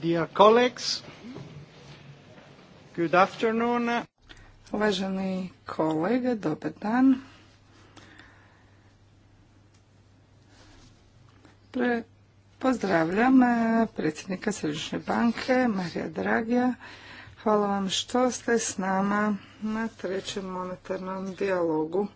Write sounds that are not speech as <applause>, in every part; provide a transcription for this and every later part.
Dear colleagues, good afternoon. Uvaženi kolege, dobar dan. pozdravljam eh, predsjednika Središnje banke, Marija Dragija. Hvala vam što ste s nama na trećem monetarnom dijalogu.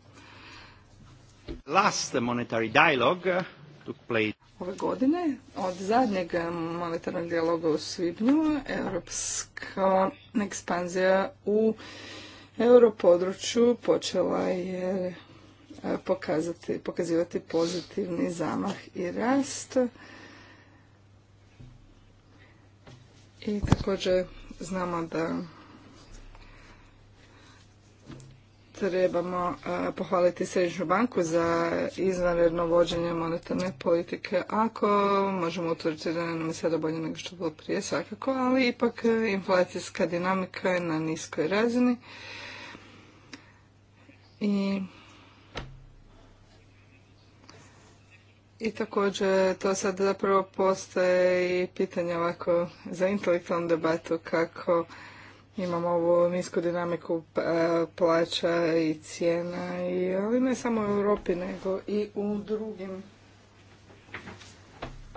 Last monetary dialogue took place ove godine. Od zadnjeg monetarnog dijaloga u Svibnju, europska ekspanzija u europodručju počela je e, pokazivati pozitivni zamah i rast. I također znamo da trebamo e, pohvaliti Središnju banku za izvanredno vođenje monetarne politike. Ako možemo utvrditi da nam je sada bolje nego što bilo prije, svakako, ali ipak e, inflacijska dinamika je na niskoj razini. I I također to sad zapravo postaje i pitanje ovako za intelektualnu debatu kako imamo ovu nisku dinamiku e, plaća i cijena, i, ali ne samo u Europi, nego i u drugim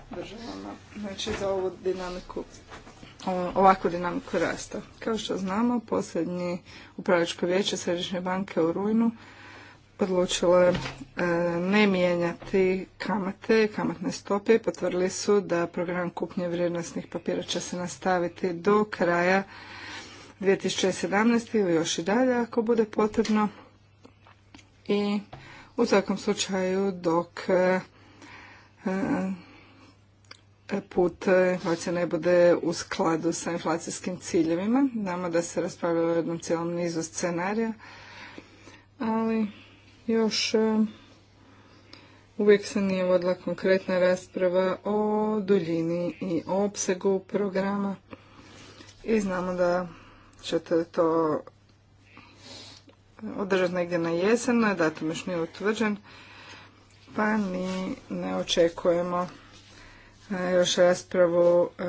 državama. Znači za ovu dinamiku, ovakvu dinamiku rasta. Kao što znamo, posljednji upravljačko vijeće Središnje banke u Rujnu odlučilo je e, ne mijenjati kamate, kamatne stope i potvrdili su da program kupnje vrijednosnih papira će se nastaviti do kraja 2017. ili još i dalje ako bude potrebno. I u svakom slučaju dok e, e, put e, inflacija ne bude u skladu sa inflacijskim ciljevima. Nama da se raspravlja o jednom cijelom nizu scenarija, ali još uvijek se nije vodila konkretna rasprava o duljini i opsegu programa i znamo da ćete to održati negdje na jesen, no datum još nije utvrđen, pa ni ne očekujemo e, još raspravu, e,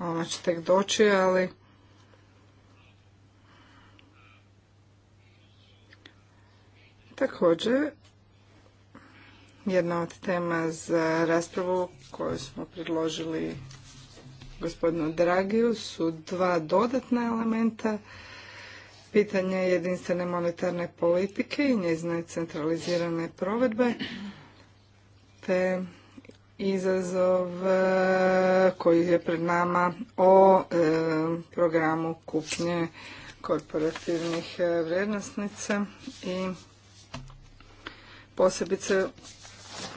ona će tek doći, ali također jedna od tema za raspravu koju smo predložili gospodinu Dragiju su dva dodatna elementa pitanje jedinstvene monetarne politike i njezine centralizirane provedbe te izazov eh, koji je pred nama o eh, programu kupnje korporativnih eh, vrijednosnica i posebice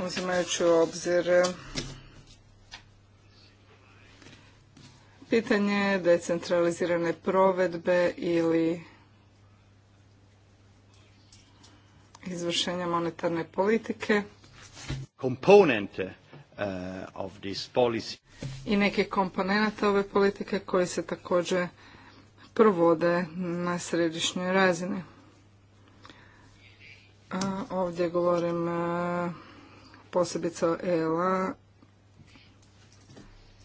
uzimajući u obzir Pitanje decentralizirane provedbe ili izvršenja monetarne politike. Komponente eh, of this policy. I neke komponente ove politike koje se također provode na središnjoj razini. Ovdje govorim eh, posebice o ELA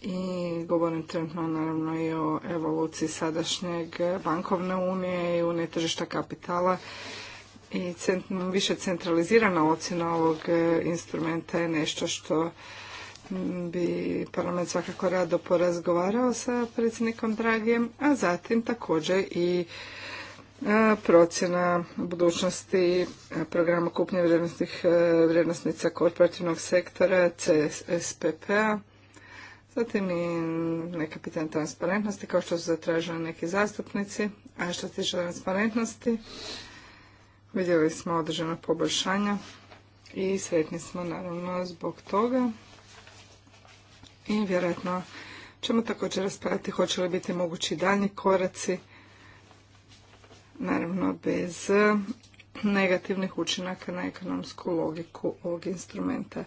i govorim trenutno naravno i o evoluciji sadašnjeg bankovne unije i unije tržišta kapitala i više centralizirana ocjena ovog e, instrumenta je nešto što bi parlament svakako rado porazgovarao sa predsjednikom Dragijem, a zatim također i e, procjena budućnosti e, programa kupnje vrijednosnih vrijednosnica korporativnog sektora CSPP-a Zatim i neka pitanje transparentnosti, kao što su zatražili neki zastupnici. A što se tiče transparentnosti, vidjeli smo određena poboljšanja i sretni smo naravno zbog toga. I vjerojatno ćemo također raspraviti hoće li biti mogući daljnji koraci, naravno bez negativnih učinaka na ekonomsku logiku ovog instrumenta.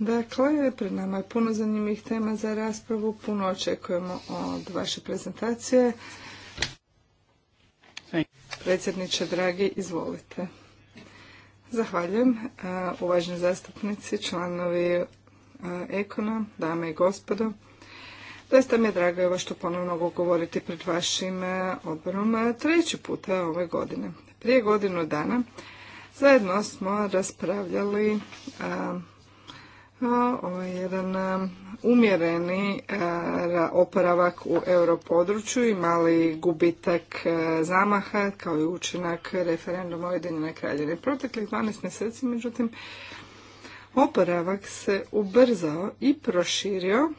Dakle, pred nama je puno zanimljivih tema za raspravu, puno očekujemo od vaše prezentacije. Predsjedniče, dragi, izvolite. Zahvaljujem, uvaženi zastupnici, članovi Ekona, dame i gospodo. Doista mi je drago evo što ponovno mogu govoriti pred vašim odborom treći puta ove godine. Prije godinu dana zajedno smo raspravljali ovo je jedan um, umjereni e, oporavak u europodručju i mali gubitak e, zamaha kao i učinak referenduma Ujedinjene kraljevine. Proteklih 12 mjeseci, međutim, oporavak se ubrzao i proširio,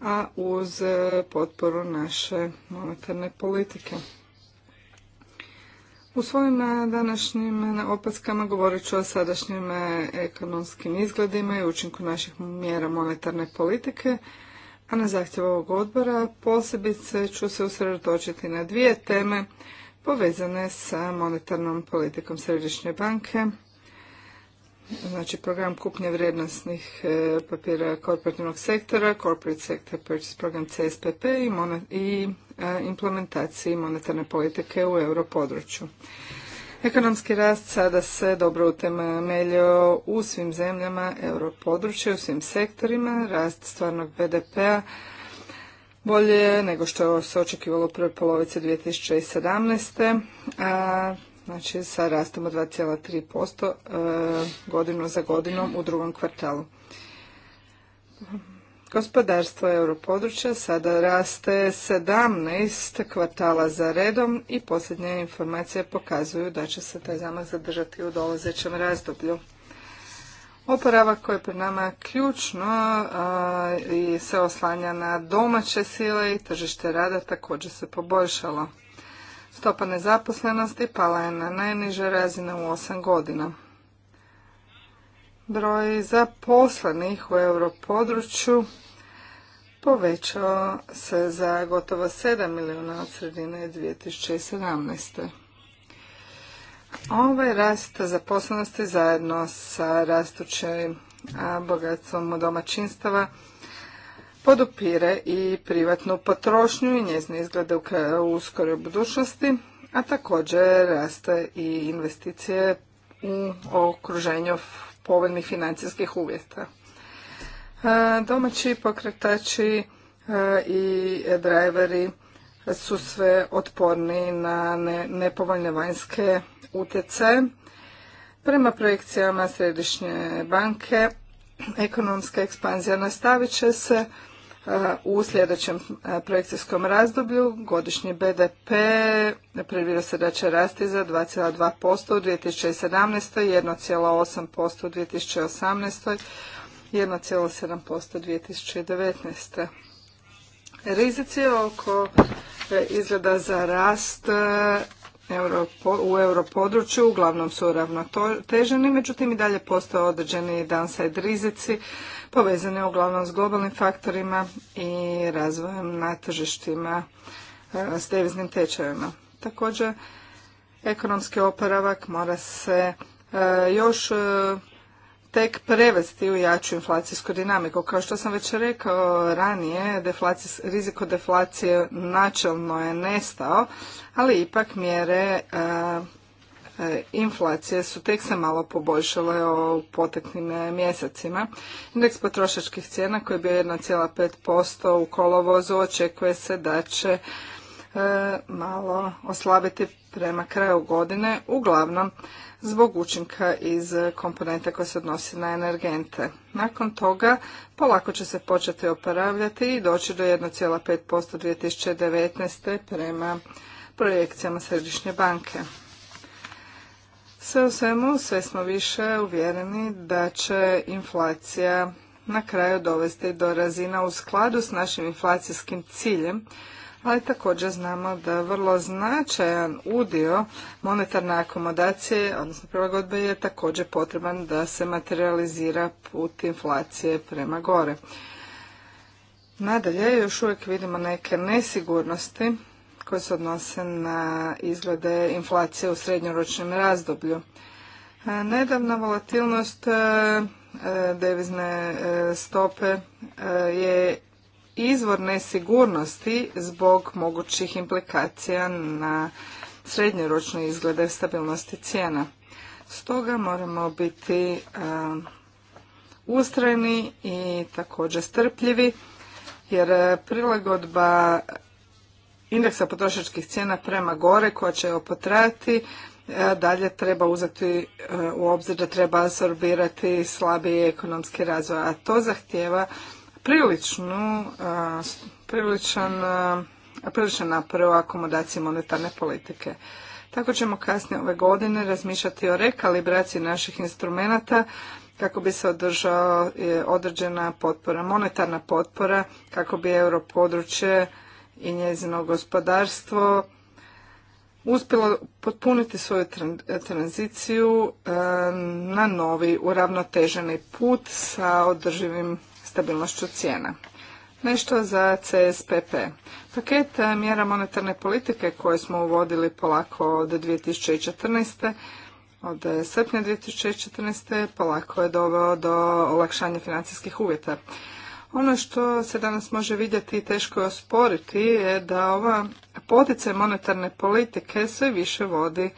a uz e, potporu naše monetarne politike. U svojim e, današnjim e, opaskama govorit ću o sadašnjim e, ekonomskim izgledima i učinku naših mjera monetarne politike, a na zahtjev ovog odbora posebice ću se usredotočiti na dvije teme povezane sa monetarnom politikom Središnje banke, znači program kupnje vrijednostnih e, papira korporativnog sektora, Corporate Sector Purchase Program CSPP i, i e, implementaciji monetarne politike u europodručju. Ekonomski rast sada se dobro utemeljio u svim zemljama europodručja, u svim sektorima, rast stvarnog BDP-a bolje nego što se očekivalo u prvoj polovici 2017. A znači sa rastom od 2,3% e, godinu za godinom u drugom kvartalu. Gospodarstvo europodručja sada raste 17 kvartala za redom i posljednje informacije pokazuju da će se taj zamah zadržati u dolazećem razdoblju. Oporavak koji je pred nama ključno i se oslanja na domaće sile i tržište rada također se poboljšalo. Stopa nezaposlenosti pala je na najniže razine u 8 godina. Broj zaposlenih u europodručju povećao se za gotovo 7 milijuna od sredine 2017. Ovaj rast zaposlenosti zajedno sa rastućim bogatstvom domaćinstava podupire i privatnu potrošnju i njezine izglede u uskoroj budućnosti, a također raste i investicije u okruženju povoljnih financijskih uvjeta. E, domaći pokretači e, i driveri su sve otporni na nepovoljne vanjske utjecaje. Prema projekcijama Središnje banke ekonomska ekspanzija nastavit će se, u sljedećem e, projekcijskom razdoblju godišnji BDP predvira se da će rasti za 2,2% u 2017. 1,8% u 2018. 1,7% 2019. Rizici oko e, izgleda za rast e, u europodručju uglavnom su ravnoteženi, međutim i dalje postoje određeni downside rizici povezane uglavnom s globalnim faktorima i razvojem na tržištima e, s deviznim tečajima. Također, ekonomski oporavak mora se e, još e, tek prevesti u jaču inflacijsku dinamiku. Kao što sam već rekao ranije, riziko deflacije načelno je nestao, ali ipak mjere E, inflacije su tek se malo poboljšale u poteknim e, mjesecima. Indeks potrošačkih cijena koji je bio 1,5% u kolovozu očekuje se da će e, malo oslabiti prema kraju godine, uglavnom zbog učinka iz komponente koja se odnosi na energente. Nakon toga polako će se početi oporavljati i doći do 1,5% 2019. prema projekcijama Središnje banke. Sve u svemu, sve smo više uvjereni da će inflacija na kraju dovesti do razina u skladu s našim inflacijskim ciljem, ali također znamo da vrlo značajan udio monetarne akomodacije, odnosno prilagodbe, je također potreban da se materializira put inflacije prema gore. Nadalje, još uvijek vidimo neke nesigurnosti koje se odnose na izglede inflacije u srednjoročnom razdoblju. E, nedavna volatilnost e, e, devizne stope je izvor nesigurnosti zbog mogućih implikacija na srednjoročne izglede stabilnosti cijena. Stoga moramo biti ustrajni i također strpljivi jer prilagodba indeksa potrošačkih cijena prema gore koja će potrajati. E, dalje treba uzeti e, u obzir da treba absorbirati slabiji ekonomski razvoj, a to zahtjeva priličnu, e, priličan, priličan napor u akomodaciji monetarne politike. Tako ćemo kasnije ove godine razmišljati o rekalibraciji naših instrumenata kako bi se održao određena potpora, monetarna potpora, kako bi europodručje i njezino gospodarstvo uspjelo potpuniti svoju tranziciju e, na novi uravnoteženi put sa održivim stabilnošću cijena. Nešto za CSPP. Paket e, mjera monetarne politike koje smo uvodili polako od 2014. Od e, srpnja 2014. polako je doveo do olakšanja financijskih uvjeta. Ono što se danas može vidjeti i teško je osporiti je da ova potice monetarne politike sve više vodi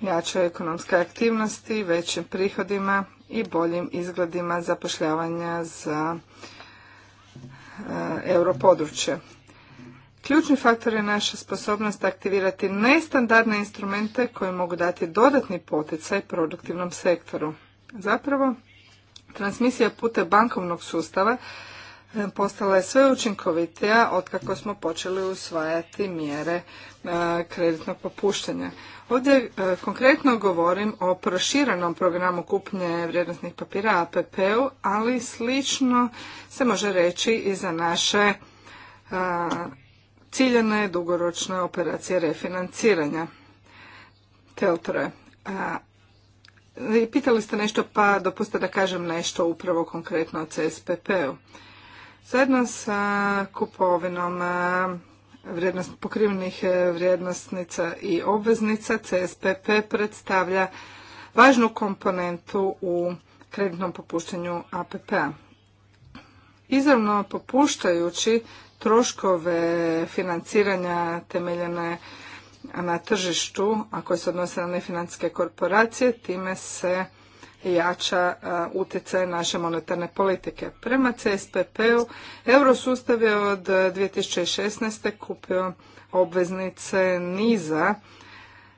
jačoj ekonomske aktivnosti, većim prihodima i boljim izgledima zapošljavanja za e, europodručje. Ključni faktor je naša sposobnost aktivirati nestandardne instrumente koji mogu dati dodatni poticaj produktivnom sektoru. Zapravo, transmisija pute bankovnog sustava postala je sve učinkovitija kako smo počeli usvajati mjere e, kreditnog popuštanja. Ovdje e, konkretno govorim o proširenom programu kupnje vrijednosnih papira APP-u, ali slično se može reći i za naše e, ciljene dugoročne operacije refinanciranja Teltore. Pitali ste nešto, pa dopustite da kažem nešto upravo konkretno o CSPP-u. Zajedno sa kupovinom e, vrijednost, pokrivenih e, vrijednostnica i obveznica, CSPP predstavlja važnu komponentu u kreditnom popuštanju APP-a. Izravno popuštajući troškove financiranja temeljene na tržištu, a koje se odnose na nefinancijske korporacije, time se jača e, utjecaj naše monetarne politike. Prema CSPP-u, eurosustav je od 2016. E, kupio obveznice niza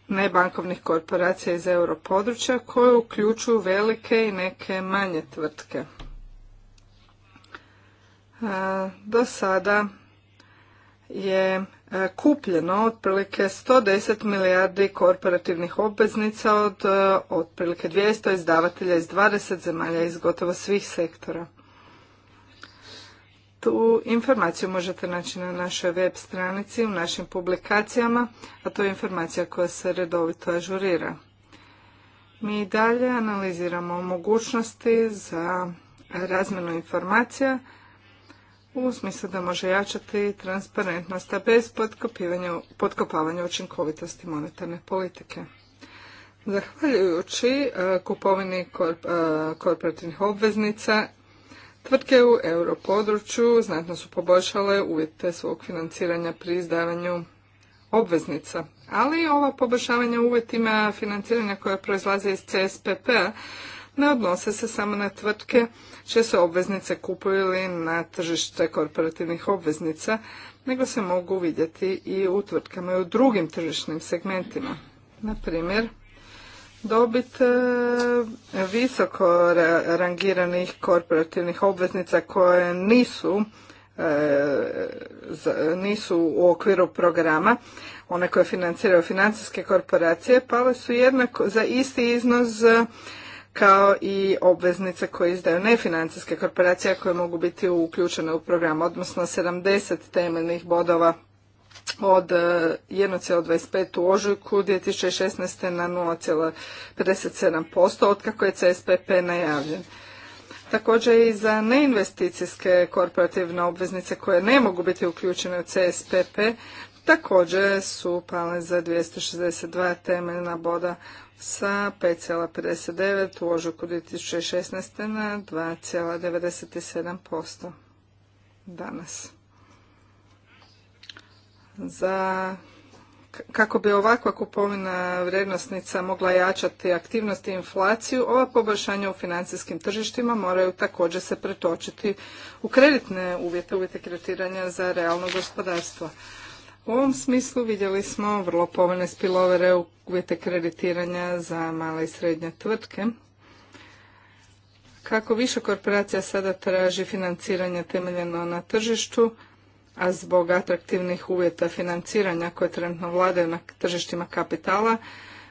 nebankovnih korporacija iz europodručja koje uključuju velike i neke manje tvrtke. E, do sada je e, kupljeno otprilike 110 milijardi korporativnih obveznica od e, otprilike 200 izdavatelja iz 20 zemalja iz gotovo svih sektora. Tu informaciju možete naći na našoj web stranici, u našim publikacijama, a to je informacija koja se redovito ažurira. Mi dalje analiziramo mogućnosti za razmjenu informacija u smislu da može jačati transparentnost, a bez potkopavanja učinkovitosti monetarne politike. Zahvaljujući e, kupovini e, korporativnih obveznica, tvrtke u europodručju znatno su poboljšale uvjete svog financiranja pri izdavanju obveznica. Ali ova poboljšavanja uvjetima financiranja koja proizlaze iz CSPP p-a ne odnose se samo na tvrtke čije se obveznice kupuju na tržište korporativnih obveznica, nego se mogu vidjeti i u tvrtkama i u drugim tržišnim segmentima. Na primjer, dobit e, visoko rangiranih korporativnih obveznica koje nisu e, nisu u okviru programa, one koje financiraju financijske korporacije, pale su jednako za isti iznos kao i obveznice koje izdaju nefinancijske korporacije koje mogu biti uključene u program, odnosno 70 temeljnih bodova od 1,25 e, u ožujku 2016. na 0,57% otkako je CSPP najavljen. Također i za neinvesticijske korporativne obveznice koje ne mogu biti uključene u CSPP također su pale za 262 temeljna boda sa 5,59 u ožuku 2016. na 2,97% danas. Za kako bi ovakva kupovina vrijednosnica mogla jačati aktivnost i inflaciju, ova poboljšanja u financijskim tržištima moraju također se pretočiti u kreditne uvjete, uvjete kreditiranja za realno gospodarstvo. U ovom smislu vidjeli smo vrlo povoljne spilovere u uvjete kreditiranja za male i srednje tvrtke. Kako više korporacija sada traži financiranje temeljeno na tržištu, a zbog atraktivnih uvjeta financiranja koje trenutno vladaju na tržištima kapitala,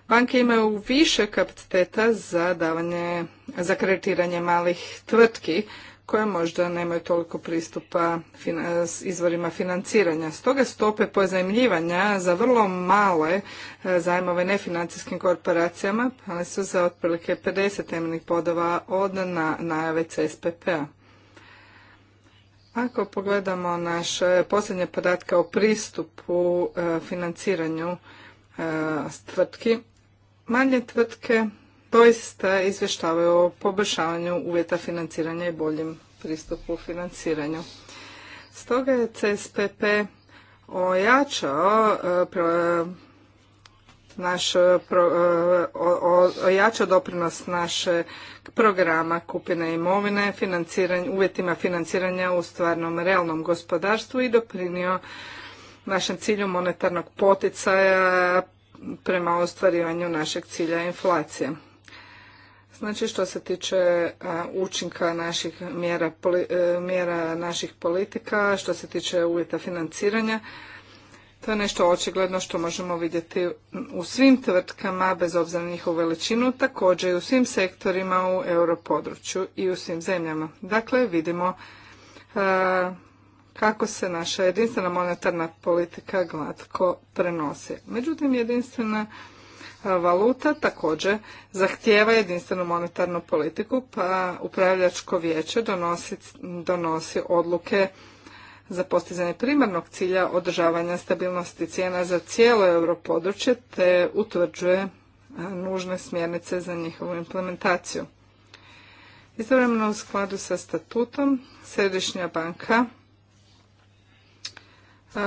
banke imaju više kapaciteta za davanje, za kreditiranje malih tvrtki, koje možda nemaju toliko pristupa s izvorima financiranja. Stoga stope pozajmljivanja za vrlo male e, zajmove nefinancijskim korporacijama ali su za otprilike 50 temeljnih podova od na najave CSPP-a. Ako pogledamo naše posljednje podatke o pristupu e, financiranju e, tvrtki, manje tvrtke doista izvještavaju o poboljšavanju uvjeta financiranja i boljem pristupu financiranju. Stoga je CSPP ojačao eh, eh, naš eh, ojačao doprinos naše programa kupine imovine, uvjetima financiranja u stvarnom realnom gospodarstvu i doprinio našem cilju monetarnog poticaja prema ostvarivanju našeg cilja inflacije. Znači što se tiče učinka naših mjera, e, mjera naših politika, što se tiče uvjeta financiranja, to je nešto očigledno što možemo vidjeti u svim tvrtkama, bez obzira na njihovu veličinu, također i u svim sektorima u europodručju i u svim zemljama. Dakle, vidimo kako se naša jedinstvena monetarna politika glatko prenosi. Međutim, jedinstvena valuta također zahtijeva jedinstvenu monetarnu politiku, pa upravljačko vijeće donosi, donosi odluke za postizanje primarnog cilja održavanja stabilnosti cijena za cijelo europodručje te utvrđuje e, nužne smjernice za njihovu implementaciju. Istovremeno u skladu sa statutom Središnja banka e,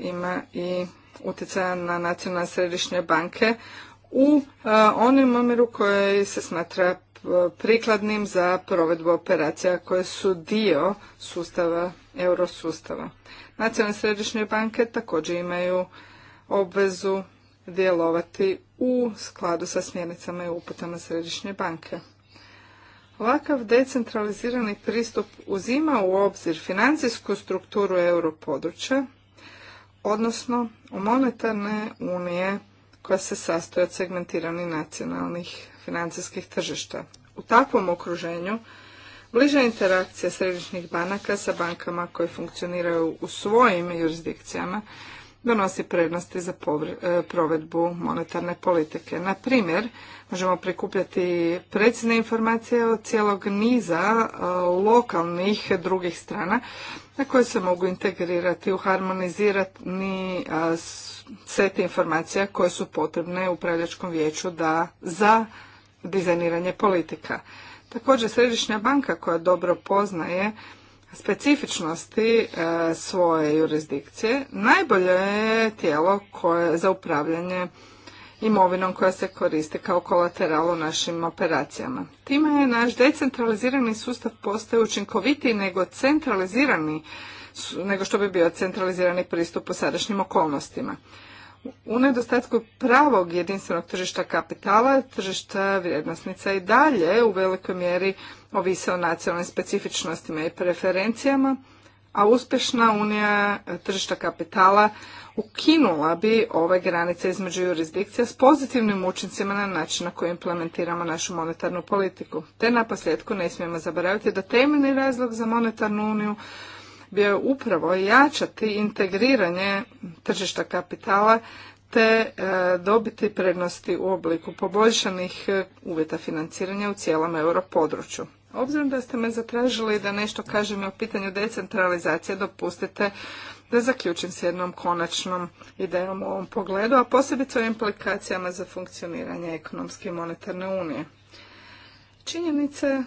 ima i utjecaja na nacionalne središnje banke u e, onom omjeru koji se smatra e, prikladnim za provedbu operacija koje su dio sustava, eurosustava. Nacionalne središnje banke također imaju obvezu djelovati u skladu sa smjernicama i uputama središnje banke. Ovakav decentralizirani pristup uzima u obzir financijsku strukturu europodručja, odnosno monetarne unije koja se sastoji od segmentiranih nacionalnih financijskih tržišta. U takvom okruženju bliža interakcija središnjih banaka sa bankama koje funkcioniraju u svojim jurisdikcijama donosi prednosti za e, provedbu monetarne politike. Na primjer, možemo prikupljati precizne informacije od cijelog niza e, lokalnih drugih strana na koje se mogu integrirati u harmonizirani e, set informacija koje su potrebne upravljačkom vijeću da za dizajniranje politika. Također Središnja banka koja dobro poznaje specifičnosti e, svoje jurisdikcije, najbolje je tijelo koje za upravljanje imovinom koja se koristi kao kolateral u našim operacijama. Time je naš decentralizirani sustav postaje učinkovitiji nego centralizirani nego što bi bio centralizirani pristup u sadašnjim okolnostima. U nedostatku pravog jedinstvenog tržišta kapitala, tržišta vrijednosnica i dalje u velikoj mjeri ovise o nacionalnim specifičnostima i preferencijama, a uspješna unija tržišta kapitala ukinula bi ove granice između jurisdikcija s pozitivnim učincima na način na koji implementiramo našu monetarnu politiku. Te na ne smijemo zaboraviti da temeljni razlog za monetarnu uniju bio je upravo jačati integriranje tržišta kapitala te e, dobiti prednosti u obliku poboljšanih e, uvjeta financiranja u cijelom europodručju. Obzirom da ste me zatražili da nešto kažem o pitanju decentralizacije, dopustite da zaključim s jednom konačnom idejom u ovom pogledu, a posebice o implikacijama za funkcioniranje ekonomske i monetarne unije. Činjenice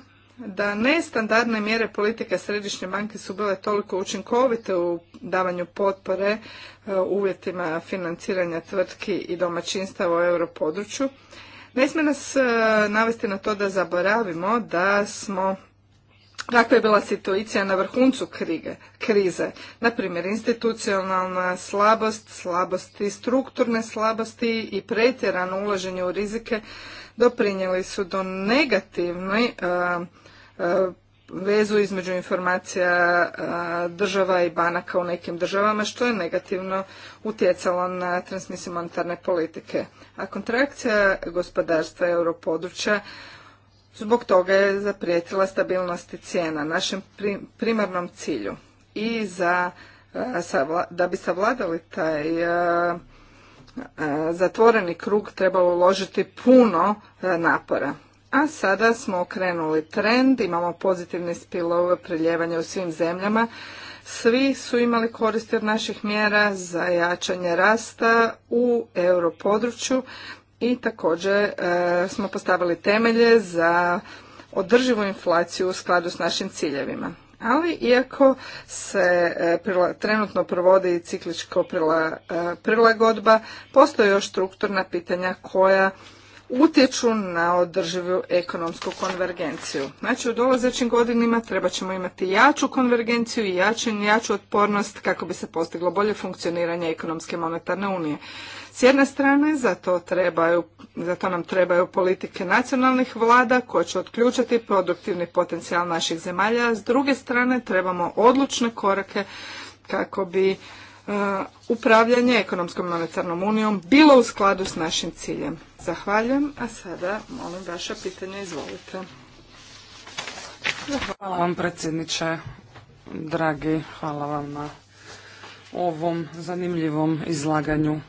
da nestandardne mjere politike Središnje banke su bile toliko učinkovite u davanju potpore e, uvjetima financiranja tvrtki i domaćinstava u europodručju. Ne smije nas e, navesti na to da zaboravimo da smo Kakva je bila situacija na vrhuncu krige, krize? Naprimjer, institucionalna slabost, slabosti, strukturne slabosti i pretjerano ulaženje u rizike doprinijeli su do negativnoj e, E, vezu između informacija e, država i banaka u nekim državama, što je negativno utjecalo na transmisiju monetarne politike. A kontrakcija gospodarstva europodručja zbog toga je zaprijetila stabilnosti cijena, našem primarnom cilju. I za, e, da bi savladali taj zatvoreni krug treba uložiti puno napora. A sada smo okrenuli trend, imamo pozitivne spilove priljevanja u svim zemljama. Svi su imali koristi od naših mjera za jačanje rasta u europodručju i također e, smo postavili temelje za održivu inflaciju u skladu s našim ciljevima. Ali iako se e, trenutno provodi cikličko e, prilagodba, postoje još strukturna pitanja koja utječu na održivu ekonomsku konvergenciju. Znači u dolazećim godinima treba ćemo imati jaču konvergenciju i jaču, jaču otpornost kako bi se postiglo bolje funkcioniranje ekonomske monetarne unije. S jedne strane, za to, trebaju, za to nam trebaju politike nacionalnih vlada koje će otključati produktivni potencijal naših zemalja. S druge strane, trebamo odlučne korake kako bi e, upravljanje ekonomskom monetarnom unijom bilo u skladu s našim ciljem. Zahvaljujem, a sada molim vaše pitanje, izvolite. Hvala vam predsjedniče, dragi, hvala vam na ovom zanimljivom izlaganju.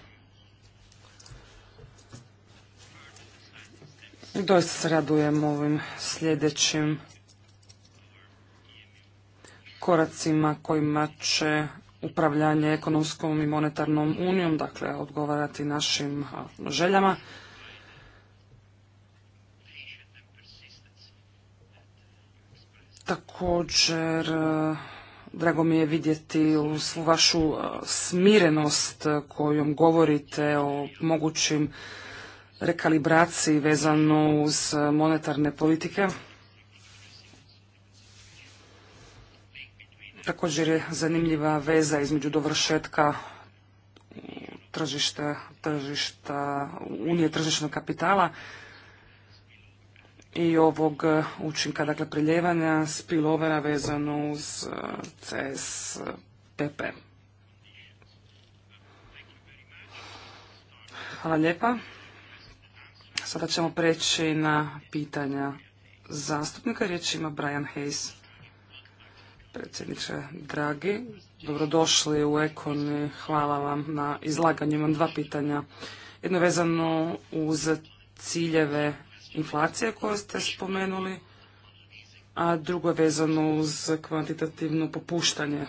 Doista se radujem ovim sljedećim koracima kojima će upravljanje ekonomskom i monetarnom unijom, dakle, odgovarati našim željama. Također, e, drago mi je vidjeti svu vašu e, smirenost kojom govorite o mogućim rekalibraciji vezano uz monetarne politike. Također je zanimljiva veza između dovršetka tržišta, tržišta unije tržišnog kapitala i ovog e, učinka, dakle priljevanja spillovera vezano uz e, CSPP. Hvala lijepa. Sada ćemo preći na pitanja zastupnika. Riječ ima Brian Hayes. Predsjedniče, dragi, dobrodošli u Ekon i hvala vam na izlaganju. Imam dva pitanja. Jedno vezano uz ciljeve inflacije koju ste spomenuli, a drugo je vezano uz kvantitativno popuštanje.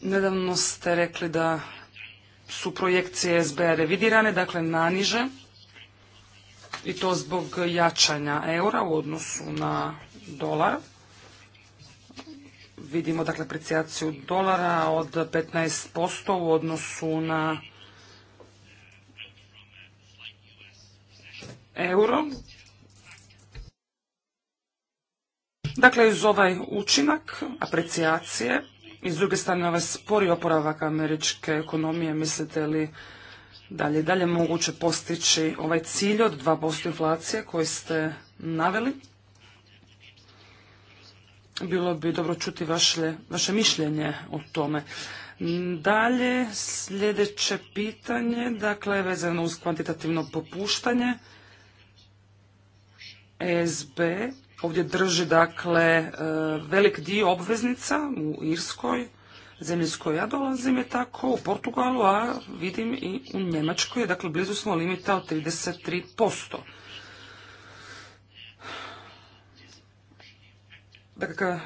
Nedavno ste rekli da su projekcije SBA revidirane, dakle naniže, i to zbog jačanja eura u odnosu na dolar. Vidimo dakle aprecijaciju dolara od 15% u odnosu na euro. Dakle, iz ovaj učinak, aprecijacije, i s druge strane ovaj spori oporavak američke ekonomije, mislite li dalje dalje moguće postići ovaj cilj od 2% inflacije koji ste naveli? Bilo bi dobro čuti vaše, vaše mišljenje o tome. Dalje, sljedeće pitanje, dakle, vezano uz kvantitativno popuštanje. E SB ovdje drži dakle e, velik dio obveznica u Irskoj, zemlji s ja dolazim je tako, u Portugalu, a vidim i u Njemačkoj, dakle blizu smo limita od 33%. Dakle,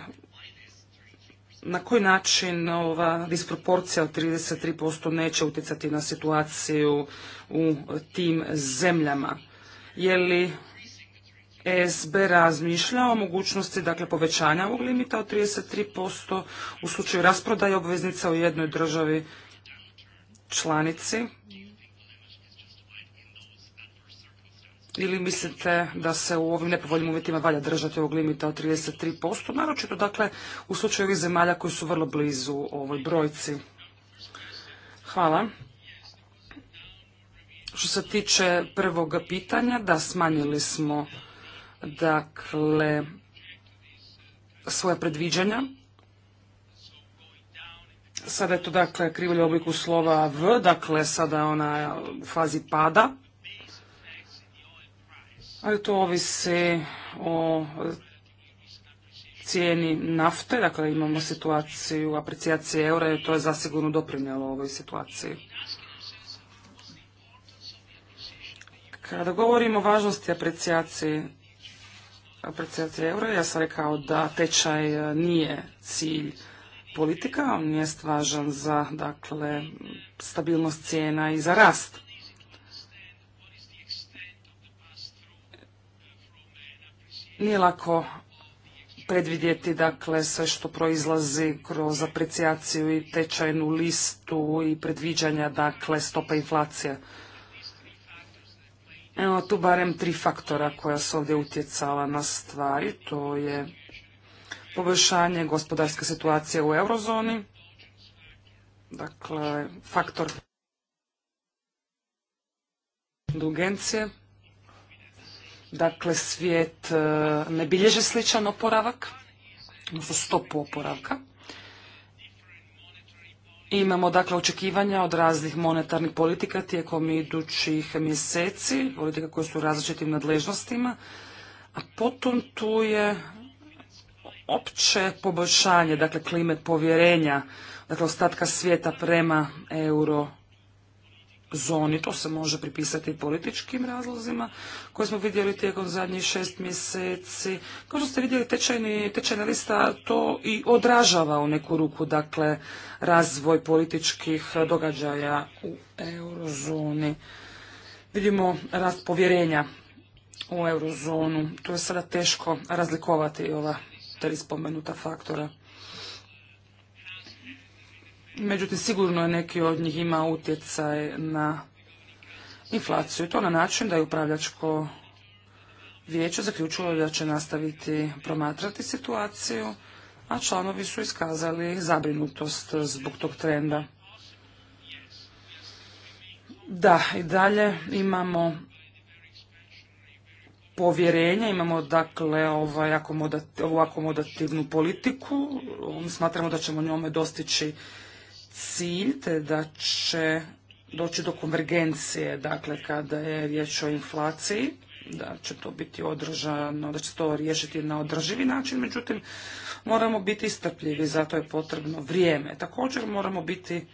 na koji način ova disproporcija od 33% neće utjecati na situaciju u tim zemljama? Je li E SB razmišlja o mogućnosti dakle, povećanja ovog limita od 33% u slučaju rasprodaje obveznica u jednoj državi članici. Ili mislite da se u ovim nepovoljnim uvjetima valja držati ovog limita od 33%, naročito dakle u slučaju ovih zemalja koji su vrlo blizu ovoj brojci. Hvala. Što se tiče prvog pitanja, da smanjili smo dakle svoje predviđanja. Sada je to dakle krivulja obliku slova V, dakle sada je ona u fazi pada. Ali to ovisi o cijeni nafte, dakle imamo situaciju aprecijacije eura i to je zasigurno doprinjelo ovoj situaciji. Kada govorimo o važnosti aprecijacije predsjedati euro. Ja sam rekao da tečaj e, nije cilj politika, on je važan za dakle, stabilnost cijena i za rast. Nije lako predvidjeti dakle sve što proizlazi kroz aprecijaciju i tečajnu listu i predviđanja dakle stopa inflacije. Evo tu barem tri faktora koja su ovdje utjecala na stvari. To je poboljšanje gospodarske situacije u eurozoni. Dakle, faktor indulgencije. Dakle, svijet e, ne bilježe sličan oporavak, odnosno stopu oporavka. Imamo dakle očekivanja od raznih monetarnih politika tijekom idućih mjeseci, politika koje su u različitim nadležnostima, a potom tu je opće poboljšanje, dakle klime povjerenja, dakle ostatka svijeta prema euro zoni. To se može pripisati i političkim razlozima koje smo vidjeli tijekom zadnjih šest mjeseci. Kao što ste vidjeli, tečajna lista to i odražava u neku ruku, dakle, razvoj političkih događaja u eurozoni. Vidimo rast povjerenja u eurozonu. To je sada teško razlikovati ova tri spomenuta faktora međutim sigurno je neki od njih ima utjecaj na inflaciju i to na način da je upravljačko vijeće zaključilo da će nastaviti promatrati situaciju, a članovi su iskazali zabrinutost zbog tog trenda. Da, i dalje imamo povjerenje, imamo dakle ovaj ovu akomodativnu politiku, smatramo da ćemo njome dostići cilj, te da će doći do konvergencije, dakle kada je riječ o inflaciji, da će to biti održano, da će to riješiti na održivi način, međutim moramo biti istrpljivi, zato je potrebno vrijeme. Također moramo biti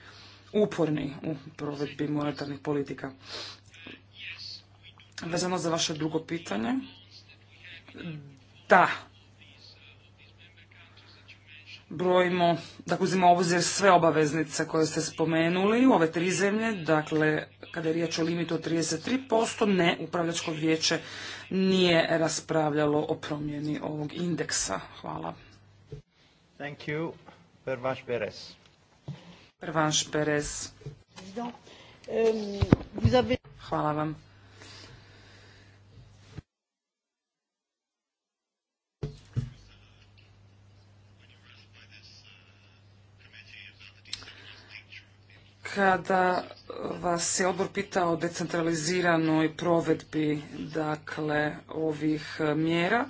uporni u provedbi monetarnih politika. Vezano za vaše drugo pitanje, da, brojimo, dakle uzimo obzir sve obaveznice koje ste spomenuli u ove tri zemlje, dakle kada je riječ o limitu od 33%, ne upravljačko vijeće nije raspravljalo o promjeni ovog indeksa. Hvala. Thank you. Pervanš euh, Hvala vam. kada vas je odbor pitao o decentraliziranoj provedbi dakle ovih e, mjera,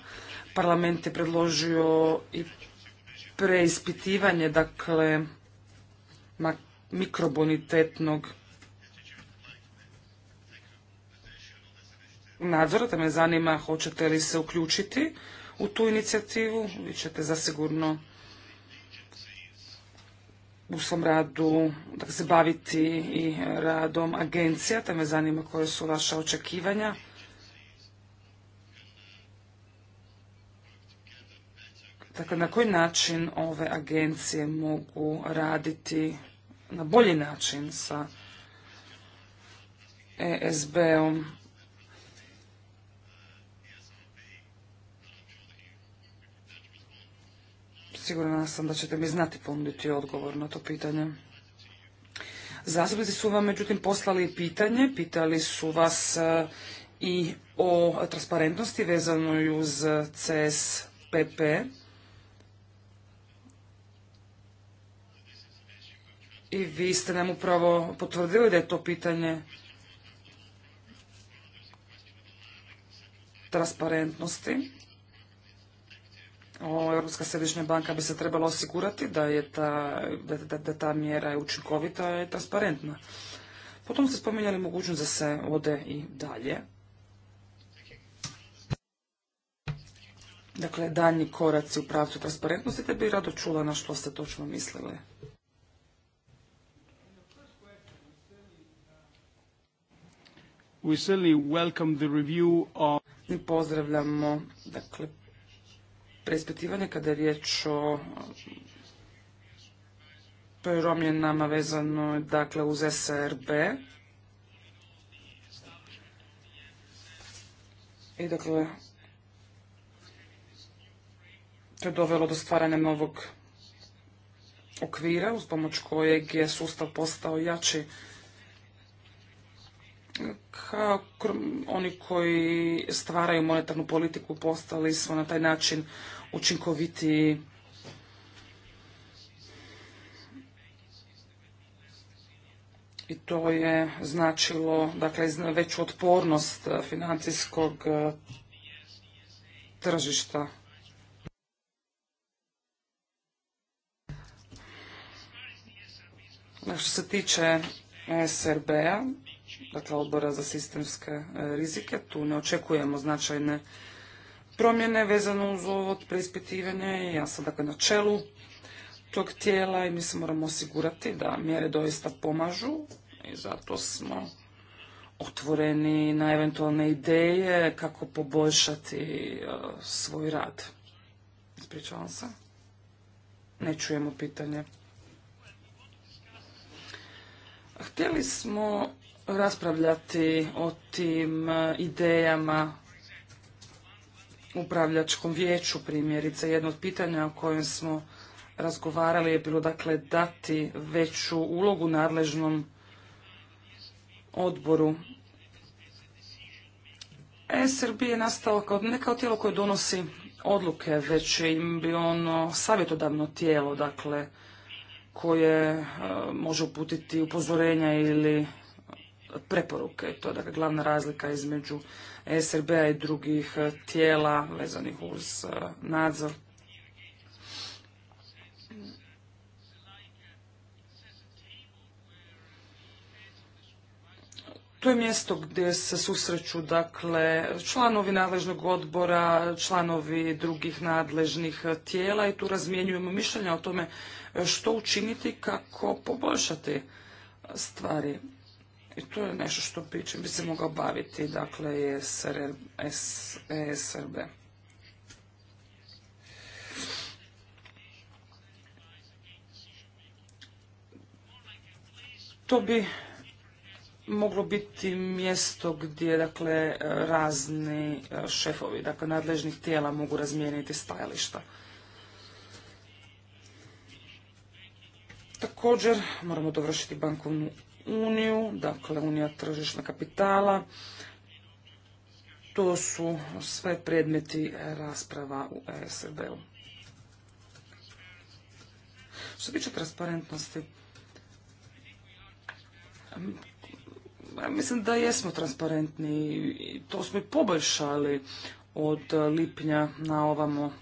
parlament je predložio i preispitivanje dakle mikrobonitetnog nadzora, Da me zanima hoćete li se uključiti u tu inicijativu, vi ćete zasigurno u svom radu dakle, se baviti i radom agencija, te me zanima koje su vaša očekivanja. Dakle, na koji način ove agencije mogu raditi na bolji način sa ESB-om? Sigurna sam da ćete mi znati ponuditi odgovor na to pitanje. Zastupnici su vam međutim poslali pitanje, pitali su vas e, i o transparentnosti vezanoj uz CSPP. I vi ste nam upravo potvrdili da je to pitanje transparentnosti. Europska središnja banka bi se trebala osigurati da je ta, da, da, ta mjera je učinkovita i transparentna. Potom ste spominjali mogućnost da se ode i dalje. Dakle, daljnji koraci u pravcu transparentnosti, te bi rado čula na što ste točno mislili. review Mi pozdravljamo dakle, preispitivanje kada je riječ o promjenama vezano dakle uz SRB. I dakle, to je dovelo do stvaranja novog okvira uz pomoć kojeg je sustav postao jači. Kao oni koji stvaraju monetarnu politiku postali smo na taj način učinkovitiji. I to je značilo dakle, veću otpornost e, financijskog e, tržišta. Što se tiče e, SRB-a, dakle odbora za sistemske rizike, tu ne očekujemo značajne promjene vezano uz ovo preispitivanje. Ja sam dakle na čelu tog tijela i mi se moramo osigurati da mjere doista pomažu i zato smo otvoreni na eventualne ideje kako poboljšati e, svoj rad. Ispričavam se. Ne čujemo pitanje. Htjeli smo raspravljati o tim e, idejama upravljačkom vijeću primjerice. Jedno od pitanja o kojem smo razgovarali je bilo dakle dati veću ulogu nadležnom odboru. SRB je nastao kao, ne kao tijelo koje donosi odluke, već im bi ono savjetodavno tijelo, dakle, koje e, može uputiti upozorenja ili preporuke. To je dakle, glavna razlika između SRB-a i drugih eh, tijela vezanih uz eh, nadzor. To je mjesto gdje se susreću dakle članovi nadležnog odbora, članovi drugih nadležnih eh, tijela i tu razmjenjujemo mišljenja o tome što učiniti kako poboljšati stvari. I to je nešto što bi, bi se mogao baviti, dakle, ESRB. To bi moglo biti mjesto gdje dakle razni e, šefovi dakle nadležnih tijela mogu razmijeniti stajališta. Također moramo dovršiti bankovnu uniju, dakle unija tržišna kapitala. To su sve predmeti rasprava u ESB-u. Što se transparentnosti, mislim da jesmo transparentni i to smo i poboljšali od lipnja na ovamo.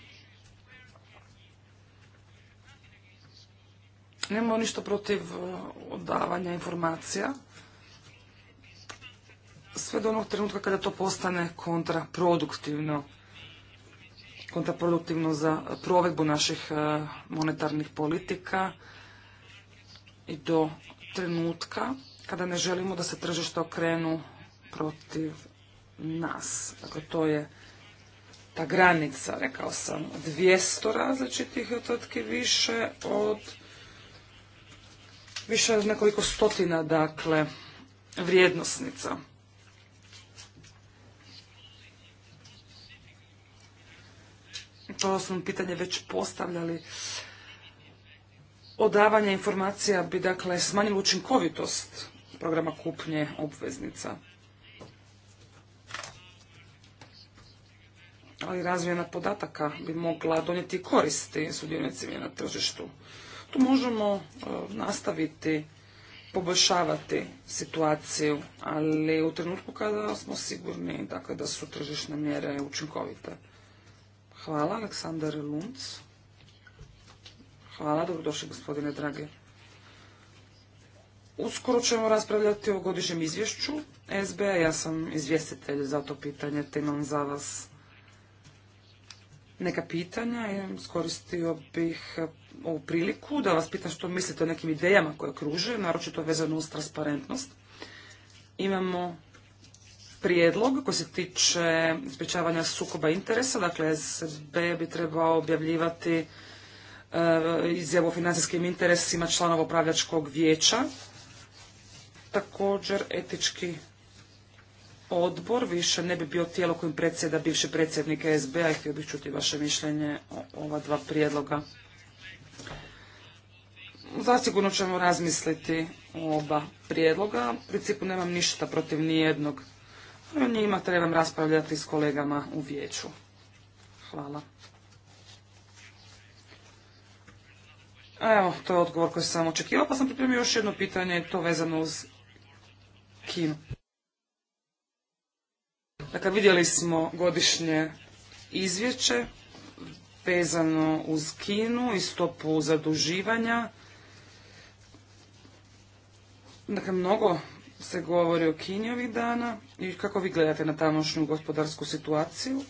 Nemamo ništa protiv e, davanja informacija. Sve do onog trenutka kada to postane kontraproduktivno kontraproduktivno za provedbu naših e, monetarnih politika i do trenutka kada ne želimo da se tržišta okrenu protiv nas. Dakle, to je ta granica, rekao sam, 200 različitih tvrtki više od više od nekoliko stotina dakle vrijednosnica. To smo pitanje već postavljali. Odavanje informacija bi dakle smanjilo učinkovitost programa kupnje obveznica. Ali razvijena podataka bi mogla donijeti koristi sudionicima na tržištu. Tu možemo e, nastaviti poboljšavati situaciju, ali u trenutku kada smo sigurni dakle, da su tržišne mjere učinkovite. Hvala, Aleksandar Lunc. Hvala, dobrodošli gospodine drage. Uskoro ćemo raspravljati o godišnjem izvješću SBA. Ja sam izvjestitelj za to pitanje, te imam za vas neka pitanja i skoristio bih ovu priliku da vas pitam što mislite o nekim idejama koje kruže, naročito vezano uz transparentnost. Imamo prijedlog koji se tiče sprječavanja sukoba interesa, dakle SB bi trebao objavljivati e, izjavu o financijskim interesima članova upravljačkog vijeća. Također etički odbor više ne bi bio tijelo kojim predsjeda bivši predsjednik SBA i htio bih čuti vaše mišljenje o ova dva prijedloga. Zasigurno ćemo razmisliti o oba prijedloga. U principu nemam ništa protiv nijednog. O njima trebam raspravljati s kolegama u vijeću. Hvala. Evo, to je odgovor koji sam očekivao, pa sam pripremio još jedno pitanje, to vezano uz Kinu. Dakle, vidjeli smo godišnje izvješće vezano uz Kinu i stopu zaduživanja. Dakle, mnogo se govori o Kini ovih dana i kako vi gledate na tamošnju gospodarsku situaciju,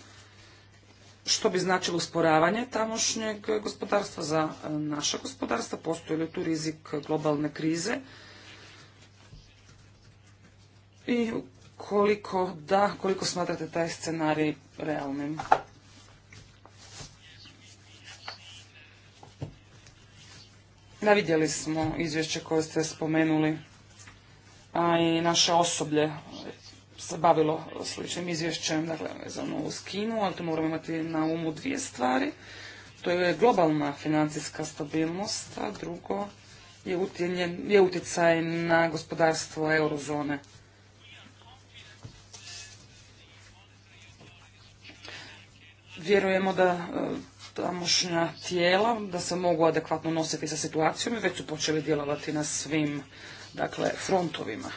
što bi značilo usporavanje tamošnjeg gospodarstva za e, naša gospodarstva, postoji li tu rizik globalne krize i koliko da, koliko smatrate taj scenarij realnim? Da, vidjeli smo izvješće koje ste spomenuli, a i naše osoblje se bavilo sličnim izvješćem, dakle, vezano uz Kinu, ali tu moramo imati na umu dvije stvari. To je globalna financijska stabilnost, a drugo je, je utjecaj na gospodarstvo eurozone. vjerujemo da e, tamošnja tijela da se mogu adekvatno nositi sa situacijom i već su počeli djelovati na svim dakle, frontovima.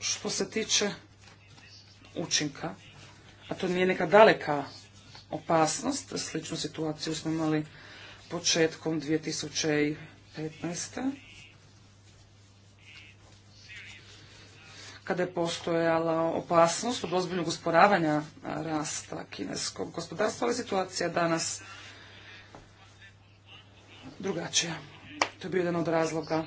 Što se tiče učinka, a to nije neka daleka opasnost, sličnu situaciju smo imali početkom 2015. kada je postojala opasnost od ozbiljnog usporavanja rasta kineskog gospodarstva, ali situacija danas drugačija. To je bio jedan od razloga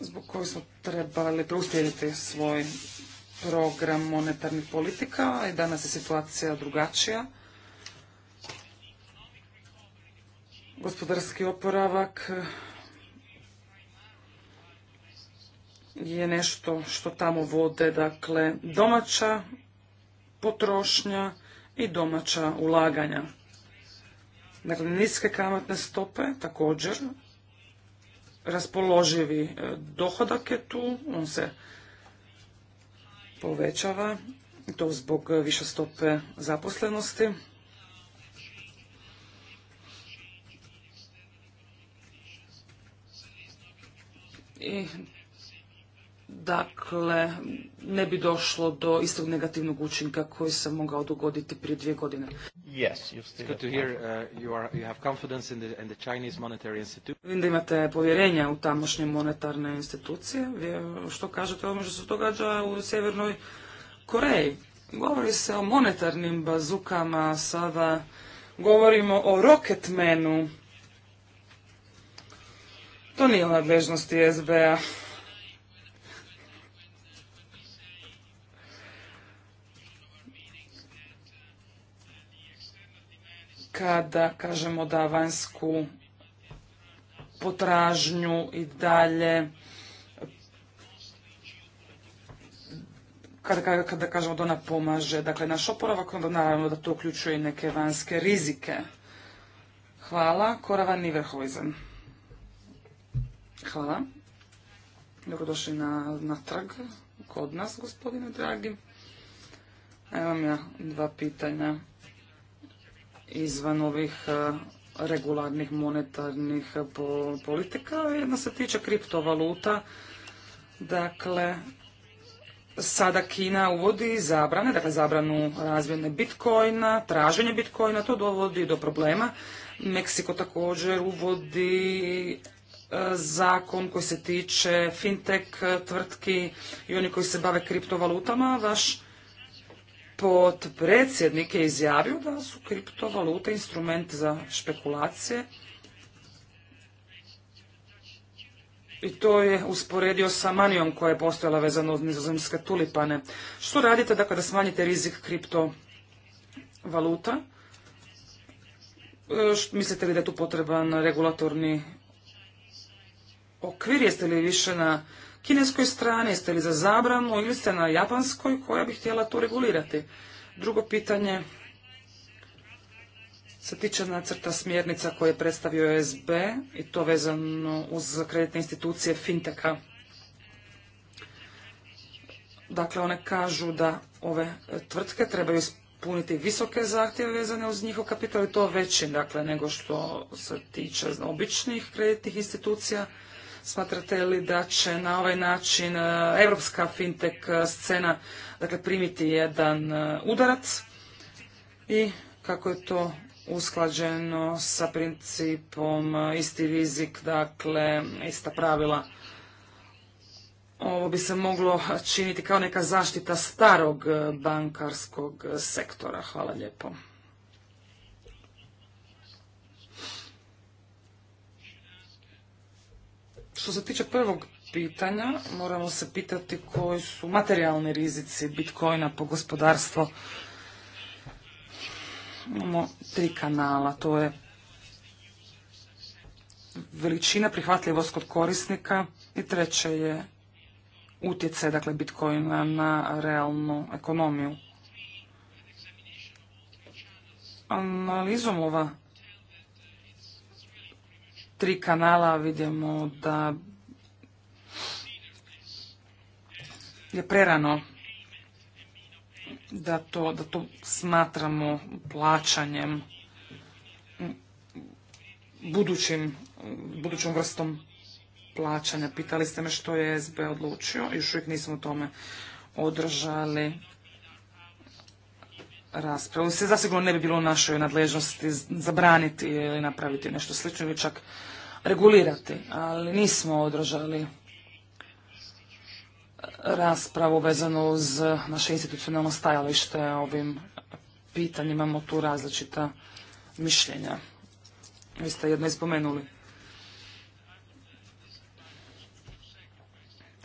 zbog kojih smo trebali preustijediti svoj program monetarnih politika i danas je situacija drugačija. Gospodarski oporavak je nešto što tamo vode, dakle, domaća potrošnja i domaća ulaganja. Dakle, niske kamatne stope također, raspoloživi e, dohodak je tu, on se povećava, i to zbog više stope zaposlenosti. I dakle ne bi došlo do istog negativnog učinka koji se mogao dogoditi prije dvije godine. Yes, still good to hear imate povjerenja u tamošnje monetarne institucije. što kažete ono što se događa u Sjevernoj Koreji? Govori se o monetarnim bazukama, sada govorimo o Rocketmanu. To nije nadležnosti SBA. kada kažemo da vanjsku potražnju i dalje kada, kada, kažemo da ona pomaže dakle naš oporavak onda naravno da to uključuje i neke vanjske rizike hvala Korava Niverhojzen hvala dobrodošli na, na trg kod nas gospodine dragi imam ja dva pitanja izvan ovih e, regularnih monetarnih e, politika. Jedna se tiče kriptovaluta. Dakle, sada Kina uvodi zabrane, dakle zabranu razvijene bitcoina, traženje bitcoina, to dovodi do problema. Meksiko također uvodi e, zakon koji se tiče fintech tvrtki i oni koji se bave kriptovalutama. Vaš potpredsjednik je izjavio da su kriptovalute instrument za špekulacije i to je usporedio sa manijom koja je postojala vezana uz nizozemske tulipane. Što radite da kada smanjite rizik kriptovaluta? E, mislite li da je tu potreban regulatorni okvir? Jeste li više na kineskoj strani, jeste li za zabranu ili ste na japanskoj koja bi htjela to regulirati? Drugo pitanje se tiče nacrta smjernica koje je predstavio SB i to vezano uz kreditne institucije Finteka. Dakle, one kažu da ove tvrtke trebaju ispuniti visoke zahtjeve vezane uz njihov kapital i to veći, dakle, nego što se tiče običnih kreditnih institucija. Smatrate li da će na ovaj način e, evropska fintech e, scena dakle, primiti jedan e, udarac i kako je to usklađeno sa principom isti rizik, dakle ista pravila. Ovo bi se moglo činiti kao neka zaštita starog bankarskog sektora. Hvala lijepo. Što se tiče prvog pitanja, moramo se pitati koji su materijalni rizici bitcoina po gospodarstvo. Imamo tri kanala, to je veličina, prihvatljivost kod korisnika i treće je utjecaj dakle, bitcoina na realnu ekonomiju. Analizom ova tri kanala vidimo da je prerano da to, da to smatramo plaćanjem budućim, budućom vrstom plaćanja. Pitali ste me što je SB odlučio, još uvijek nismo o tome održali raspravu. Se zasigurno ne bi bilo u našoj nadležnosti zabraniti ili napraviti nešto slično ili čak regulirati, ali nismo održali raspravu vezanu uz naše institucionalno stajalište o ovim pitanjima. Imamo tu različita mišljenja. Vi ste jedno spomenuli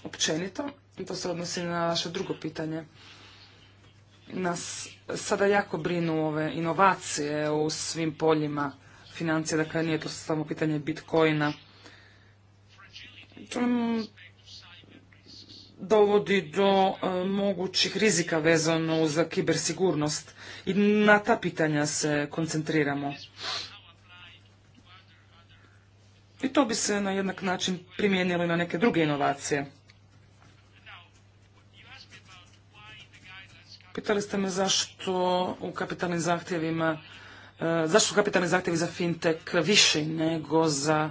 Općenito, to se odnosi na vaše drugo pitanje, nas sada jako brinu ove inovacije u svim poljima financija, dakle nije to samo pitanje bitcoina. To dovodi do e, mogućih rizika vezano za kibersigurnost i na ta pitanja se koncentriramo. I to bi se na jednak način primijenilo i na neke druge inovacije. Pitali ste me zašto u kapitalnim zahtjevima E, zašto su kapitalni zahtjevi za fintech više nego za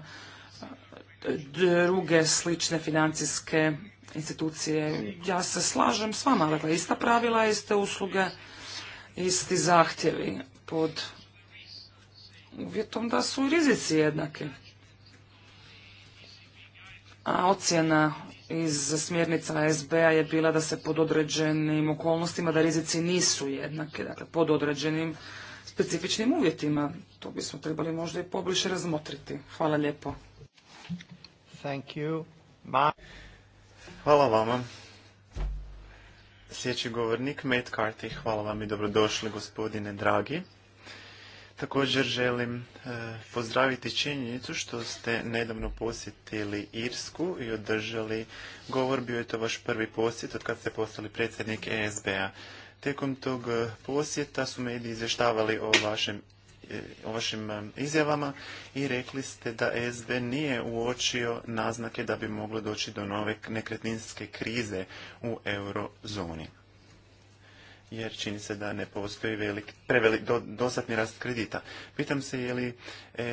e, druge slične financijske institucije. Ja se slažem s vama, dakle ista pravila, iste usluge, isti zahtjevi pod uvjetom da su i rizici jednaki. A ocjena iz smjernica SBA je bila da se pod određenim okolnostima da rizici nisu jednake, dakle pod određenim specifičnim uvjetima. To bismo trebali možda i pobliže razmotriti. Hvala lijepo. Hvala vama. Sljedeći govornik, Matt Carty. Hvala vam i dobrodošli, gospodine dragi. Također želim e, pozdraviti činjenicu što ste nedavno posjetili Irsku i održali govor. Bio je to vaš prvi posjet od kad ste postali predsjednik ESB-a. Tijekom tog e, posjeta su mediji izvještavali o vašem e, o vašim e, izjavama i rekli ste da SB nije uočio naznake da bi moglo doći do nove nekretninske krize u eurozoni. Jer čini se da ne postoji velik, prevelik do, dostatni rast kredita. Pitam se je li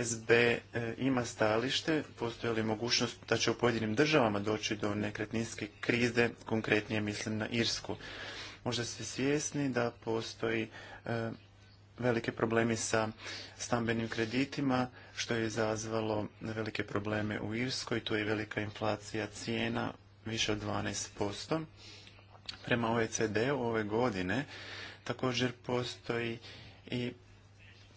SB ima stalište, postoji li mogućnost da će u pojedinim državama doći do nekretninske krize, konkretnije mislim na Irsku. Možda ste svjesni da postoji e, velike problemi sa stambenim kreditima, što je izazvalo velike probleme u Irskoj. Tu je velika inflacija cijena, više od 12%. Prema OECD-u ove godine također postoji i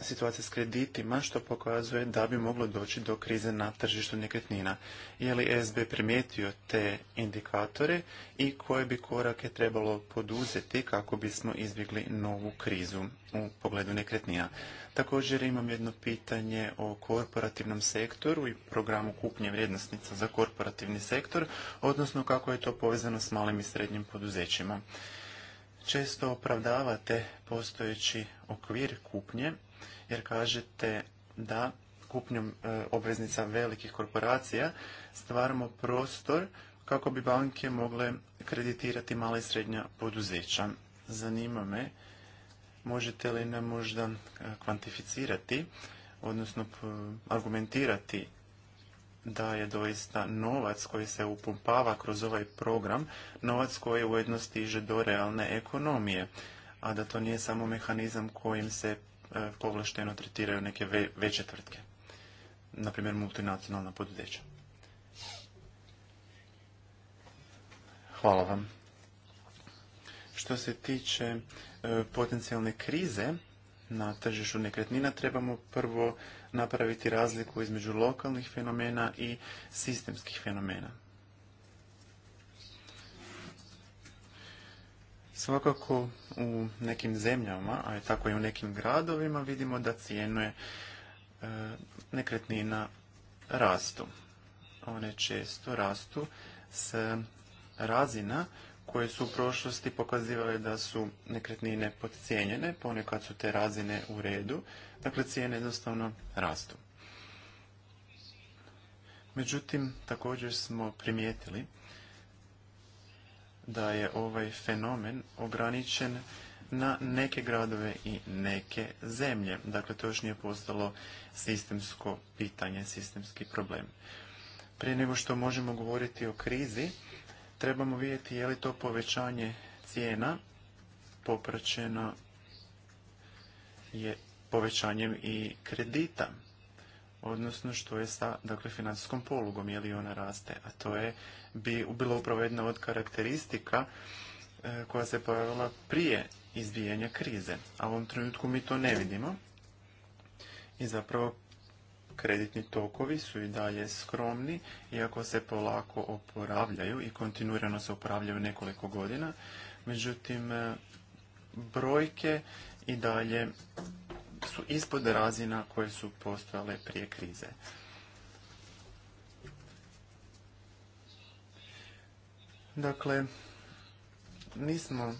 situacija s kreditima, što pokazuje da bi moglo doći do krize na tržištu nekretnina. Je li SB primijetio te indikatore i koje bi korake trebalo poduzeti kako bismo izbjegli novu krizu u pogledu nekretnina? Također imam jedno pitanje o korporativnom sektoru i programu kupnje vrijednosnica za korporativni sektor, odnosno kako je to povezano s malim i srednjim poduzećima. Često opravdavate postojeći okvir kupnje jer kažete da kupnjom e, obveznica velikih korporacija stvaramo prostor kako bi banke mogle kreditirati mala i srednja poduzeća. Zanima me, možete li nam možda e, kvantificirati, odnosno argumentirati da je doista novac koji se upumpava kroz ovaj program, novac koji ujedno stiže do realne ekonomije, a da to nije samo mehanizam kojim se E, povlašteno tretiraju neke veće tvrtke, na primjer multinacionalna poduzeća. Hvala vam. Što se tiče e, potencijalne krize na tržištu nekretnina, trebamo prvo napraviti razliku između lokalnih fenomena i sistemskih fenomena. Svakako u nekim zemljama, a je tako i u nekim gradovima, vidimo da cijene e, nekretnina rastu. One često rastu s razina koje su u prošlosti pokazivale da su nekretnine podcijenjene, ponekad su te razine u redu, dakle cijene jednostavno rastu. Međutim, također smo primijetili da je ovaj fenomen ograničen na neke gradove i neke zemlje. Dakle, to još nije postalo sistemsko pitanje, sistemski problem. Prije nego što možemo govoriti o krizi, trebamo vidjeti je li to povećanje cijena popraćeno je povećanjem i kredita odnosno što je sa dakle, financijskom polugom, je li ona raste. A to je bi bilo upravo jedna od karakteristika e, koja se pojavila prije izbijanja krize. A u ovom trenutku mi to ne vidimo. I zapravo kreditni tokovi su i dalje skromni, iako se polako oporavljaju i kontinuirano se oporavljaju nekoliko godina. Međutim, e, brojke i dalje su ispod razina koje su postojale prije krize. Dakle, nismo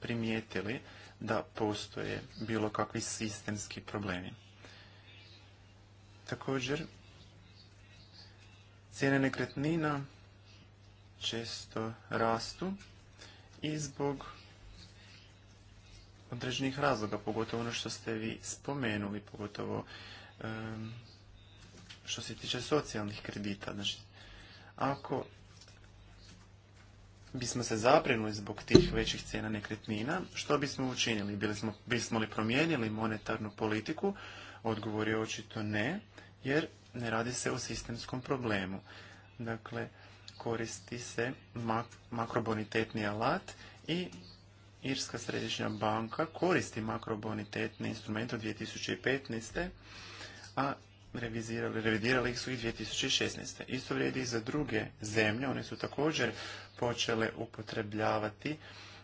primijetili da postoje bilo kakvi sistemski problemi. Također, cijene nekretnina često rastu i zbog određenih razloga, pogotovo ono što ste vi spomenuli, pogotovo što se tiče socijalnih kredita. Znači, ako bismo se zaprinuli zbog tih većih cijena nekretnina, što bismo učinili? Bili smo, bismo li promijenili monetarnu politiku? Odgovor je očito ne, jer ne radi se o sistemskom problemu. Dakle, koristi se makrobonitetni alat i Irska središnja banka koristi makrobonitetne instrumente od 2015. a revidirali ih su i 2016. Isto vrijedi i za druge zemlje, one su također počele upotrebljavati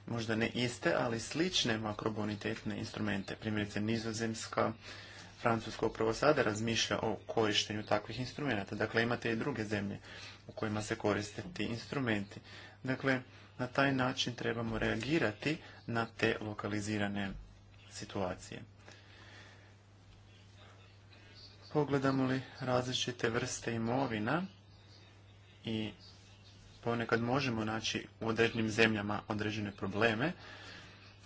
možda ne iste, ali slične makrobonitetne instrumente. Primjerice Nizozemska, francusko upravo sada razmišlja o korištenju takvih instrumenta. Dakle, imate i druge zemlje u kojima se koriste ti instrumenti. Dakle, na taj način trebamo reagirati na te lokalizirane situacije. Pogledamo li različite vrste imovina i ponekad možemo naći u određenim zemljama određene probleme,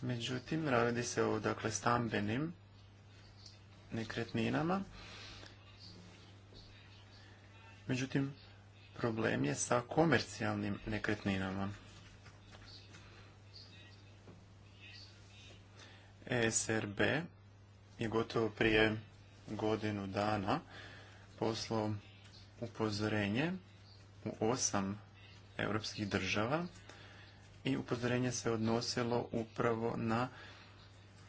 međutim radi se o dakle, stambenim nekretninama. Međutim, problem je sa komercijalnim nekretninama. ESRB je gotovo prije godinu dana poslao upozorenje u osam europskih država i upozorenje se odnosilo upravo na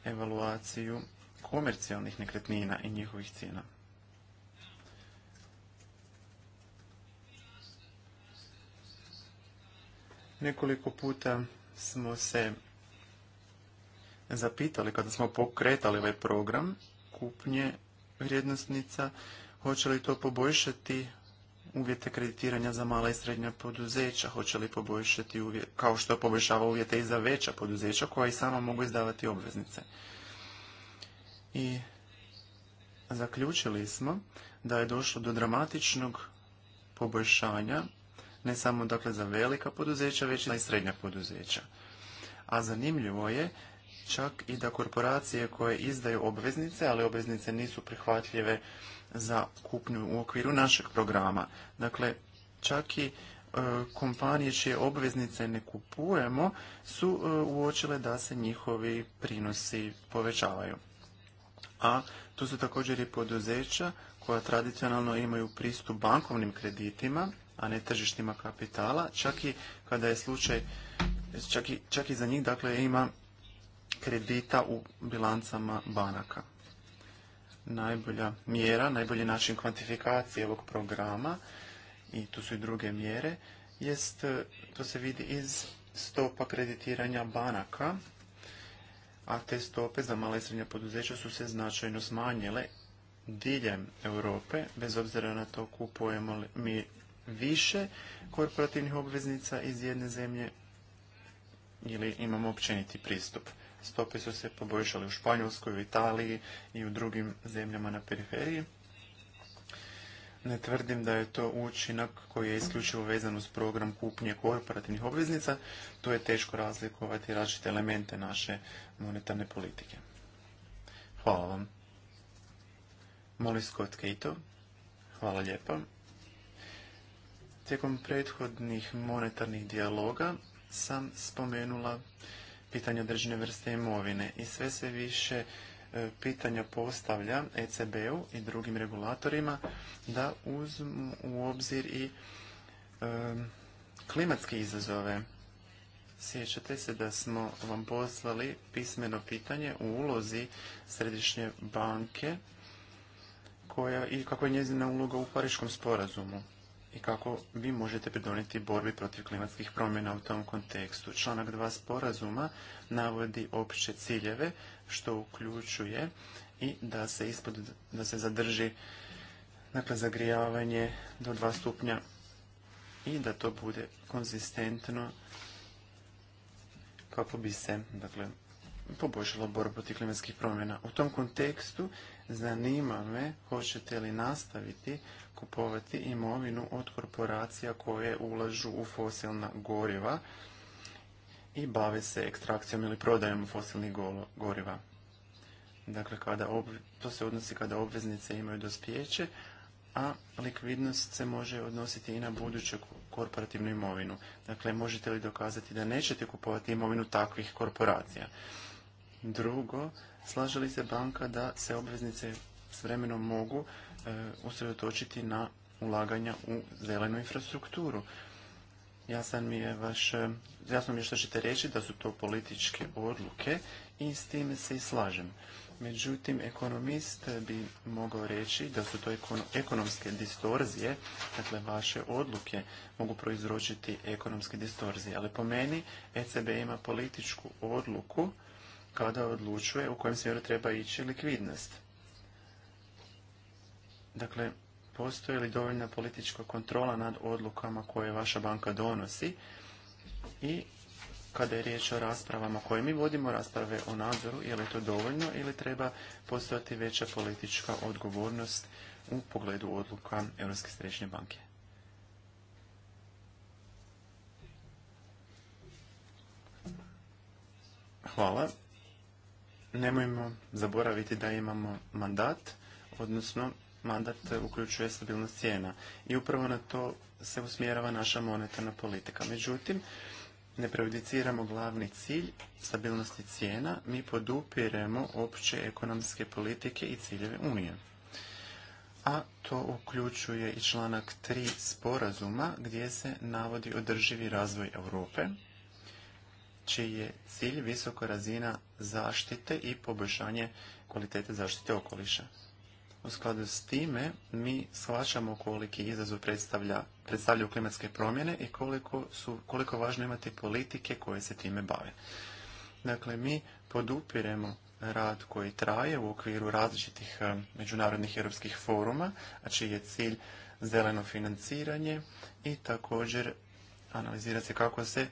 evaluaciju komercijalnih nekretnina i njihovih cijena. Nekoliko puta smo se zapitali kada smo pokretali ovaj program kupnje vrijednostnica hoće li to poboljšati uvjete kreditiranja za mala i srednja poduzeća, hoće li poboljšati uvjet, kao što poboljšava uvjete i za veća poduzeća koja i sama mogu izdavati obveznice. I zaključili smo da je došlo do dramatičnog poboljšanja, ne samo dakle za velika poduzeća, već i za i srednja poduzeća. A zanimljivo je čak i da korporacije koje izdaju obveznice, ali obveznice nisu prihvatljive za kupnju u okviru našeg programa. Dakle, čak i e, kompanije čije obveznice ne kupujemo su e, uočile da se njihovi prinosi povećavaju. A tu su također i poduzeća koja tradicionalno imaju pristup bankovnim kreditima, a ne tržištima kapitala, čak i kada je slučaj, čak i, za njih dakle ima kredita u bilancama banaka. Najbolja mjera, najbolji način kvantifikacije ovog programa i tu su i druge mjere, jest, e, to se vidi iz stopa kreditiranja banaka, a te stope za male i srednje poduzeća su se značajno smanjile diljem Europe, bez obzira na to kupujemo li mi više korporativnih obveznica iz jedne zemlje ili imamo općeniti pristup stope su se poboljšale u Španjolskoj, u Italiji i u drugim zemljama na periferiji. Ne tvrdim da je to učinak koji je isključivo vezan uz program kupnje korporativnih obveznica, tu je teško razlikovati različite elemente naše monetarne politike. Hvala vam. Molly Scott Cato, hvala lijepa. Tijekom prethodnih monetarnih dijaloga sam spomenula pitanje određene vrste imovine i sve se više e, pitanja postavlja ECB-u i drugim regulatorima da uzmu u obzir i e, klimatske izazove. Sjećate se da smo vam poslali pismeno pitanje u ulozi Središnje banke koja i kako je njezina uloga u Pariškom sporazumu i kako vi možete pridoniti borbi protiv klimatskih promjena u tom kontekstu. Članak 2 sporazuma navodi opće ciljeve što uključuje i da se ispod, da se zadrži dakle, zagrijavanje do dva stupnja i da to bude konzistentno kako bi se dakle, poboljšala borba protiv klimatskih promjena. U tom kontekstu Zanima me hoćete li nastaviti kupovati imovinu od korporacija koje ulažu u fosilna goriva i bave se ekstrakcijom ili prodajom fosilnih goriva. Dakle, kada to se odnosi kada obveznice imaju dospijeće, a likvidnost se može odnositi i na buduću korporativnu imovinu. Dakle, možete li dokazati da nećete kupovati imovinu takvih korporacija? Drugo, Slaže li se banka da se obveznice s vremenom mogu e, usredotočiti na ulaganja u zelenu infrastrukturu? Jasan mi je vaš, e, jasno mi je što ćete reći da su to političke odluke i s time se i slažem. Međutim, ekonomist bi mogao reći da su to ekonomske distorzije, dakle vaše odluke mogu proizročiti ekonomske distorzije, ali po meni ECB ima političku odluku kada odlučuje u kojem smjeru treba ići likvidnost. Dakle, postoji li dovoljna politička kontrola nad odlukama koje vaša banka donosi i kada je riječ o raspravama koje mi vodimo, rasprave o nadzoru, je li to dovoljno ili treba postojati veća politička odgovornost u pogledu odluka Europske središnje banke? Hvala nemojmo zaboraviti da imamo mandat, odnosno mandat uključuje stabilnost cijena. I upravo na to se usmjerava naša monetarna politika. Međutim, ne prejudiciramo glavni cilj stabilnosti cijena, mi podupiremo opće ekonomske politike i ciljeve Unije. A to uključuje i članak 3 sporazuma gdje se navodi održivi razvoj Europe, čiji je cilj visoka razina zaštite i poboljšanje kvalitete zaštite okoliša. U skladu s time mi shvaćamo koliki izazov predstavlja, predstavljaju klimatske promjene i koliko, su, koliko važno imati politike koje se time bave. Dakle, mi podupiremo rad koji traje u okviru različitih eh, međunarodnih europskih foruma, a čiji je cilj zeleno financiranje i također analizira se kako se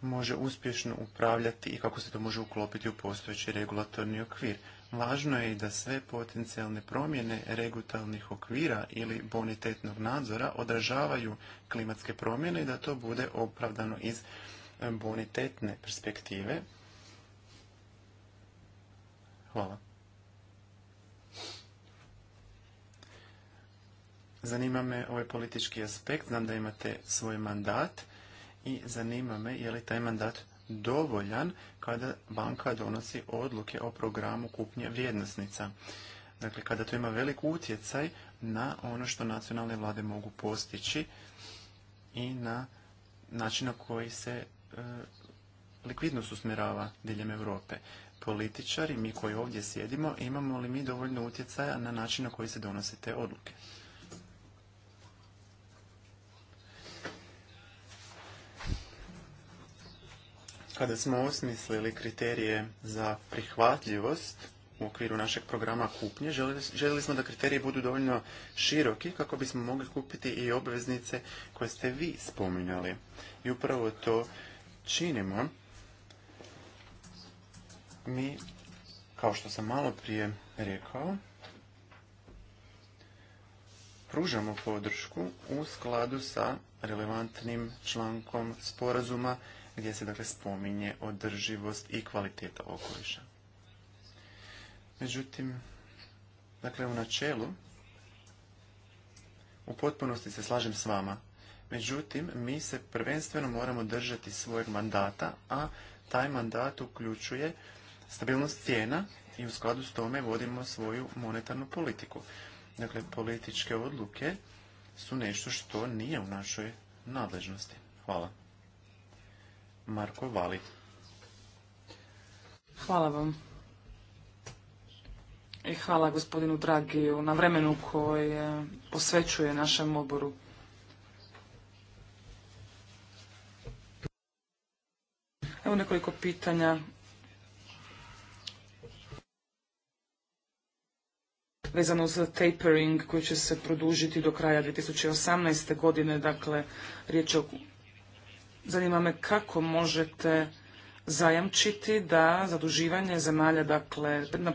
može uspješno upravljati i kako se to može uklopiti u postojeći regulatorni okvir. Važno je i da sve potencijalne promjene regulatornih okvira ili bonitetnog nadzora odražavaju klimatske promjene i da to bude opravdano iz e, bonitetne perspektive. Hvala. Zanima me ovaj politički aspekt, znam da imate svoj mandat i zanima me je li taj mandat dovoljan kada banka donosi odluke o programu kupnje vrijednosnica. Dakle, kada to ima velik utjecaj na ono što nacionalne vlade mogu postići i na način na koji se e, likvidnost usmjerava diljem Europe. Političari, mi koji ovdje sjedimo, imamo li mi dovoljno utjecaja na način na koji se donose te odluke? Kada smo osmislili kriterije za prihvatljivost u okviru našeg programa kupnje, željeli smo da kriteriji budu dovoljno široki kako bismo mogli kupiti i obveznice koje ste vi spominjali. I upravo to činimo. Mi, kao što sam malo prije rekao, pružamo podršku u skladu sa relevantnim člankom sporazuma gdje se dakle spominje održivost i kvaliteta okoliša. Međutim, dakle u načelu u potpunosti se slažem s vama. Međutim, mi se prvenstveno moramo držati svojeg mandata, a taj mandat uključuje stabilnost cijena i u skladu s tome vodimo svoju monetarnu politiku. Dakle, političke odluke su nešto što nije u našoj nadležnosti. Hvala. Marko Vali. Hvala vam. I hvala gospodinu Dragiju na vremenu koje posvećuje našem odboru. Evo nekoliko pitanja. vezano za tapering koji će se produžiti do kraja 2018. godine, dakle riječ je o Zanima me kako možete zajamčiti da zaduživanje zemalja dakle, na,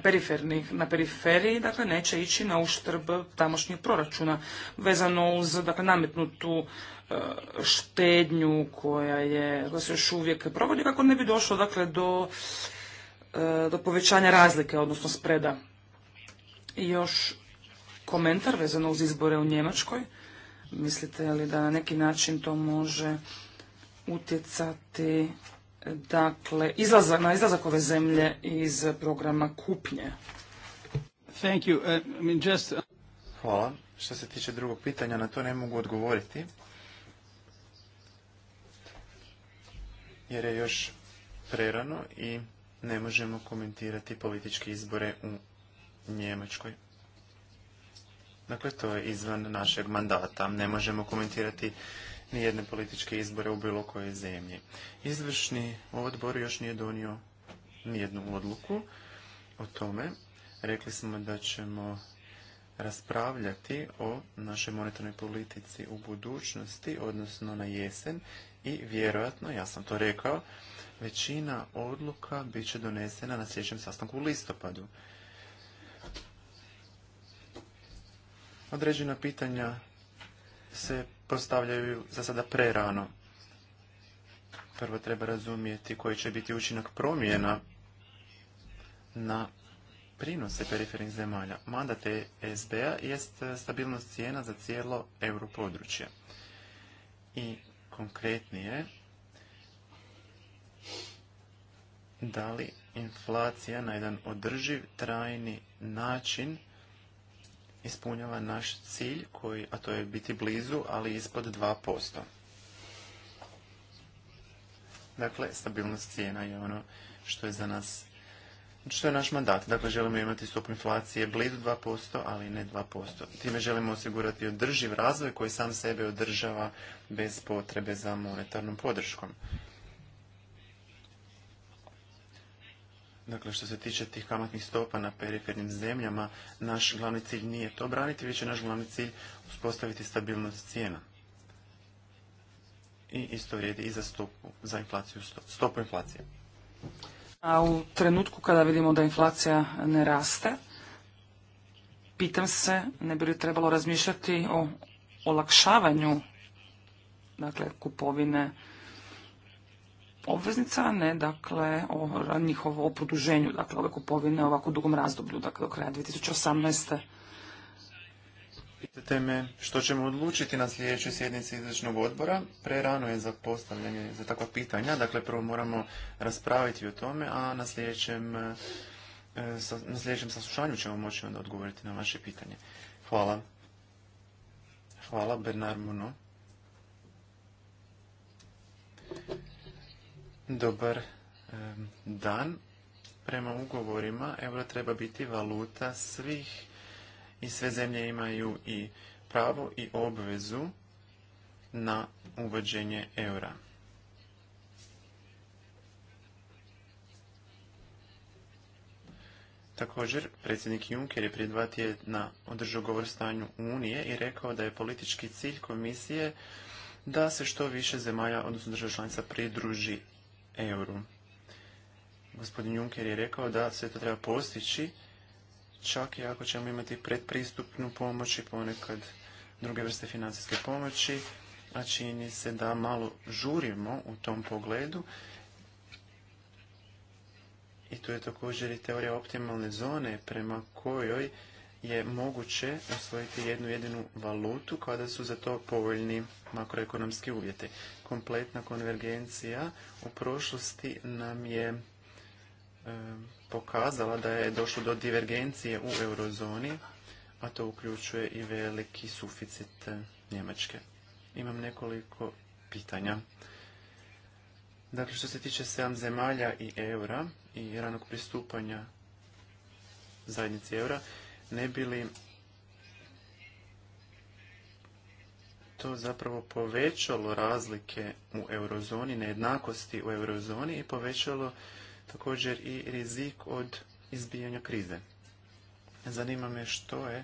na periferiji dakle, neće ići na uštrb tamošnjih proračuna vezano uz dakle, nametnutu e, štednju koja, je, koja se još uvijek provodi kako ne bi došlo dakle, do, e, do povećanja razlike, odnosno spreda. I još komentar vezano uz izbore u Njemačkoj. Mislite li da na neki način to može utjecati dakle, izlazak, na izlazak ove zemlje iz programa kupnje. Thank you. Uh, I mean just... Uh, Hvala. Što se tiče drugog pitanja, na to ne mogu odgovoriti. Jer je još prerano i ne možemo komentirati političke izbore u Njemačkoj. Dakle, to je izvan našeg mandata. Ne možemo komentirati ni jedne političke izbore u bilo kojoj zemlji. Izvršni odbor još nije donio nijednu odluku o tome. Rekli smo da ćemo raspravljati o našoj monetarnoj politici u budućnosti, odnosno na jesen i vjerojatno, ja sam to rekao, većina odluka bit će donesena na sljedećem sastanku u listopadu. Određena pitanja se postavljaju za sada prerano. Prvo treba razumjeti koji će biti učinak promjena na prinose perifernih zemalja. Mandat e SBA jest stabilnost cijena za cijelo područje. I konkretnije, da li inflacija na jedan održiv, trajni način ispunjava naš cilj, koji, a to je biti blizu, ali ispod 2%. Dakle, stabilnost cijena je ono što je za nas, što je naš mandat. Dakle, želimo imati stopu inflacije blizu 2%, ali ne 2%. Time želimo osigurati održiv razvoj koji sam sebe održava bez potrebe za monetarnom podrškom. Dakle, što se tiče tih kamatnih stopa na perifernim zemljama, naš glavni cilj nije to braniti, već je naš glavni cilj uspostaviti stabilnost cijena. I isto vrijedi i za stopu, za inflaciju, stopu inflacije. A u trenutku kada vidimo da inflacija ne raste, pitam se, ne bi li trebalo razmišljati o olakšavanju dakle, kupovine obveznica, ne dakle o njihovo o produženju, dakle ove kupovine ovako dugom razdoblju, dakle do kraja 2018. Pitate me što ćemo odlučiti na sljedećoj sjednici izvršnog odbora. Pre Prerano je za postavljanje za takva pitanja, dakle prvo moramo raspraviti o tome, a na sljedećem, e, na sljedećem saslušanju ćemo moći onda odgovoriti na vaše pitanje. Hvala. Hvala Bernard Monod. Dobar dan. Prema ugovorima euro treba biti valuta svih i sve zemlje imaju i pravo i obvezu na uvođenje eura. Također, predsjednik Juncker je prije dva tjedna održao govor stanju Unije i rekao da je politički cilj komisije da se što više zemalja, odnosno država članica, pridruži euru. Gospodin Juncker je rekao da sve to treba postići, čak i ako ćemo imati predpristupnu pomoć i ponekad druge vrste financijske pomoći, a čini se da malo žurimo u tom pogledu. I tu je također i teorija optimalne zone prema kojoj je moguće usvojiti jednu jedinu valutu kada su za to povoljni makroekonomski uvjeti. Kompletna konvergencija u prošlosti nam je e, pokazala da je došlo do divergencije u eurozoni, a to uključuje i veliki suficit e, Njemačke. Imam nekoliko pitanja. Dakle, što se tiče 7 zemalja i eura i ranog pristupanja zajednici eura, ne bi li to zapravo povećalo razlike u eurozoni, nejednakosti u eurozoni i povećalo također i rizik od izbijanja krize. Zanima me što je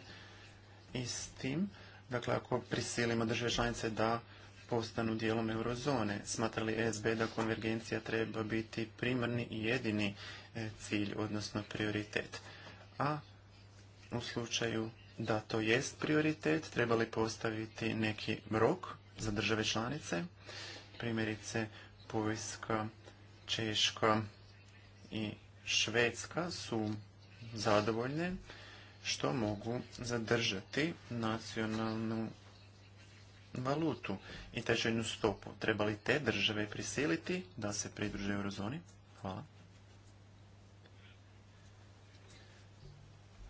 i s tim, dakle ako prisilimo države članice da postanu dijelom eurozone, smatra li e SB da konvergencija treba biti primarni i jedini e, cilj, odnosno prioritet. A u slučaju da to jest prioritet, trebali postaviti neki rok za države članice, primjerice Poljska, Češka i Švedska su zadovoljne što mogu zadržati nacionalnu valutu i tečajnu stopu. Trebali te države prisiliti da se pridruže eurozoni? Hvala.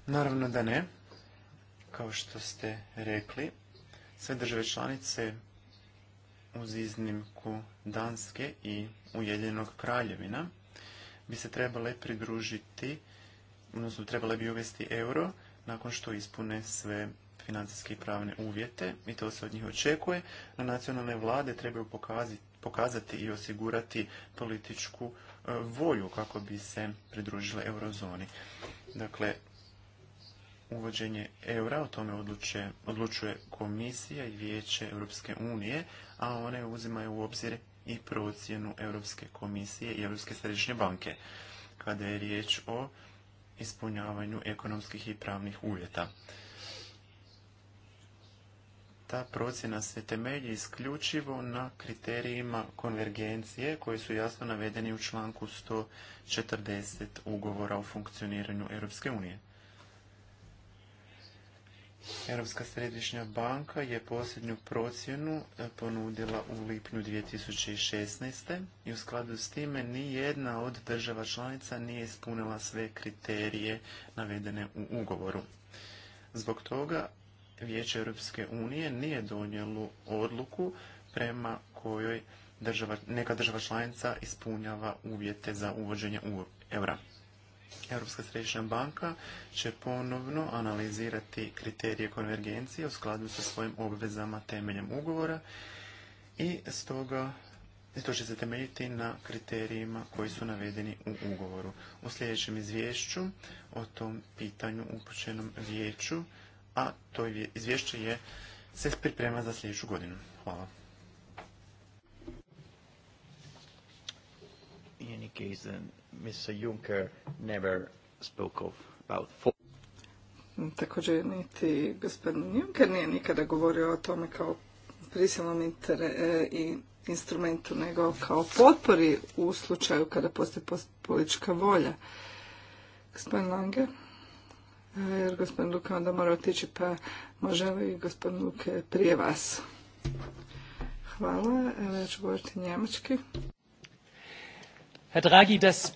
Naravno da ne. Kao što ste rekli, sve države članice uz iznimku Danske i Ujedinjenog kraljevina bi se trebale pridružiti, odnosno trebale bi uvesti euro nakon što ispune sve financijske i pravne uvjete i to se od njih očekuje, no nacionalne vlade trebaju pokazati, pokazati i osigurati političku e, volju kako bi se pridružile eurozoni. Dakle, uvođenje eura, o tome odlučuje, komisija i vijeće Europske unije, a one uzimaju u obzir i procjenu Europske komisije i Europske središnje banke, kada je riječ o ispunjavanju ekonomskih i pravnih uvjeta. Ta procjena se temelji isključivo na kriterijima konvergencije koji su jasno navedeni u članku 140 ugovora o funkcioniranju Europske unije. Europska središnja banka je posljednju procjenu ponudila u lipnju 2016. i u skladu s time ni jedna od država članica nije ispunila sve kriterije navedene u ugovoru. Zbog toga Vijeće Europske unije nije donijelo odluku prema kojoj neka država članica ispunjava uvjete za uvođenje eura. Europska središnja banka će ponovno analizirati kriterije konvergencije u skladu sa svojim obvezama temeljem ugovora i stoga to će se temeljiti na kriterijima koji su navedeni u ugovoru. U sljedećem izvješću o tom pitanju upućenom vijeću, a to izvješće je, se priprema za sljedeću godinu. Hvala. in any case, Mr. Juncker never spoke of about four. Također niti gospodin Juncker nije nikada govorio o tome kao prisilnom e, i instrumentu, nego kao potpori u slučaju kada postoji politička volja. Gospodin Lange, e, jer gospodin Luka onda mora otići, pa može li gospodin Luke prije vas? Hvala, e, ja ću govoriti njemački. Herr Draghi, das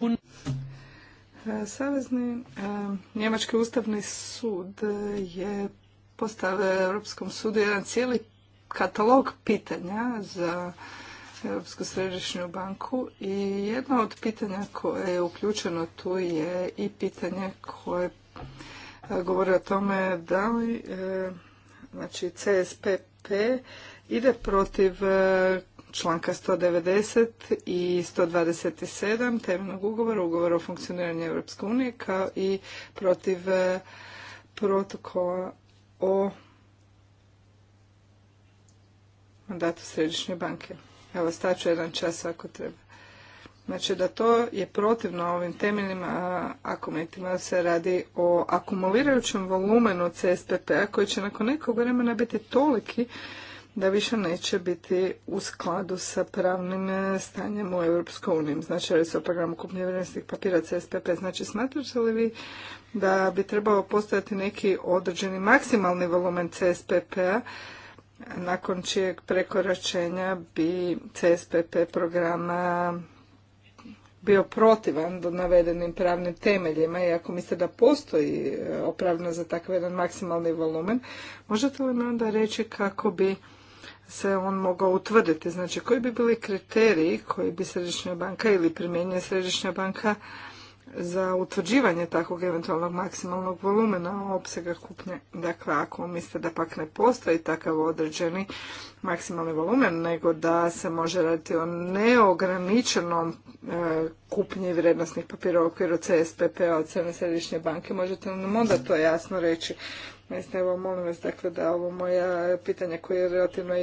e, Savezni e, Njemački ustavni sud je postavio Europskom sudu jedan cijeli katalog pitanja za Europsku središnju banku i jedno od pitanja koje je uključeno tu je i pitanje koje e, govori o tome da li znači CSPP ide protiv članka 190 i 127 temeljnog ugovora, ugovora o funkcioniranju Europske unije, kao i protiv e, protokola o mandatu Središnje banke. Evo, staću jedan čas ako treba. Znači da to je protivno ovim temeljnim akumentima se radi o akumulirajućem volumenu CSPP-a koji će nakon nekog vremena biti toliki da više neće biti u skladu sa pravnim e, stanjem u EU. Znači, ali se o programu kupnje vrijednostnih papira CSPP. Znači, smatrate li vi da bi trebao postojati neki određeni maksimalni volumen CSPP-a nakon čijeg prekoračenja bi CSPP programa bio protivan do navedenim pravnim temeljima i ako mislite da postoji e, opravno za takav jedan maksimalni volumen, možete li mi onda reći kako bi se on mogao utvrditi? Znači, koji bi bili kriteriji koji bi središnja banka ili primjenjuje središnja banka za utvrđivanje takvog eventualnog maksimalnog volumena opsega kupnje. Dakle, ako mislite da pak ne postoji takav određeni maksimalni volumen, nego da se može raditi o neograničenom e, kupnji vrednostnih papira u okviru CSPP p-a od Crne središnje banke, možete nam onda to jasno reći. Mislim, evo molim vas dakle da ovo moja pitanja koje je relativno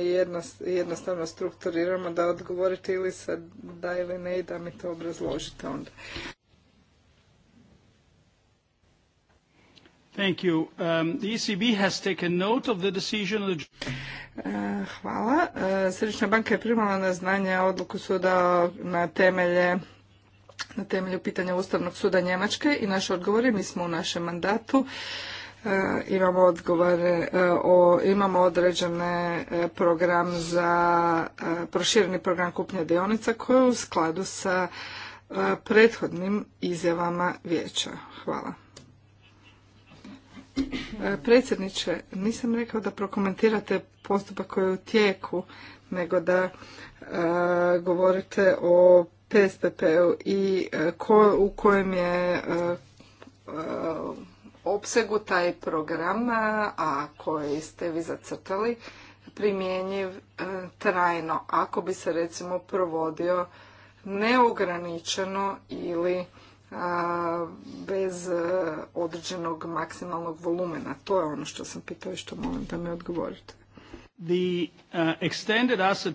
jednostavno strukturiramo da odgovorite ili sa da ili ne i da mi to obrazložite onda. Thank you. Um, the ECB has taken note of the decision of the... Uh, hvala. Uh, Središnja banka je primala na znanje odluku suda na temelje na temelju pitanja Ustavnog suda Njemačke i naš odgovor mi smo u našem mandatu E, imamo odgovore, e, o, imamo određene e, program za prošireni program kupnje dionica koji je u skladu sa prethodnim izjavama vijeća. Hvala. Predsjedniče, nisam rekao da prokomentirate postupak koji je u tijeku, nego da govorite o PSPP-u i u kojem je opsegu taj program, a koji ste vi zacrtali, primjenjiv e, trajno, ako bi se recimo provodio neograničeno ili e, bez e, određenog maksimalnog volumena. To je ono što sam pitao i što molim da mi odgovorite. The, extended asset...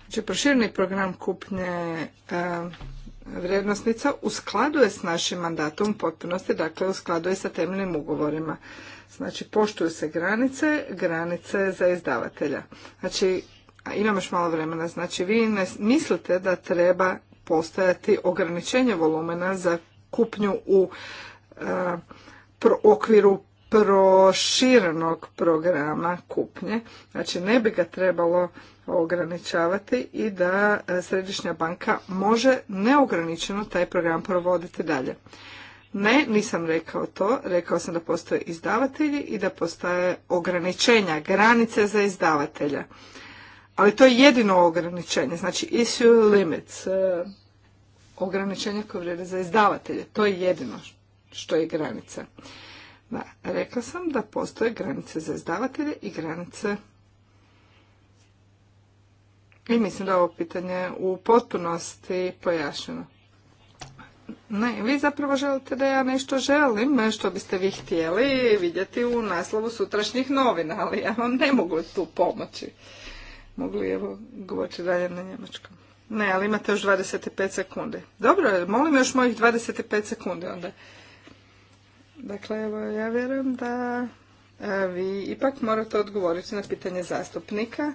Znači, prošireni program kupnje vrijednosnica u skladu je s našim mandatom u potpunosti, dakle u skladu je sa temeljnim ugovorima. Znači, poštuju se granice, granice za izdavatelja. Znači, a imam još malo vremena, znači vi ne mislite da treba postojati ograničenje volumena za kupnju u eh, okviru proširenog programa kupnje. Znači ne bi ga trebalo ograničavati i da e, Središnja banka može neograničeno taj program provoditi dalje. Ne, nisam rekao to. Rekao sam da postoje izdavatelji i da postoje ograničenja, granice za izdavatelja. Ali to je jedino ograničenje, znači issue limits, ograničenje ograničenja koje vrijede za izdavatelje. To je jedino što je granica. Da, rekla sam da postoje granice za izdavatelje i granice i mislim da je ovo pitanje u potpunosti pojašnjeno. Ne, vi zapravo želite da ja nešto želim, što biste vi htjeli vidjeti u naslovu sutrašnjih novina, ali ja vam ne mogu tu pomoći. Mogu li evo govoriti dalje na njemačkom? Ne, ali imate još 25 sekundi. Dobro, molim još mojih 25 sekundi onda. Dakle, evo, ja vjerujem da e, vi ipak morate odgovoriti na pitanje zastupnika.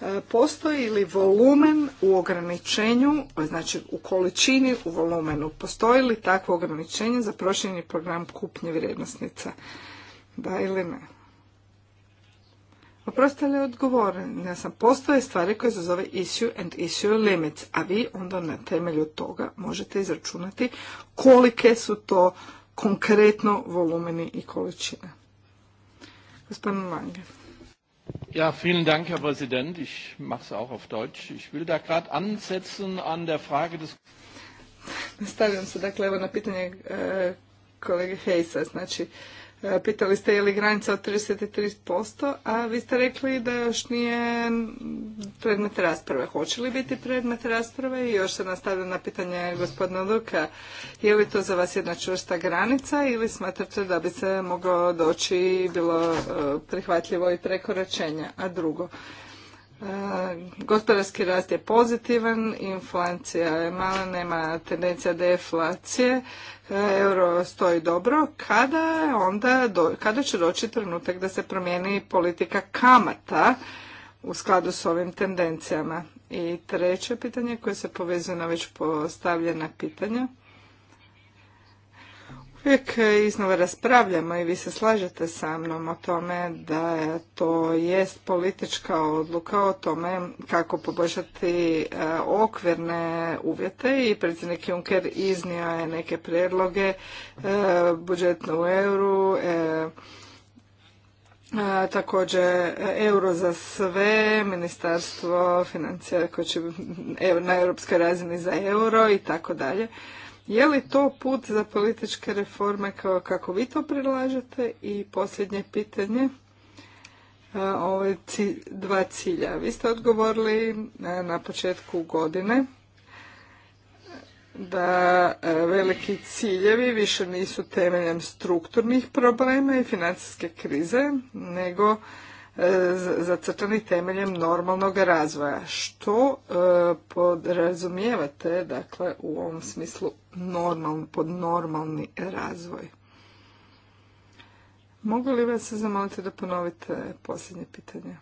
E, postoji li volumen u ograničenju, znači u količini, u volumenu, postoji li takvo ograničenje za prošljeni program kupnje vrijednosnica? Da ili ne? Oprosti li odgovor? Ja sam, postoje stvari koje se zove issue and issue limits, a vi onda na temelju toga možete izračunati kolike su to konkretno volumeni i količine. Gospodin Lange. Ja, vielen Dank, Herr Präsident. Ich mache es auch auf Deutsch. Ich will da gerade ansetzen an der Frage des... Nastavljam se, dakle, evo na pitanje e, kolege Hejsa. Znači, E, pitali ste je li granica od 33%, a vi ste rekli da još nije predmet rasprave. Hoće li biti predmet rasprave? I još se nastavlja na pitanje gospodina Luka. Je li to za vas jedna čvrsta granica ili smatrate da bi se moglo doći i bilo e, prihvatljivo i prekoračenje? A drugo, E, gospodarski rast je pozitivan, inflacija je mala, nema tendencija deflacije, e, euro stoji dobro. Kada, onda, kada će doći trenutak da se promijeni politika kamata u skladu s ovim tendencijama? I treće pitanje koje se povezuje na već postavljena pitanja. Uvijek iznova raspravljamo i vi se slažete sa mnom o tome da to jest politička odluka o tome kako poboljšati e, okvirne uvjete i predsjednik Juncker iznio je neke prijedloge e, budžetno u euru, e, također euro za sve, ministarstvo financija koje će na europskoj razini za euro i tako dalje. Je li to put za političke reforme kao kako vi to predlažete? I posljednje pitanje, e, ove ovaj dva cilja. Vi ste odgovorili e, na početku godine da e, veliki ciljevi više nisu temeljem strukturnih problema i financijske krize, nego E, zacrtani temeljem normalnog razvoja. Što e, podrazumijevate dakle, u ovom smislu pod normalni razvoj? Mogu li vas zamoliti da ponovite posljednje pitanje?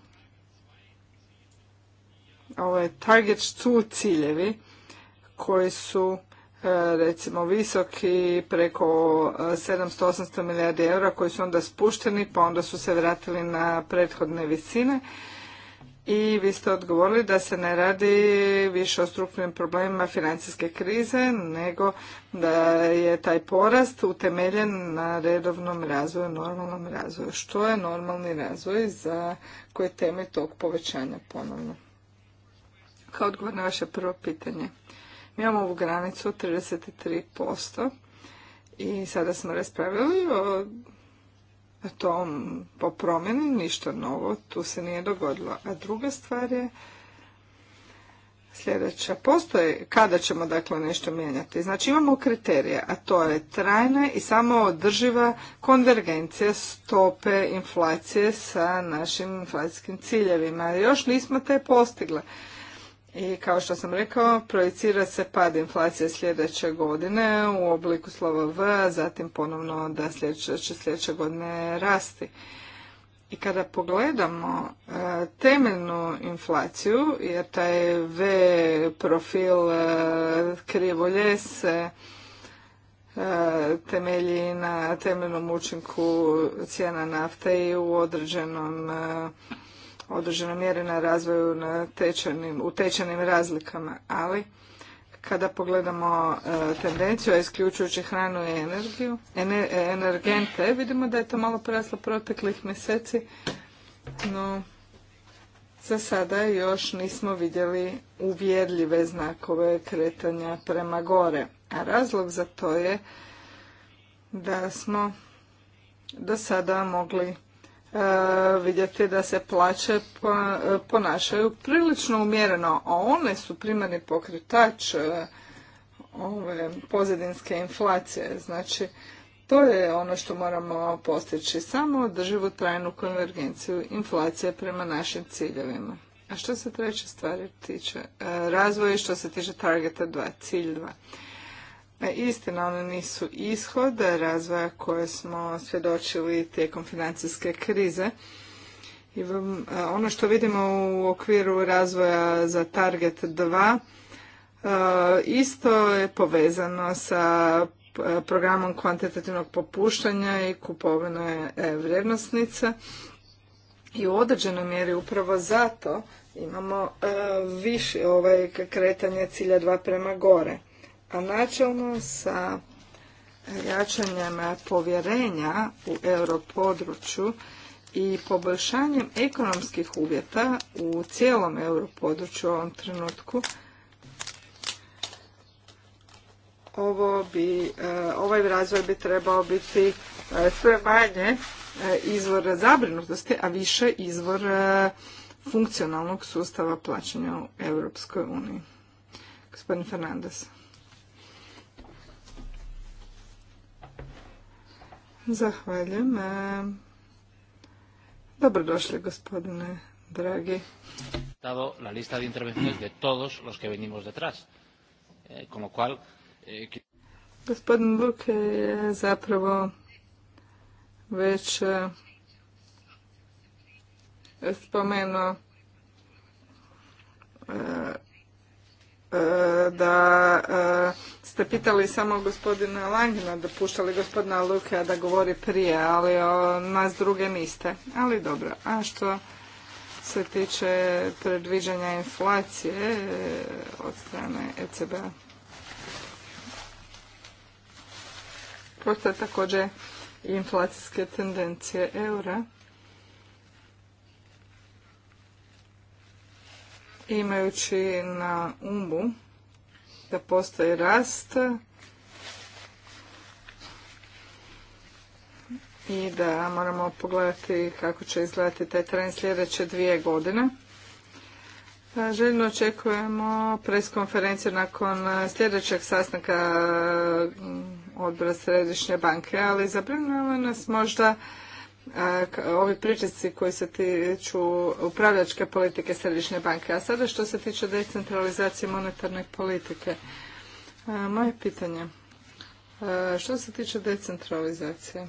Ovo je target su ciljevi koji su E, recimo visoki preko 700-800 e, milijardi eura koji su onda spušteni pa onda su se vratili na prethodne visine i vi ste odgovorili da se ne radi više o strukturnim problemima financijske krize nego da je taj porast utemeljen na redovnom razvoju, normalnom razvoju. Što je normalni razvoj za koje teme tog povećanja ponovno? Kao odgovor na vaše prvo pitanje. Mi imamo ovu granicu 33% i sada smo raspravili o tom po promjeni, ništa novo, tu se nije dogodilo. A druga stvar je sljedeća. Postoje kada ćemo dakle nešto mijenjati. Znači imamo kriterije, a to je trajna i samo održiva konvergencija stope inflacije sa našim inflacijskim ciljevima. Još nismo te postigle. I kao što sam rekao, projicira se pad inflacije sljedeće godine u obliku slova V, a zatim ponovno da će sljedeće godine rasti. I kada pogledamo e, temeljnu inflaciju, jer taj V profil e, krivolje se e, temelji na temeljnom učinku cijena nafte i u određenom određene mjere na razvoju na u tečajnim razlikama, ali kada pogledamo e, tendenciju, a isključujući hranu i energiju, e, energente, vidimo da je to malo preraslo proteklih mjeseci, no za sada još nismo vidjeli uvjerljive znakove kretanja prema gore. A razlog za to je da smo do sada mogli E, vidjeti da se plaće e, ponašaju prilično umjereno, a one su primarni pokretač e, ove pozadinske inflacije. Znači, to je ono što moramo postići, samo održivu trajnu konvergenciju inflacije prema našim ciljevima. A što se treće stvari tiče, razvoj što se tiče targeta 2, cilj 2. E, istina, one nisu ishod razvoja koje smo svjedočili tijekom financijske krize. I e, ono što vidimo u okviru razvoja za Target 2 e, isto je povezano sa programom kvantitativnog popuštanja i kupovine vrijednosnica. I u određenoj mjeri upravo zato imamo više ovaj kretanje cilja 2 prema gore načelno sa jačanjem povjerenja u europodručju i poboljšanjem ekonomskih uvjeta u cijelom europodručju u ovom trenutku ovo bi, e, ovaj razvoj bi trebao biti e, sve manje e, izvor zabrinutosti, a više izvor funkcionalnog sustava plaćanja u Europskoj uniji. Gospodin Fernandez. Zahvaljujem. E, dobrodošli, gospodine dragi. Dado la lista de intervenciones de todos los que venimos detrás. E, con lo cual... E, Gospodin Luke je zapravo već spomenuo E, da e, ste pitali samo gospodina Langina, da puštali gospodina Luka da govori prije, ali o nas druge niste. Ali dobro, a što se tiče predviđanja inflacije e, od strane ECB-a? Postoje također inflacijske tendencije eura imajući na umu da postoji rast i da moramo pogledati kako će izgledati taj trend sljedeće dvije godine. Pa željno očekujemo preskonferenciju nakon sljedećeg sastanka mm, odbora Središnje banke, ali zabrinjava nas možda ovi pričaci koji se tiču upravljačke politike Središnje banke. A sada što se tiče decentralizacije monetarne politike, moje pitanje, što se tiče decentralizacije?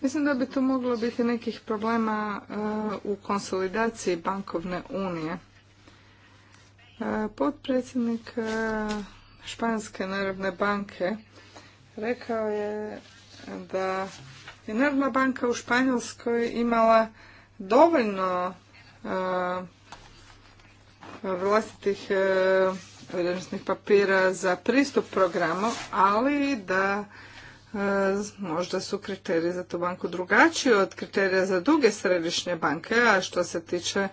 Mislim da bi tu moglo biti nekih problema u konsolidaciji bankovne unije. Potpredsjednik Španjske narodne banke Rekao je da je Narodna banka u Španjolskoj imala dovoljno e, vlastitih e, papira za pristup programu, ali da e, možda su kriteriji za tu banku drugačiji od kriterija za druge središnje banke, a što se tiče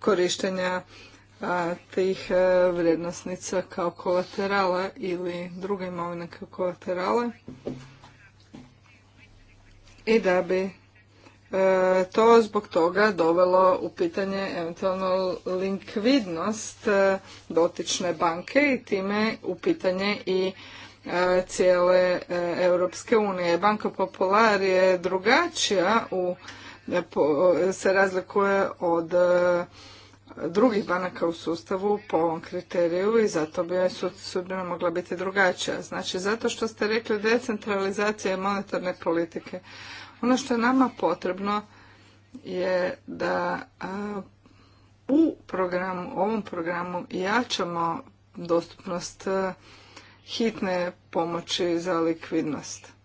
korištenja tih e, vrijednosnica kao kolaterala ili druge imovine kao kolaterale i da bi e, to zbog toga dovelo u pitanje eventualno likvidnost e, dotične banke i time u pitanje i cijele Europske unije. Banka Popular je drugačija u, se razlikuje od drugih banaka u sustavu po ovom kriteriju i zato bi sudbina mogla biti drugačija. Znači, zato što ste rekli decentralizacija monetarne politike. Ono što je nama potrebno je da u programu, ovom programu jačamo dostupnost hitne pomoći za likvidnost.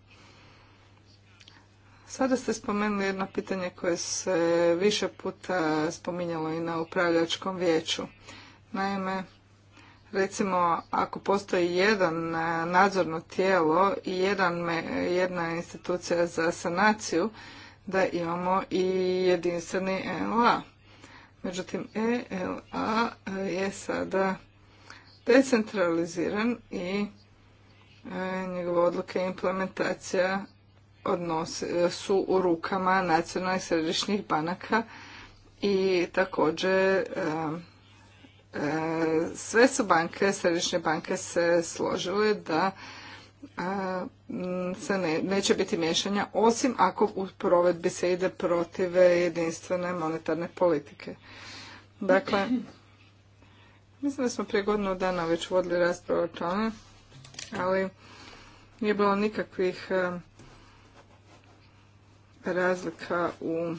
Sada ste spomenuli jedno pitanje koje se više puta spominjalo i na upravljačkom vijeću. Naime, recimo ako postoji jedan e, nadzorno tijelo i jedan, jedna institucija za sanaciju, da imamo i jedinstveni ELA. Međutim, ELA e, je sada decentraliziran i e, njegove odluke implementacija odnos, e, su u rukama nacionalnih središnjih banaka i također e, e, sve su banke, središnje banke se složile da se neće biti miješanja osim ako u provedbi se ide protiv jedinstvene monetarne politike. Dakle, mislim da smo prije godinu dana već vodili raspravu o tome, ali nije bilo nikakvih razlika u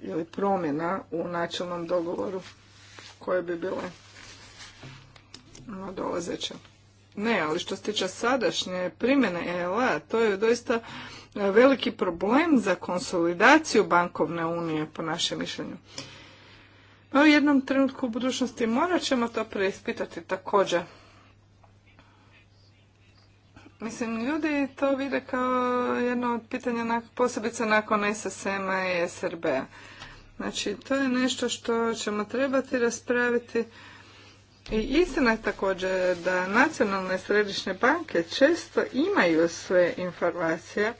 ili promjena u načelnom dogovoru koje bi bile dolazeće. Ne, ali što se tiče sadašnje primjene ELA, to je doista veliki problem za konsolidaciju bankovne unije, po našem mišljenju. No, pa u jednom trenutku u budućnosti morat ćemo to preispitati također. Mislim, ljudi to vide kao jedno od pitanja posebice nakon SSM-a i SRB-a. Znači, to je nešto što ćemo trebati raspraviti. I istina je također da nacionalne središnje banke često imaju sve informacije.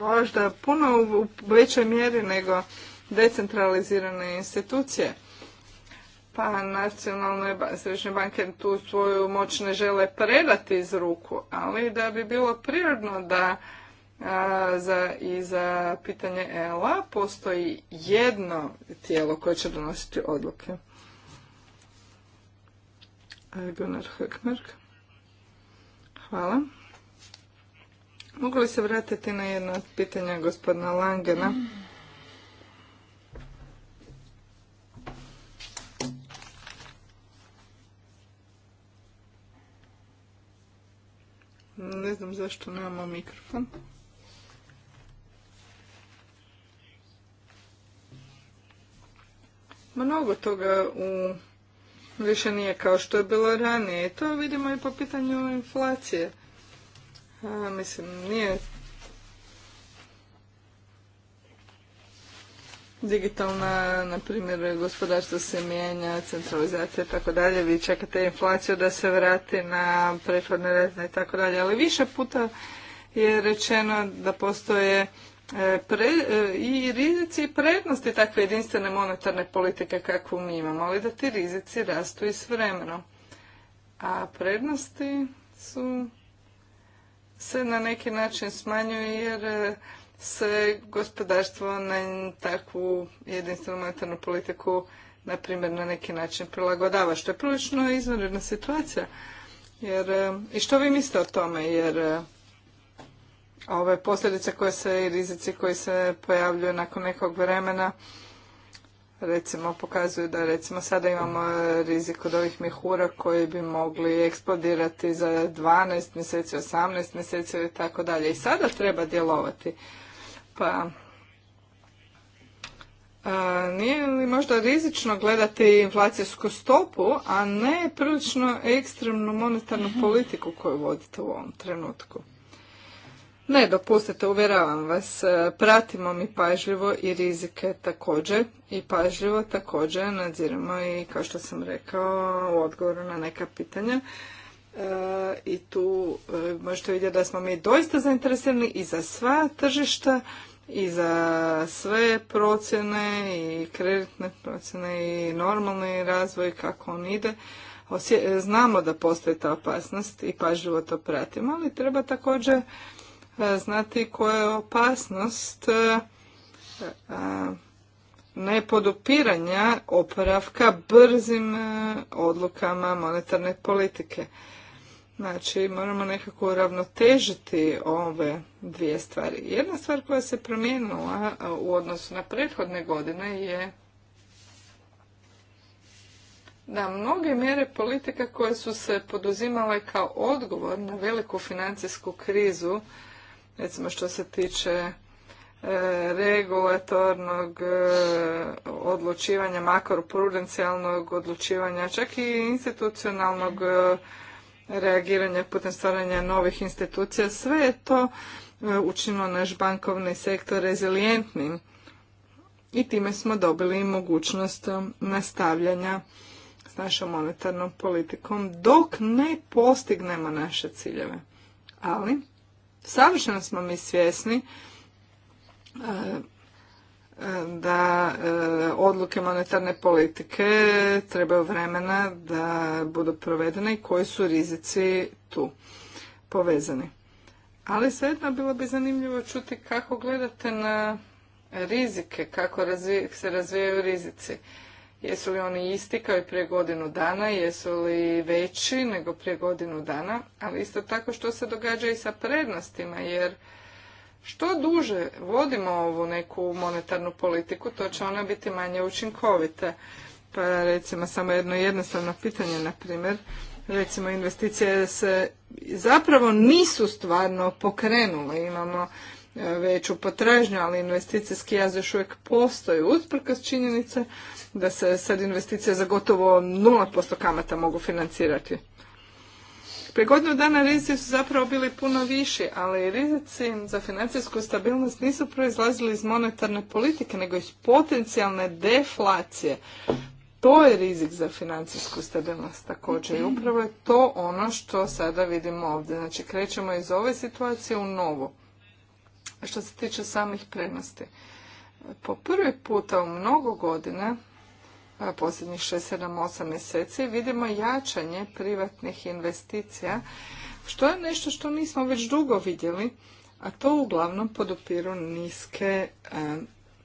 Možda puno u većoj mjeri nego decentralizirane institucije pa nacionalne središnje banke tu svoju moć ne žele predati iz ruku, ali da bi bilo prirodno da za, i za pitanje ELA postoji jedno tijelo koje će donositi odluke. Gunnar Hvala. Mogu li se vratiti na jedno od pitanja gospodina Langena? Ne znam zašto nemamo mikrofon. Mnogo toga u više nije kao što je bilo ranije. to vidimo i po pitanju inflacije. mislim, nije digitalna, na primjer, gospodarstvo se mijenja, centralizacija i tako dalje, vi čekate inflaciju da se vrati na prethodne razine i tako dalje, ali više puta je rečeno da postoje e, e, i rizici i prednosti takve jedinstvene monetarne politike kakvu mi imamo, ali da ti rizici rastu i s vremenom. A prednosti su se na neki način smanjuju jer e, se gospodarstvo na takvu jedinstvenu monetarnu politiku na primjer na neki način prilagodava, što je prilično izvanredna situacija. Jer, e, I što vi mislite o tome? Jer e, ove posljedice koje se i rizici koji se pojavljuju nakon nekog vremena recimo pokazuju da recimo sada imamo e, rizik od ovih mihura koji bi mogli eksplodirati za 12 mjeseci, 18 mjeseci i tako dalje. I sada treba djelovati. Pa nije li možda rizično gledati inflacijsku stopu, a ne prilično ekstremnu monetarnu mhm. politiku koju vodite u ovom trenutku? Ne, dopustite, uvjeravam vas, e, pratimo mi pažljivo i rizike također i pažljivo također nadziramo i kao što sam rekao u odgovoru na neka pitanja e, i tu e, možete vidjeti da smo mi doista zainteresirani i za sva tržišta i za sve procjene i kreditne procjene i normalni razvoj kako on ide. znamo da postoji ta opasnost i pažljivo to pratimo, ali treba također e, znati koja je opasnost e, e, nepodupiranja oporavka brzim odlukama monetarne politike. Znači, moramo nekako uravnotežiti ove dvije stvari. Jedna stvar koja se promijenila u odnosu na prethodne godine je da mnoge mjere politika koje su se poduzimale kao odgovor na veliku financijsku krizu, recimo što se tiče e, regulatornog e, odlučivanja, makroprudencijalnog odlučivanja, čak i institucionalnog e, reagiranja putem stvaranja novih institucija, sve je to e, učinilo naš bankovni sektor rezilijentnim i time smo dobili mogućnost e, nastavljanja s našom monetarnom politikom dok ne postignemo naše ciljeve. Ali, savršeno smo mi svjesni e, da e, odluke monetarne politike trebaju vremena da budu provedene i koji su rizici tu povezani. Ali svejedno bilo bi zanimljivo čuti kako gledate na rizike, kako se razvijaju rizici. Jesu li oni isti kao i prije godinu dana, jesu li veći nego prije godinu dana, ali isto tako što se događa i sa prednostima, jer što duže vodimo ovu neku monetarnu politiku, to će ona biti manje učinkovita Pa recimo samo jedno jednostavno pitanje, na primjer, recimo investicije se zapravo nisu stvarno pokrenule. Imamo e, veću potražnju, ali investicijski jaz još uvijek postoji usprkos činjenice da se sad investicije za gotovo 0% kamata mogu financirati. Pre godinu dana rizici su zapravo bili puno više, ali rizici za financijsku stabilnost nisu proizlazili iz monetarne politike, nego iz potencijalne deflacije. To je rizik za financijsku stabilnost također i upravo je to ono što sada vidimo ovdje. Znači krećemo iz ove situacije u novo. Što se tiče samih prednosti. Po prvi puta u mnogo godina posljednjih 6, 7, 8 mjeseci, vidimo jačanje privatnih investicija, što je nešto što nismo već dugo vidjeli, a to uglavnom podupiru niske e,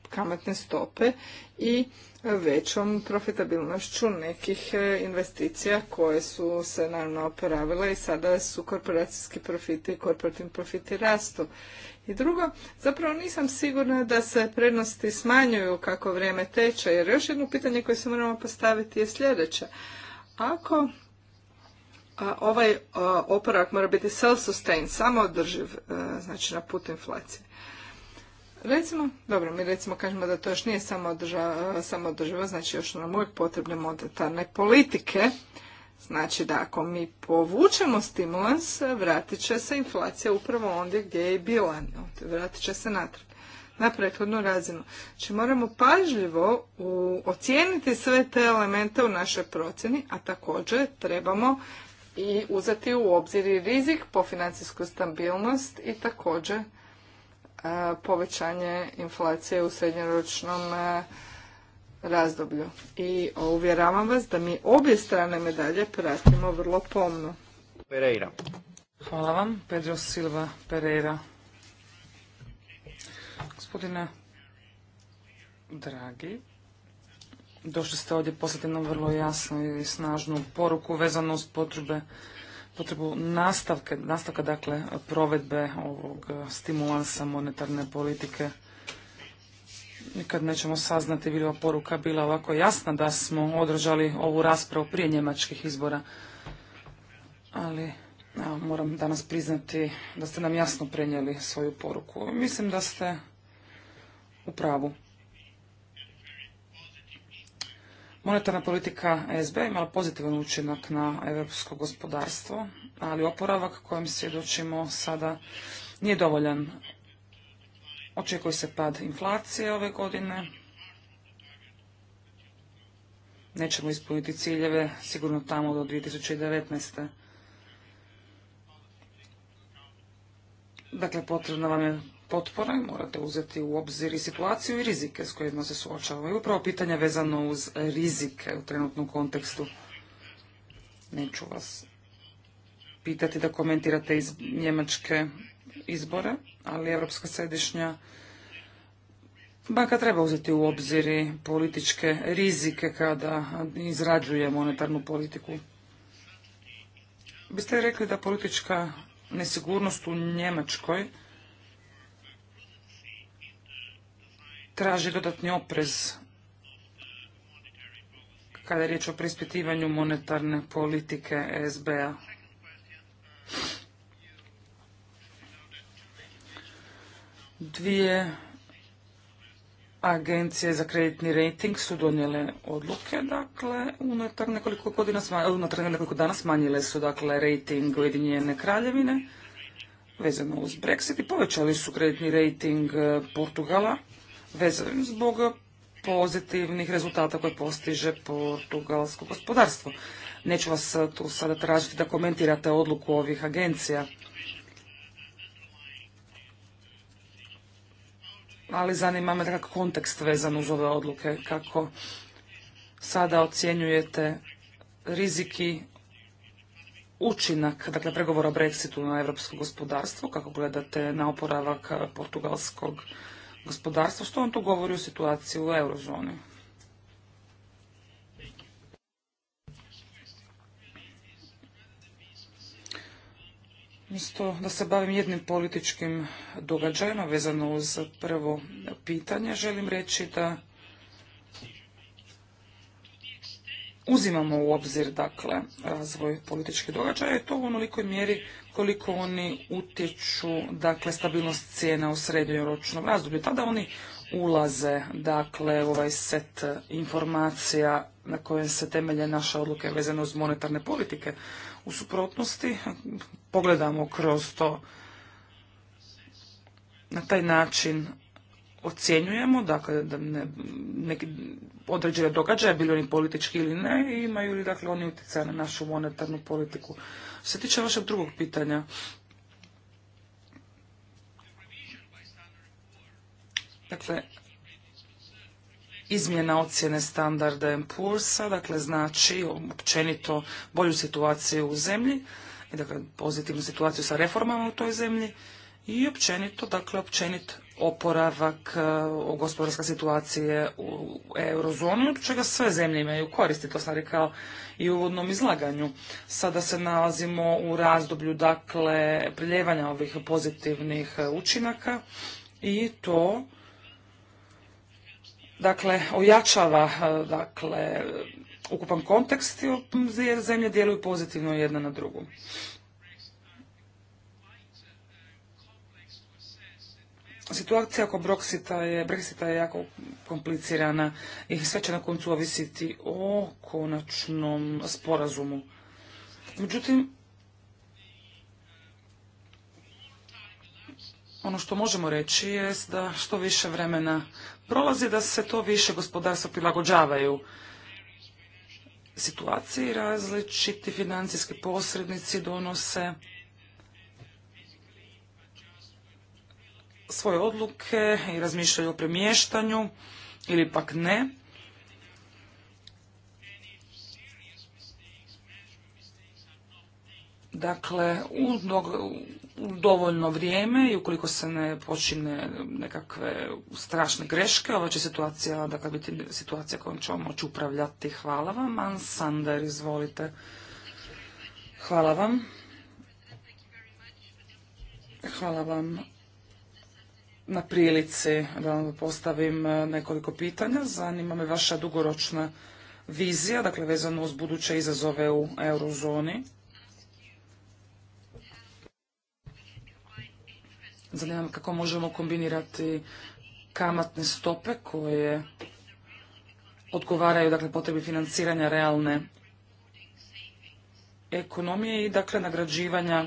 kamatne stope i većom profitabilnošću nekih e, investicija koje su se naravno oporavile i sada su korporacijski profiti i korporativni profiti rastu. I drugo, zapravo nisam sigurna da se prednosti smanjuju kako vrijeme teče, jer još jedno pitanje koje se moramo postaviti je sljedeće. Ako a, ovaj a, mora biti self-sustained, samoodrživ, e, znači na putu inflacije, Recimo, dobro, mi recimo kažemo da to još nije samo, znači još nam uvijek potrebne monetarne politike, Znači da ako mi povučemo stimulans, vratit će se inflacija upravo ondje gdje je bila, vratit će se natrag na prethodnu razinu. Znači moramo pažljivo u, ocijeniti sve te elemente u našoj procjeni, a također trebamo i uzeti u obzir i rizik po financijsku stabilnost i također povećanje inflacije u srednjoročnom razdoblju. I uvjeravam vas da mi obje strane medalje pratimo vrlo pomno. Pereira. Hvala vam, Pedro Silva Pereira. Gospodine dragi, došli ste ovdje poslati nam vrlo jasnu i snažnu poruku vezanu uz potrebe potrebu nastavke, nastavka dakle provedbe ovog stimulansa monetarne politike nikad nećemo saznati bila poruka bila ovako jasna da smo održali ovu raspravu prije njemačkih izbora. Ali ja, moram danas priznati da ste nam jasno prenijeli svoju poruku. Mislim da ste u pravu. Monetarna politika SB imala pozitivan učinak na europsko gospodarstvo, ali oporavak kojem svjedočimo sada nije dovoljan. Očekuje se pad inflacije ove godine. Nećemo ispuniti ciljeve sigurno tamo do 2019. Dakle, potrebna vam je potpora i morate uzeti u obzir i situaciju i rizike s kojima se I Upravo pitanje vezano uz rizike u trenutnom kontekstu. Neću vas pitati da komentirate iz Njemačke izbore, ali Europska središnja banka treba uzeti u obzir političke rizike kada izrađuje monetarnu politiku. Biste rekli da politička nesigurnost u Njemačkoj traži dodatni oprez kada je riječ o prispitivanju monetarne politike SBA. Dvije agencije za kreditni rating su donijele odluke, dakle, unutar nekoliko godina, unutar nekoliko dana smanjile su, dakle, rating Ujedinjene kraljevine vezano uz Brexit i povećali su kreditni rating e, Portugala vezano zbog pozitivnih rezultata koje postiže portugalsko gospodarstvo. Neću vas e, tu sada tražiti da komentirate odluku ovih agencija. ali zanima me kako dakle kontekst vezan uz ove odluke, kako sada ocjenjujete riziki učinak, dakle, pregovora o Brexitu na evropsko gospodarstvo, kako gledate na oporavak portugalskog gospodarstva, što on tu govori o situaciji u eurozoni? isto da se bavim jednim političkim događajima vezano uz prvo pitanje, želim reći da uzimamo u obzir dakle razvoj političkih događaja i to u onolikoj mjeri koliko oni utječu dakle stabilnost cijena u srednjoročnom razdoblju. Tada oni ulaze dakle u ovaj set informacija na kojem se temelje naše odluke vezano uz monetarne politike u suprotnosti. Pogledamo kroz to na taj način ocjenjujemo, dakle, da ne, neki određene događaje, bili oni politički ili ne, imaju li, dakle, oni utjecaj na našu monetarnu politiku. Što se tiče vašeg drugog pitanja, dakle, izmjena ocjene standarda impulsa, dakle znači općenito bolju situaciju u zemlji, i dakle pozitivnu situaciju sa reformama u toj zemlji i općenito, dakle općenit oporavak e, gospodarske situacije u eurozoni, od čega sve zemlje imaju koristi, to sam rekao i u uvodnom izlaganju. Sada se nalazimo u razdoblju, dakle, priljevanja ovih pozitivnih učinaka i to dakle, ojačava eh, dakle, ukupan kontekst jer zemlje djeluju pozitivno jedna na drugu. Situacija oko Brexita je, Brexita je jako komplicirana i sve će na koncu ovisiti o konačnom sporazumu. Međutim, ono što možemo reći je da što više vremena prolazi da se to više gospodarstva prilagođavaju situaciji. Različiti financijski posrednici donose svoje odluke i razmišljaju o premještanju ili pak ne. Dakle, u dovoljno vrijeme i ukoliko se ne počine nekakve strašne greške, ova će situacija, dakle, biti situacija kojom ćemo moći upravljati. Hvala vam. Ansander, izvolite. Hvala vam. Hvala vam na prilici da vam postavim e, nekoliko pitanja. Zanima me vaša dugoročna vizija, dakle, vezano uz buduće izazove u eurozoni. Zanima me kako možemo kombinirati kamatne stope koje odgovaraju dakle, potrebi financiranja realne ekonomije i dakle nagrađivanja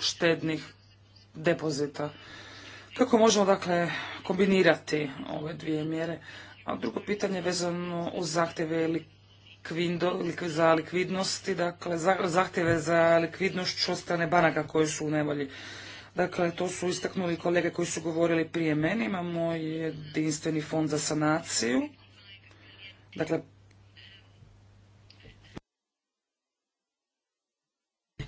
štednih depozita. Kako možemo dakle kombinirati ove dvije mjere? A drugo pitanje je vezano uz zahtjeve za likvidnosti, dakle zahtjeve za likvidnošću strane banaka koje su u nevolji. Dakle, to su istaknuli kolege koji su govorili prije mene. Imamo jedinstveni fond za sanaciju. Dakle,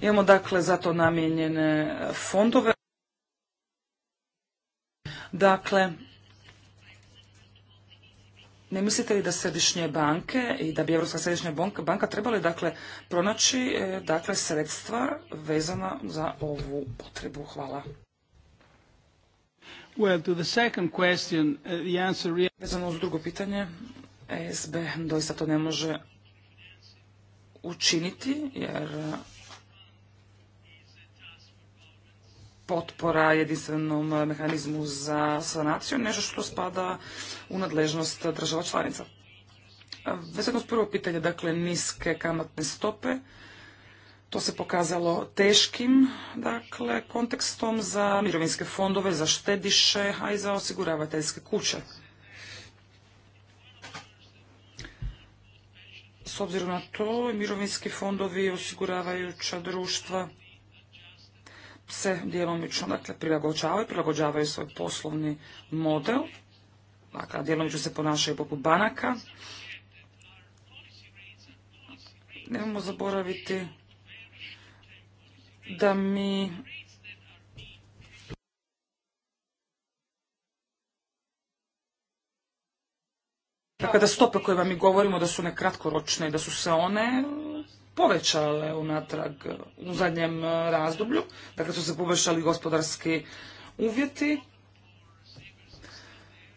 imamo dakle za to namijenjene fondove. Dakle, ne mislite li da središnje banke i da bi Europska središnja banka, banka trebali dakle pronaći e, dakle sredstva vezana za ovu potrebu? Hvala. Well, to the second question, uh, the answer... Vezano uz drugo pitanje, ESB doista to ne može učiniti jer potpora jedinstvenom mehanizmu za sanaciju, nešto što spada u nadležnost država članica. Vezano s prvo pitanje, dakle, niske kamatne stope, to se pokazalo teškim, dakle, kontekstom za mirovinske fondove, za štediše, a i za osiguravateljske kuće. S obzirom na to, mirovinski fondovi osiguravajuća društva se djelomično dakle, prilagođavaju, prilagođavaju svoj poslovni model, dakle, djelomično se ponašaju poput banaka. Nemojmo zaboraviti da mi Dakle, da stope koje vam mi govorimo da su nekratkoročne i da su se one povećale unatrag u zadnjem e, razdoblju, dakle su se poboljšali gospodarski uvjeti.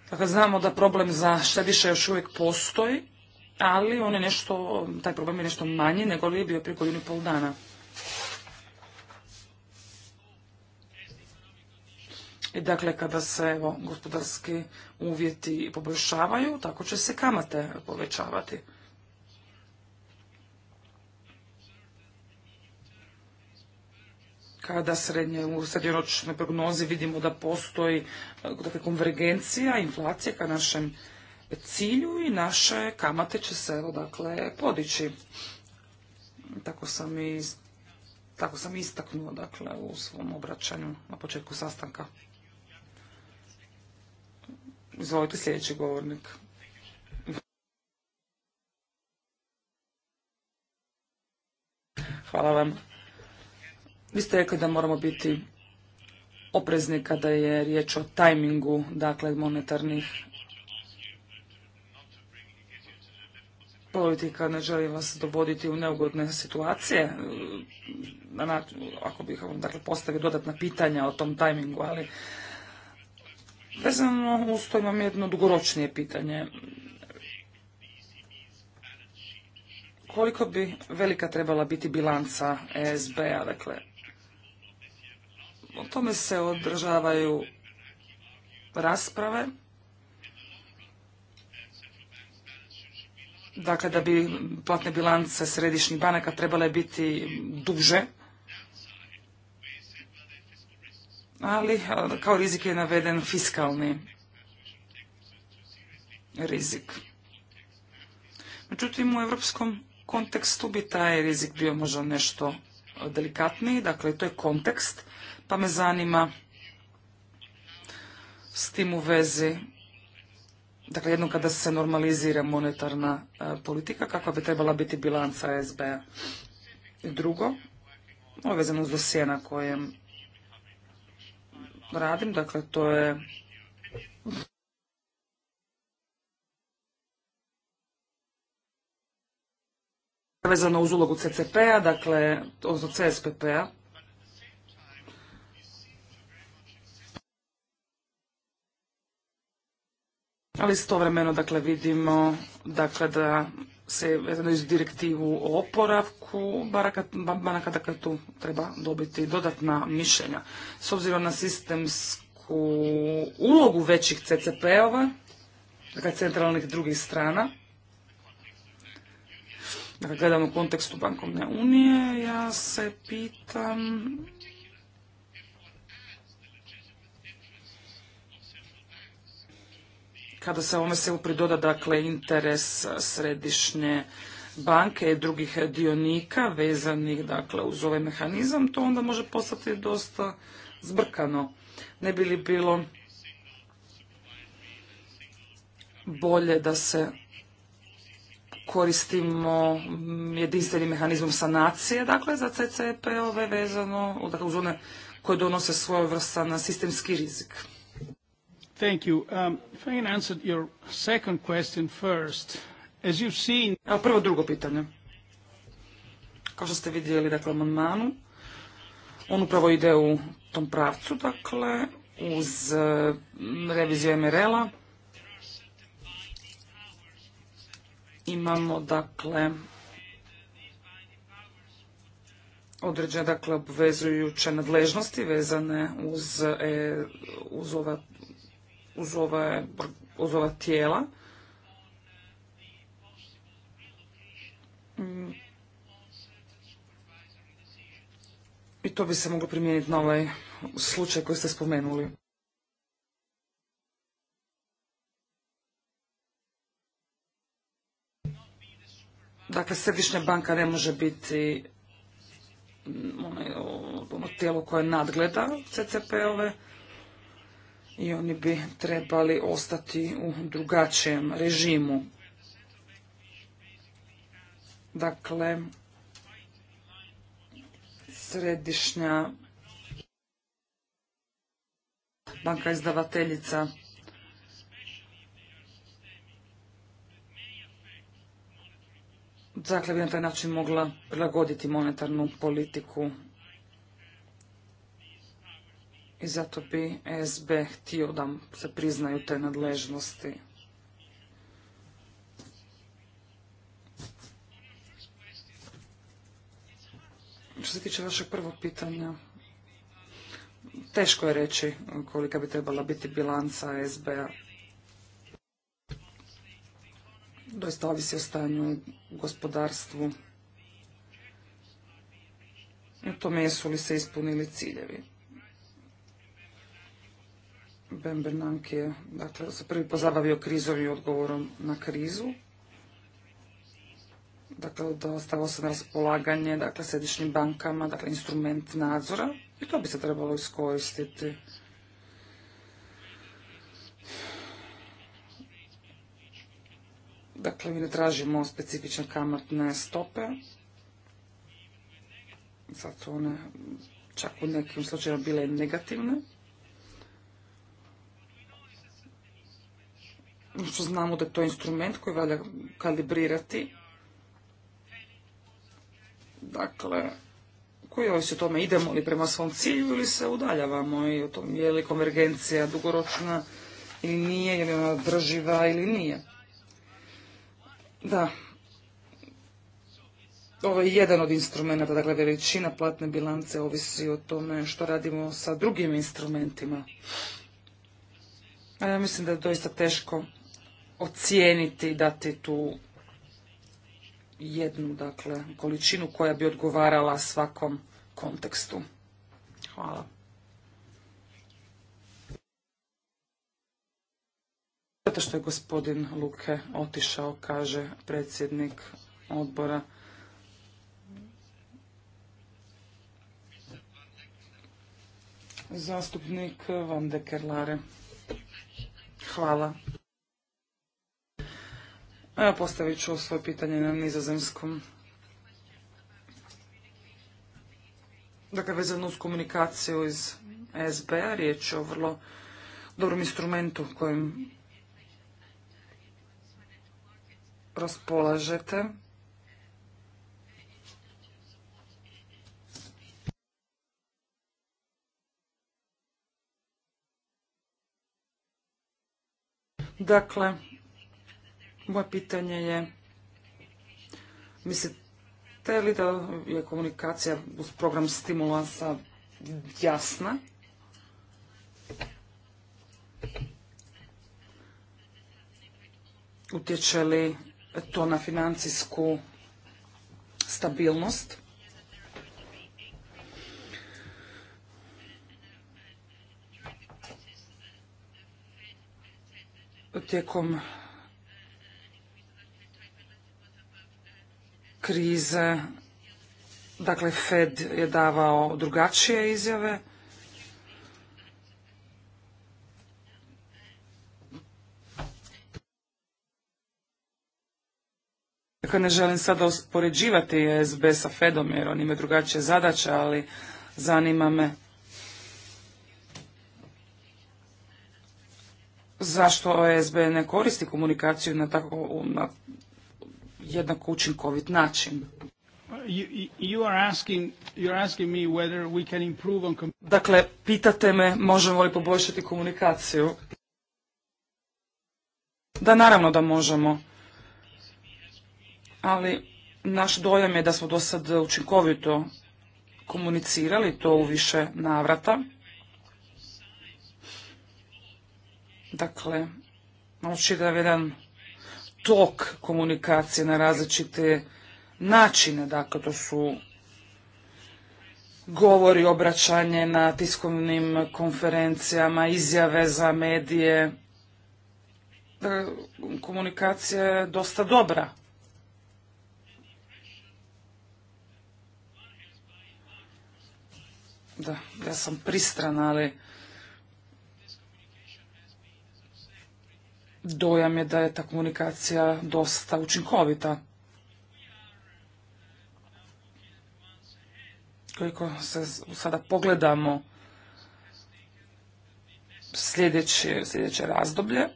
Dakle, znamo da problem za štediše još uvijek postoji, ali on je nešto, taj problem je nešto manji nego li je bio prije godinu i pol dana. I dakle, kada se evo, gospodarski uvjeti poboljšavaju, tako će se kamate povećavati. kada srednje, u srednjoročnoj prognozi vidimo da postoji dakle, konvergencija inflacije ka našem cilju i naše kamate će se evo, dakle, podići. Tako sam i tako sam istaknuo dakle, u svom obraćanju na početku sastanka. Izvolite sljedeći govornik. Hvala vam. Vi ste rekli da moramo biti oprezni kada je riječ o tajmingu, dakle, monetarnih politika. Ne želim vas dovoditi u neugodne situacije. Ako bih vam, dakle, postavio dodatna pitanja o tom tajmingu, ali vezano uz to imam jedno dugoročnije pitanje. Koliko bi velika trebala biti bilanca ESB-a, dakle, o tome se održavaju rasprave. Dakle, da bi platne bilance središnjih banaka trebale biti duže, ali eh, kao rizik je naveden fiskalni rizik. Međutim, u europskom kontekstu bi taj rizik bio možda nešto delikatniji, dakle to je kontekst pa me zanima s tim u vezi, dakle jednom kada se normalizira monetarna e, politika, kakva bi trebala biti bilanca SB-a. Drugo, ovo je vezano uz dosjena kojem radim, dakle to je vezano uz ulogu CCP-a, dakle, odnosno CSPP-a, Ali istovremeno dakle vidimo dakle da se vezano iz direktivu o oporavku banaka, dakle tu treba dobiti dodatna mišljenja. S obzirom na sistemsku ulogu većih CCP-ova, dakle centralnih drugih strana, dakle gledamo u kontekstu bankovne unije, ja se pitam kada se ovome se pridoda dakle interes središnje banke i drugih dionika vezanih dakle uz ovaj mehanizam, to onda može postati dosta zbrkano. Ne bi li bilo bolje da se koristimo jedinstvenim mehanizmom sanacije, dakle za CCP-ove vezano dakle, uz one koje donose na sistemski rizik. Thank you. Um, if I answer your second question first, as you've seen... Evo prvo drugo pitanje. Kao što ste vidjeli, dakle, amandmanu, on upravo ide u tom pravcu, dakle, uz mm, reviziju MRL-a. Imamo, dakle, određene, dakle, obvezujuće nadležnosti vezane uz, e, uz ova uz, ove, ova tijela. I to bi se moglo primijeniti na ovaj slučaj koji ste spomenuli. Dakle, središnja banka ne može biti mm, ono tijelo koje nadgleda CCP-ove i oni bi trebali ostati u drugačijem režimu. Dakle, središnja banka izdavateljica dakle bi na taj način mogla prilagoditi monetarnu politiku i zato bi SB htio da se priznaju te nadležnosti. Što se tiče vašeg prvog pitanja, teško je reći kolika bi trebala biti bilanca SB-a. Doista ovisi o stanju gospodarstvu. U tome jesu li se ispunili ciljevi. Ben Bernanke je dakle, se prvi pozabavio krizom i odgovorom na krizu. Dakle, dostavo se na raspolaganje dakle, središnjim bankama, dakle, instrument nadzora i to bi se trebalo iskoristiti. Dakle, mi ne tražimo specifične kamatne stope, zato one čak u nekim slučajima bile negativne. što znamo da je to instrument koji valja kalibrirati. Dakle, koji ovisi o tome idemo li prema svom cilju ili se udaljavamo i o tom je li konvergencija dugoročna ili nije, je li ona drživa ili nije. Da, ovo je jedan od instrumenta, dakle veličina platne bilance ovisi o tome što radimo sa drugim instrumentima. A ja mislim da je doista teško ocijeniti dati tu jednu dakle, količinu koja bi odgovarala svakom kontekstu. Hvala. Zato što je gospodin Luke otišao, kaže predsjednik odbora. Zastupnik Van de Kerlare. Hvala. Ja postavit ću svoje pitanje na nizozemskom. Dakle, vezano uz komunikaciju iz SBA, riječ je o vrlo dobrom instrumentu kojim raspolažete. Dakle, moje pitanje je, mislite li da je komunikacija uz program stimulansa jasna? Utječe li to na financijsku stabilnost? Tijekom krize, dakle Fed je davao drugačije izjave. Dakle, ne želim sada uspoređivati SB sa Fedom jer on ima drugačije zadaće, ali zanima me zašto OSB ne koristi komunikaciju na, tako, na jednako učinkovit način. Dakle, pitate me možemo li poboljšati komunikaciju. Da, naravno da možemo. Ali naš dojam je da smo do sad učinkovito komunicirali to u više navrata. Dakle, očitav ono jedan tok komunikacije na različite načine. Dakle, to su govori, obraćanje na tiskovnim konferencijama, izjave za medije. Komunikacija je dosta dobra. Da, ja sam pristran, ali dojam je da je ta komunikacija dosta učinkovita. Koliko se sada pogledamo sljedeće, sljedeće razdoblje,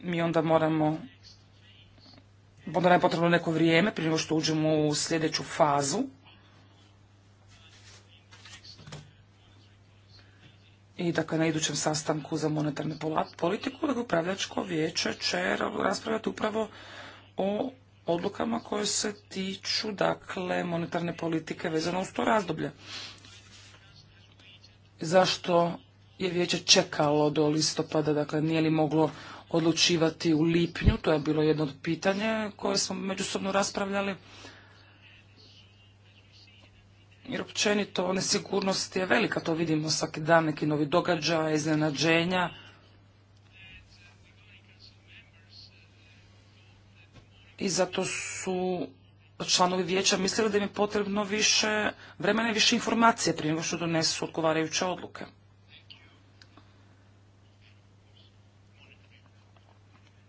mi onda moramo onda nam je potrebno neko vrijeme prije nego što uđemo u sljedeću fazu i dakle na idućem sastanku za monetarnu politiku, da dakle, upravljačko vijeće će raspravljati upravo o odlukama koje se tiču dakle monetarne politike vezano uz to razdoblje. Zašto je vijeće čekalo do listopada, dakle nije li moglo odlučivati u lipnju, to je bilo jedno pitanje pitanja koje smo međusobno raspravljali. Jer općenito nesigurnost je velika, to vidimo svaki dan, neki novi događaj, iznenađenja. I zato su članovi vijeća mislili da im je potrebno više vremena i više informacije prije nego što donesu odgovarajuće odluke.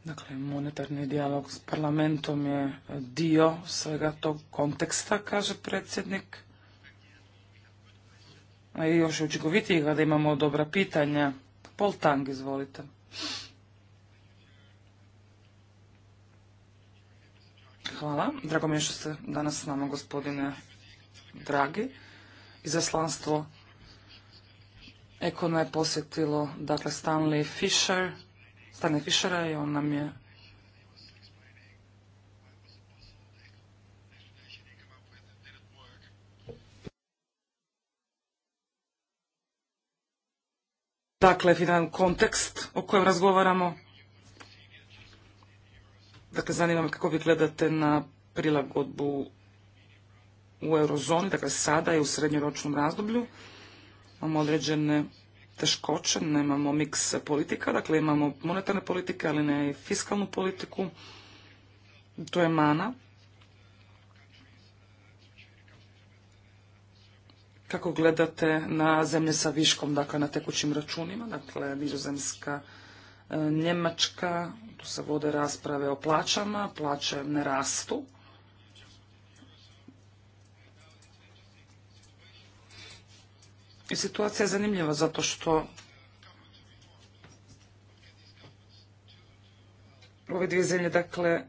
Dakle, monetarni dijalog s parlamentom je dio svega tog konteksta, kaže predsjednik i još učinkovitijih kada imamo dobra pitanja. Pol tang, izvolite. Hvala. Drago mi je što ste danas s nama, gospodine Dragi. Izaslanstvo Ekona je posjetilo dakle Stanley Fisher, Stanley Fishera i on nam je dakle, jedan kontekst o kojem razgovaramo. Dakle, zanima me kako vi gledate na prilagodbu u eurozoni, dakle sada i u srednjoročnom razdoblju. Imamo određene teškoće, nemamo miks politika, dakle imamo monetarne politike, ali ne i fiskalnu politiku. To je mana. kako gledate na zemlje sa viškom, dakle na tekućim računima, dakle Nizozemska, e, Njemačka, tu se vode rasprave o plaćama, plaće ne rastu. I situacija je zanimljiva zato što ove dvije zemlje, dakle,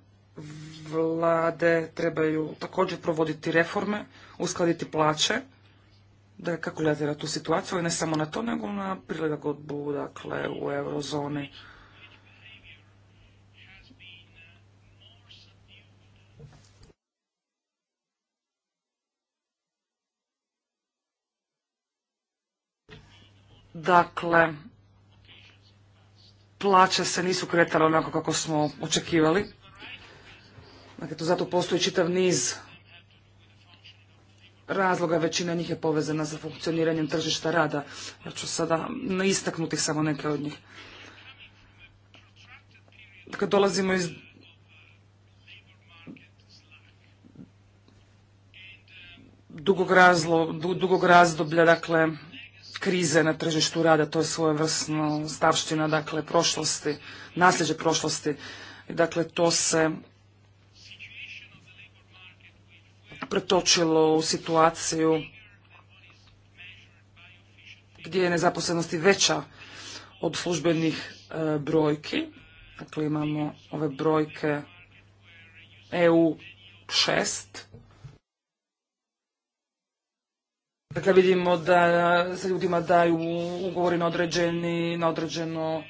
vlade trebaju također provoditi reforme, uskladiti plaće da kako na tu situaciju, ne samo na to, nego na prilagodbu, dakle, u eurozoni. Dakle, plaće se nisu kretale onako kako smo očekivali. Dakle, to zato postoji čitav niz razloga, većina njih je povezana sa funkcioniranjem tržišta rada. Ja ću sada istaknuti samo neke od njih. Dakle, dolazimo iz dugog, razdoblja, dakle, krize na tržištu rada, to je svojevrsno stavština, dakle, prošlosti, nasljeđe prošlosti. Dakle, to se pretočilo u situaciju gdje je nezaposlenost i veća od službenih e, brojki. Dakle, imamo ove brojke EU 6. Dakle, vidimo da se ljudima daju ugovori na, određeni, na određeno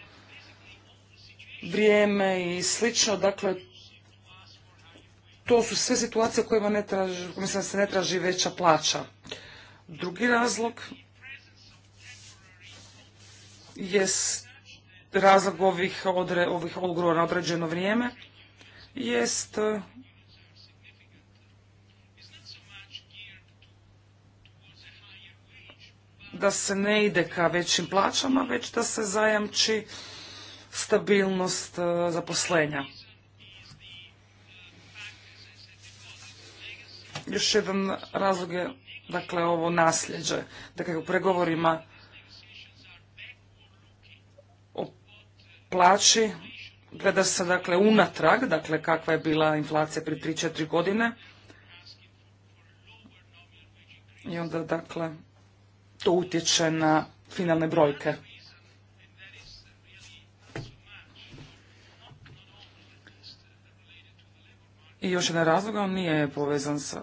vrijeme i slično. Dakle, to su sve situacije u kojima ne se ne traži veća plaća. Drugi razlog jest razlog ovih, ovih na određeno vrijeme jest da se ne ide ka većim plaćama, već da se zajamči stabilnost e, zaposlenja. Još jedan razlog je, dakle, ovo nasljeđe. Dakle, u pregovorima o plaći gleda se, dakle, unatrag, dakle, kakva je bila inflacija pri 3-4 godine. I onda, dakle, to utječe na finalne brojke. I još jedan razlog, on nije povezan sa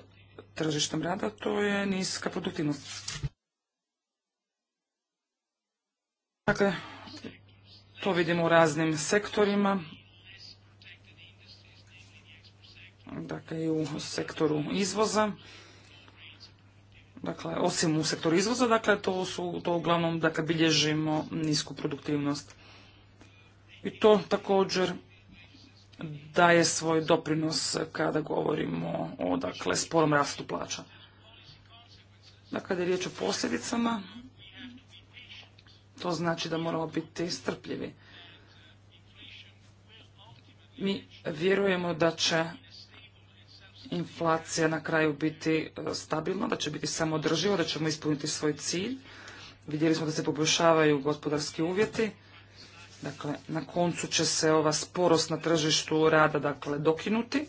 tržištem rada, to je niska produktivnost. Dakle, to vidimo u raznim sektorima, dakle i u sektoru izvoza, dakle osim u sektoru izvoza, dakle to su, to uglavnom, dakle bilježimo nisku produktivnost. I to također daje svoj doprinos kada govorimo o dakle, sporom rastu plaća. Dakle, kada je riječ o posljedicama, to znači da moramo biti strpljivi. Mi vjerujemo da će inflacija na kraju biti e, stabilna, da će biti samodrživa, da ćemo ispuniti svoj cilj. Vidjeli smo da se poboljšavaju gospodarski uvjeti. Dakle, na koncu će se ova sporost na tržištu rada dakle, dokinuti,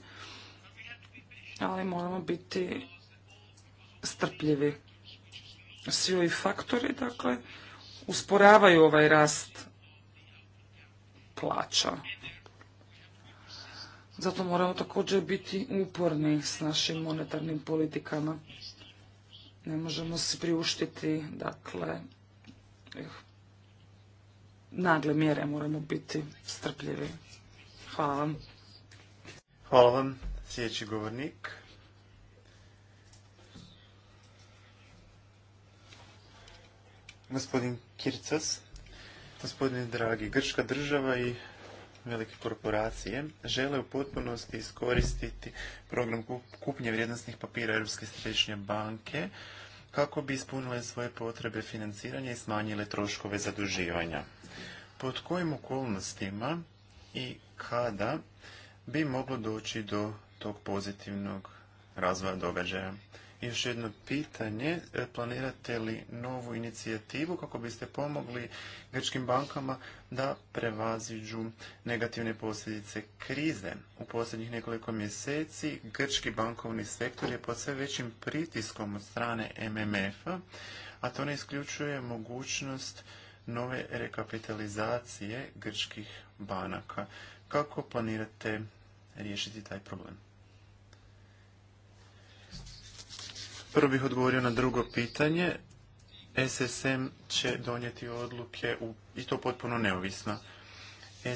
ali moramo biti strpljivi. Svi ovi faktori, dakle, usporavaju ovaj rast plaća. Zato moramo također biti uporni s našim monetarnim politikama. Ne možemo se priuštiti, dakle, nagle mjere, moramo biti strpljivi. Hvala vam. Hvala vam. Sljedeći govornik. Gospodin Kircas, gospodine dragi, Grčka država i velike korporacije žele u potpunosti iskoristiti program kupnje vrijednostnih papira Europske središnje banke kako bi ispunile svoje potrebe financiranja i smanjile troškove zaduživanja pod kojim okolnostima i kada bi moglo doći do tog pozitivnog razvoja događaja. I još jedno pitanje, e, planirate li novu inicijativu kako biste pomogli grčkim bankama da prevaziđu negativne posljedice krize? U posljednjih nekoliko mjeseci grčki bankovni sektor je pod sve većim pritiskom od strane MMF-a, a to ne isključuje mogućnost nove rekapitalizacije grčkih banaka. Kako planirate riješiti taj problem? Prvo bih odgovorio na drugo pitanje. SSM će donijeti odluke u, i to potpuno neovisno.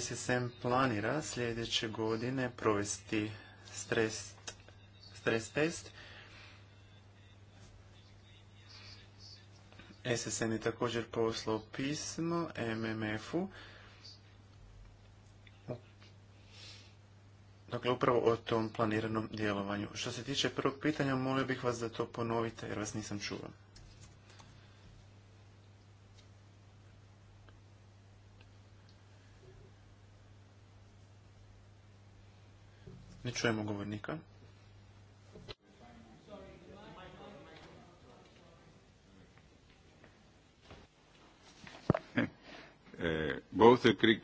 SSM planira sljedeće godine provesti stres, stres test SSN je također poslao pismo MMF-u. Dakle, upravo o tom planiranom djelovanju. Što se tiče prvog pitanja, molio bih vas da to ponovite jer vas nisam čuo. Ne čujemo govornika. Uh, both the Greek,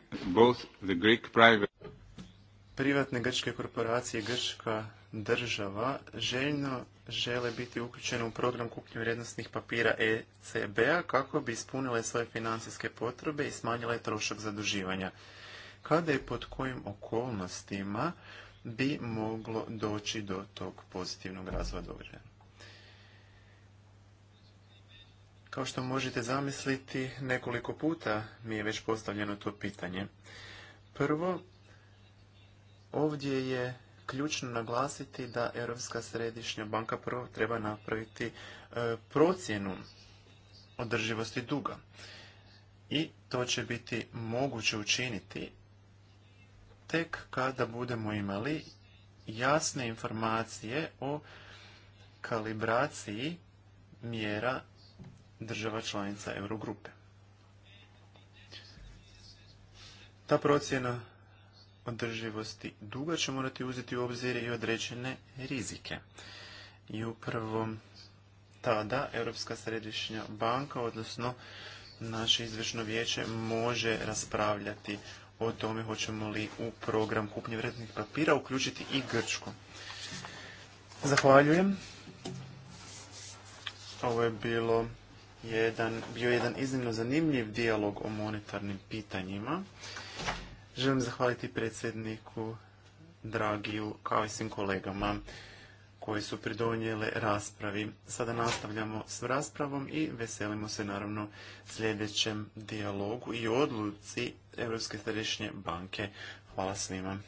the Greek private... Privatne grčke korporacije grčka država željno žele biti uključene u program kupnje vrijednosnih papira ECB-a kako bi ispunile svoje financijske potrebe i smanjile trošak zaduživanja. Kada i pod kojim okolnostima bi moglo doći do tog pozitivnog razvoja događaja? Kao što možete zamisliti, nekoliko puta mi je već postavljeno to pitanje. Prvo, ovdje je ključno naglasiti da Europska središnja banka prvo treba napraviti e, procjenu održivosti duga. I to će biti moguće učiniti tek kada budemo imali jasne informacije o kalibraciji mjera država članica Eurogrupe. Ta procjena održivosti duga će morati uzeti u obzir i određene rizike. I upravo tada Europska središnja banka, odnosno naše izvršno vijeće, može raspravljati o tome hoćemo li u program kupnje vrednih papira uključiti i Grčku. Zahvaljujem. Ovo je bilo jedan, bio jedan iznimno zanimljiv dijalog o monetarnim pitanjima. Želim zahvaliti predsjedniku Dragiju kao i svim kolegama koji su pridonijele raspravi. Sada nastavljamo s raspravom i veselimo se naravno sljedećem dijalogu i odluci Europske središnje banke. Hvala svima.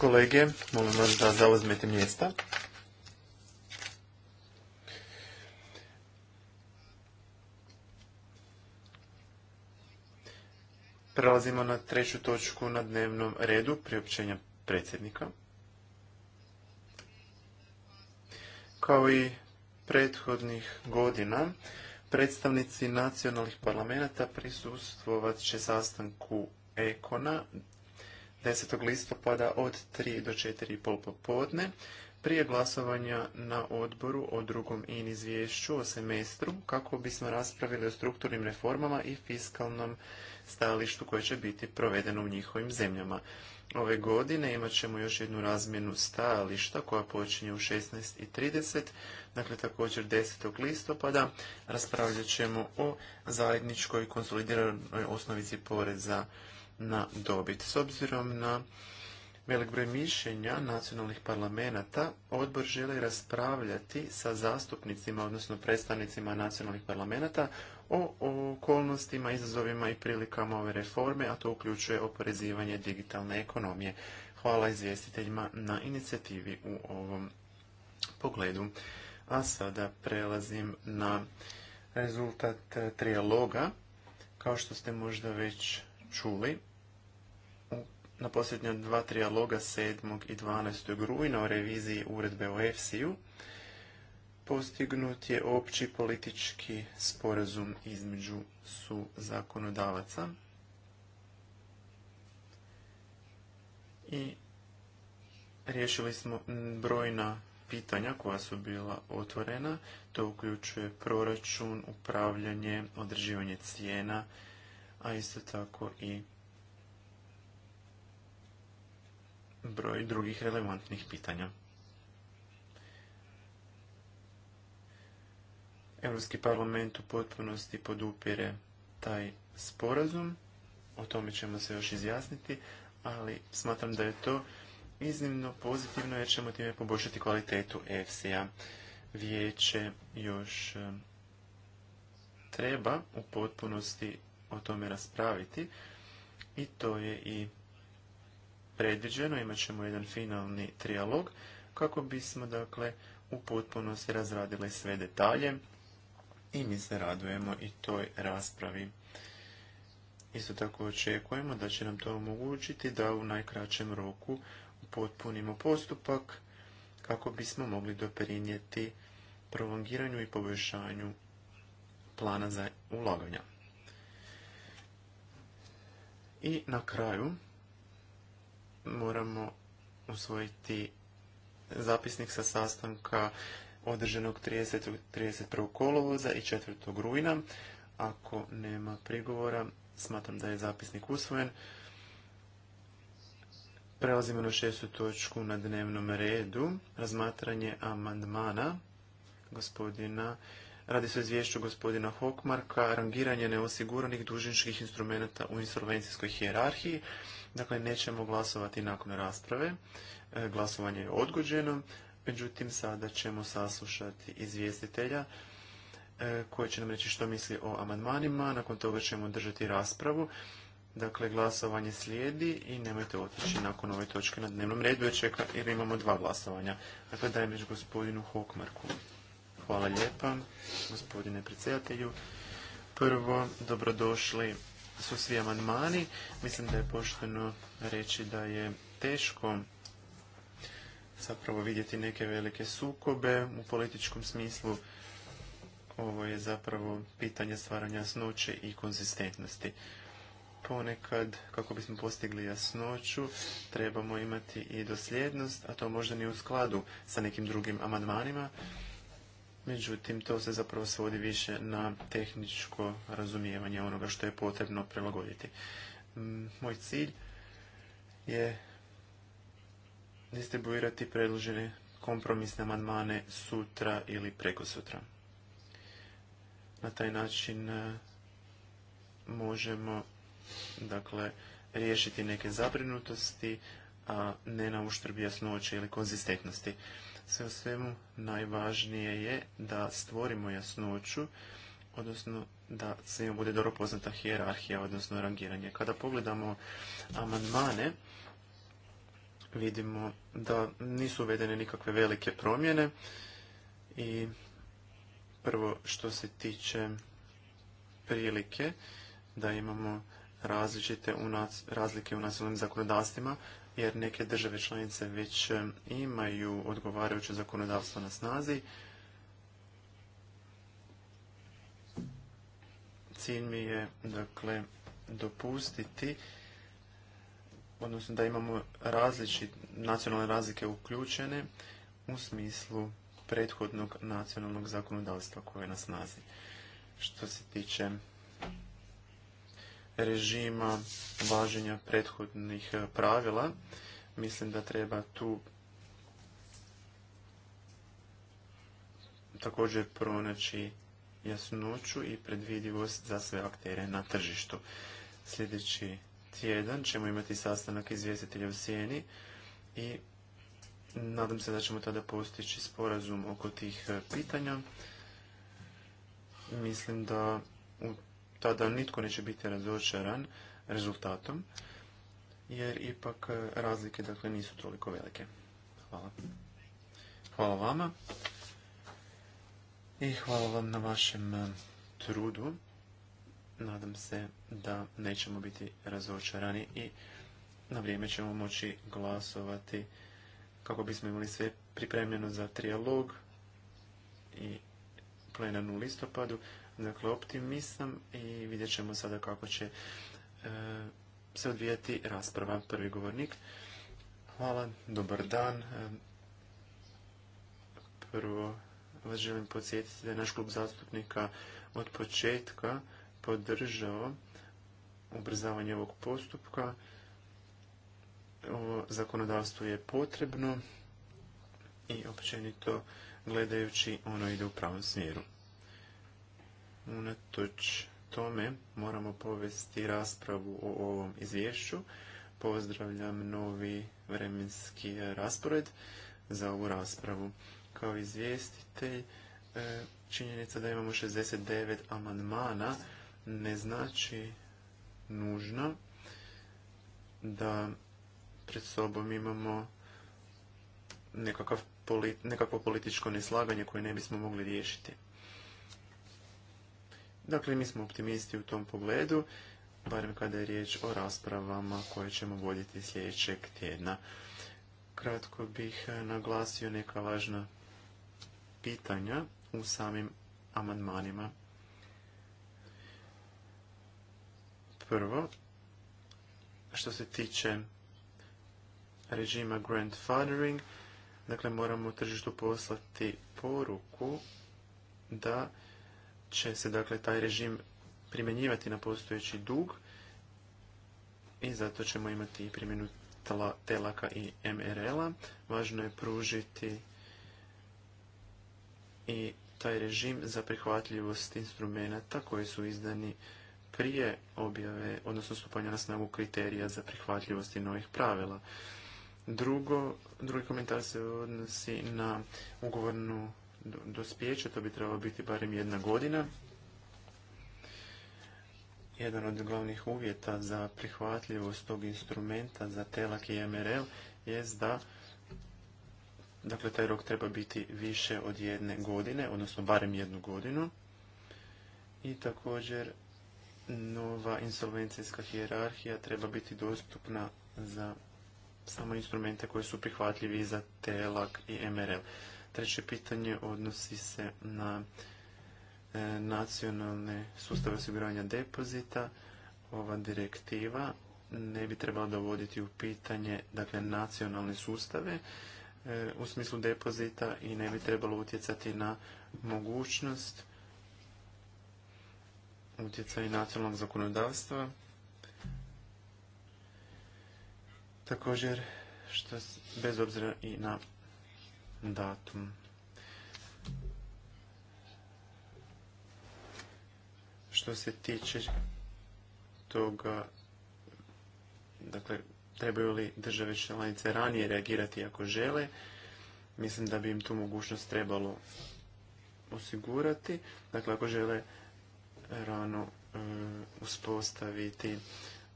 Kolege, molim vas da zauzmete mjesta. Prelazimo na treću točku na dnevnom redu priopćenja predsjednika. Kao i prethodnih godina, predstavnici nacionalnih parlamenta prisustvovat će sastanku Ekona 10. listopada od 3 do 4 pol popodne prije glasovanja na odboru o drugom in izvješću o semestru kako bismo raspravili o strukturnim reformama i fiskalnom stajalištu koje će biti provedeno u njihovim zemljama. Ove godine imat ćemo još jednu razmjenu stajališta koja počinje u 16.30, dakle također 10. listopada. Raspravljat ćemo o zajedničkoj konsolidiranoj osnovici poreza na dobit. S obzirom na velik broj mišljenja nacionalnih parlamenata, odbor želi raspravljati sa zastupnicima, odnosno predstavnicima nacionalnih parlamenata, o okolnostima, izazovima i prilikama ove reforme, a to uključuje oporezivanje digitalne ekonomije. Hvala izvjestiteljima na inicijativi u ovom pogledu. A sada prelazim na rezultat trijaloga. Kao što ste možda već čuli na posljednja dva trijaloga 7. i 12. rujna o reviziji uredbe o EFSI-u postignut je opći politički sporazum između su zakonodavaca i riješili smo brojna pitanja koja su bila otvorena. To uključuje proračun, upravljanje, održivanje cijena, a isto tako i broj drugih relevantnih pitanja. Europski parlament u potpunosti podupire taj sporazum, o tome ćemo se još izjasniti, ali smatram da je to iznimno pozitivno jer ćemo time poboljšati kvalitetu EFSI-a. Vijeće još eh, treba u potpunosti o tome raspraviti i to je i predviđeno. Imat ćemo jedan finalni trijalog kako bismo dakle u potpunosti razradili sve detalje i mi se radujemo i toj raspravi. Isto tako očekujemo da će nam to omogućiti da u najkraćem roku upotpunimo postupak kako bismo mogli doprinijeti prolongiranju i poboljšanju plana za ulaganja. I na kraju moramo usvojiti zapisnik sa sastanka održanog 30. 31. kolovoza i 4. rujna. Ako nema prigovora, smatram da je zapisnik usvojen. Prelazimo na šestu točku na dnevnom redu. Razmatranje amandmana gospodina Radi se o izvješću gospodina Hokmarka, rangiranje neosiguranih dužničkih instrumenta u insolvencijskoj hijerarhiji. Dakle, nećemo glasovati nakon rasprave. E, glasovanje je odgođeno, međutim, sada ćemo saslušati izvjestitelja e, koji će nam reći što misli o amandmanima. Nakon toga ćemo držati raspravu. Dakle, glasovanje slijedi i nemojte otići nakon ove točke na dnevnom redu jer, jer imamo dva glasovanja. Dakle, dajem već gospodinu Hokmarku. Hvala lijepa, gospodine predsjedatelju. Prvo, dobrodošli su svi amandmani. Mislim da je pošteno reći da je teško zapravo vidjeti neke velike sukobe u političkom smislu. Ovo je zapravo pitanje stvaranja jasnoće i konzistentnosti. Ponekad, kako bismo postigli jasnoću, trebamo imati i dosljednost, a to možda nije u skladu sa nekim drugim amandmanima. Međutim, to se zapravo svodi više na tehničko razumijevanje onoga što je potrebno prilagoditi. Mm, moj cilj je distribuirati predložene kompromisne amandmane sutra ili preko sutra. Na taj način e, možemo dakle, riješiti neke zabrinutosti, a ne na uštrbi jasnoće ili konzistentnosti. Sve u svemu najvažnije je da stvorimo jasnoću, odnosno da svima bude dobro poznata hijerarhija, odnosno rangiranje. Kada pogledamo amandmane, vidimo da nisu uvedene nikakve velike promjene i prvo što se tiče prilike da imamo različite razlike u nacionalnim zakonodavstvima, jer neke države članice već e, imaju odgovarajuće zakonodavstvo na snazi. Cilj mi je, dakle, dopustiti, odnosno da imamo različite nacionalne razlike uključene u smislu prethodnog nacionalnog zakonodavstva koje je na snazi. Što se tiče režima važenja prethodnih eh, pravila. Mislim da treba tu također pronaći jasnoću i predvidivost za sve aktere na tržištu. Sljedeći tjedan ćemo imati sastanak izvjestitelja u Sijeni i nadam se da ćemo tada postići sporazum oko tih eh, pitanja. Mislim da u tada nitko neće biti razočaran rezultatom, jer ipak e, razlike dakle, nisu toliko velike. Hvala. Hvala vama i hvala vam na vašem e, trudu. Nadam se da nećemo biti razočarani i na vrijeme ćemo moći glasovati kako bismo imali sve pripremljeno za trijalog i plenarnu listopadu. Dakle, optimisam i vidjet ćemo sada kako će e, se odvijati rasprava. Prvi govornik. Hvala, dobar dan. E, prvo vas želim podsjetiti da je naš klub zastupnika od početka podržao ubrzavanje ovog postupka. Ovo zakonodavstvo je potrebno i općenito gledajući ono ide u pravom smjeru. Unatoč tome moramo povesti raspravu o ovom izvješću. Pozdravljam novi vremenski raspored za ovu raspravu. Kao izvjestitelj, e, činjenica da imamo 69 amandmana ne znači nužno da pred sobom imamo nekakav, nekakvo političko neslaganje koje ne bismo mogli riješiti. Dakle, mi smo optimisti u tom pogledu, barem kada je riječ o raspravama koje ćemo voditi sljedećeg tjedna. Kratko bih eh, naglasio neka važna pitanja u samim amandmanima. Prvo, što se tiče režima grandfathering, dakle moramo tržištu poslati poruku da će se dakle taj režim primjenjivati na postojeći dug i zato ćemo imati i primjenu telaka i MRL-a. Važno je pružiti i taj režim za prihvatljivost instrumenta koji su izdani prije objave, odnosno stupanja na snagu kriterija za prihvatljivost i novih pravila. drugi komentar se odnosi na ugovornu dospjeće, to bi trebalo biti barem jedna godina. Jedan od glavnih uvjeta za prihvatljivost tog instrumenta za telak i MRL je da dakle, taj rok treba biti više od jedne godine, odnosno barem jednu godinu. I također nova insolvencijska hijerarhija treba biti dostupna za samo instrumente koji su prihvatljivi za TELAK i MRL. Treće pitanje odnosi se na e, nacionalne sustave osiguranja depozita. Ova direktiva ne bi trebala dovoditi u pitanje dakle, nacionalne sustave e, u smislu depozita i ne bi trebalo utjecati na mogućnost utjecaj nacionalnog zakonodavstva. Također, što bez obzira i na datum. Što se tiče toga, dakle, trebaju li države članice ranije reagirati ako žele, mislim da bi im tu mogućnost trebalo osigurati. Dakle, ako žele rano e, uspostaviti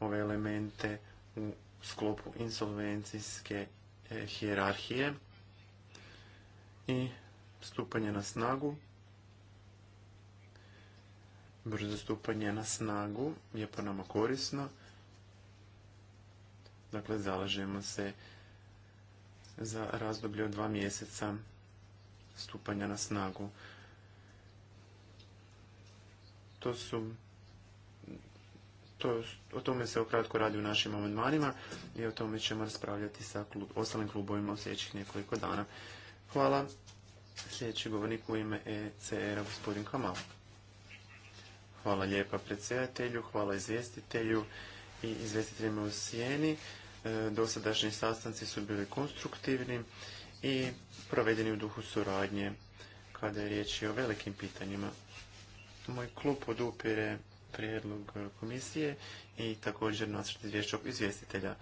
ove elemente u sklopu insolvencijske e, hijerarhije, i stupanje na snagu. Brzo stupanje na snagu je po nama korisno. Dakle, zalažemo se za razdoblje od dva mjeseca stupanja na snagu. To su to, o tome se okratko radi u našim amandmanima i o tome ćemo raspravljati sa ostalim klubovima u sljedećih nekoliko dana. Hvala. Sljedeći govornik u ime ecr gospodin Kamal. Hvala lijepa predsjedatelju, hvala izvjestitelju i izvjestiteljima u Sijeni. E, dosadašnji sastanci su bili konstruktivni i provedeni u duhu suradnje kada je riječ i o velikim pitanjima. Moj klub podupire prijedlog komisije i također nacrt izvješćog izvjestitelja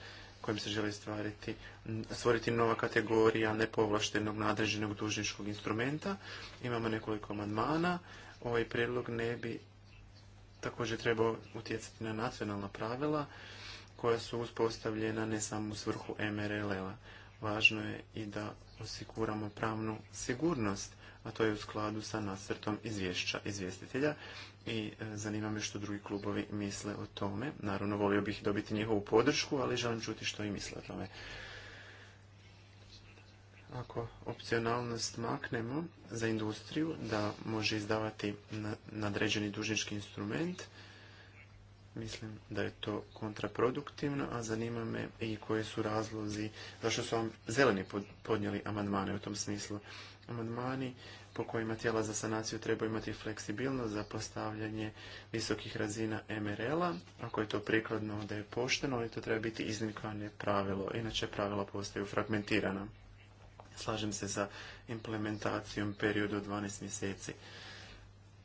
kojim se želi stvariti, stvoriti nova kategorija nepovlaštenog nadređenog dužničkog instrumenta. Imamo nekoliko amandmana. Ovaj prijedlog ne bi također trebao utjecati na nacionalna pravila koja su uspostavljena ne samo u svrhu MRL-a. Važno je i da osiguramo pravnu sigurnost, a to je u skladu sa nasrtom izvješća izvjestitelja i e, zanima me što drugi klubovi misle o tome. Naravno, volio bih dobiti njihovu podršku, ali želim čuti što i misle o tome. Ako opcionalnost maknemo za industriju, da može izdavati nadređeni dužnički instrument, mislim da je to kontraproduktivno, a zanima me i koje su razlozi zašto su vam zeleni podnijeli amandmane u tom smislu. Amandmani po kojima tijela za sanaciju treba imati fleksibilnost za postavljanje visokih razina MRL-a. Ako je to prikladno da je pošteno, ali to treba biti iznimka, pravilo. Inače, pravila postaju fragmentirana. Slažem se sa implementacijom periodu od 12 mjeseci.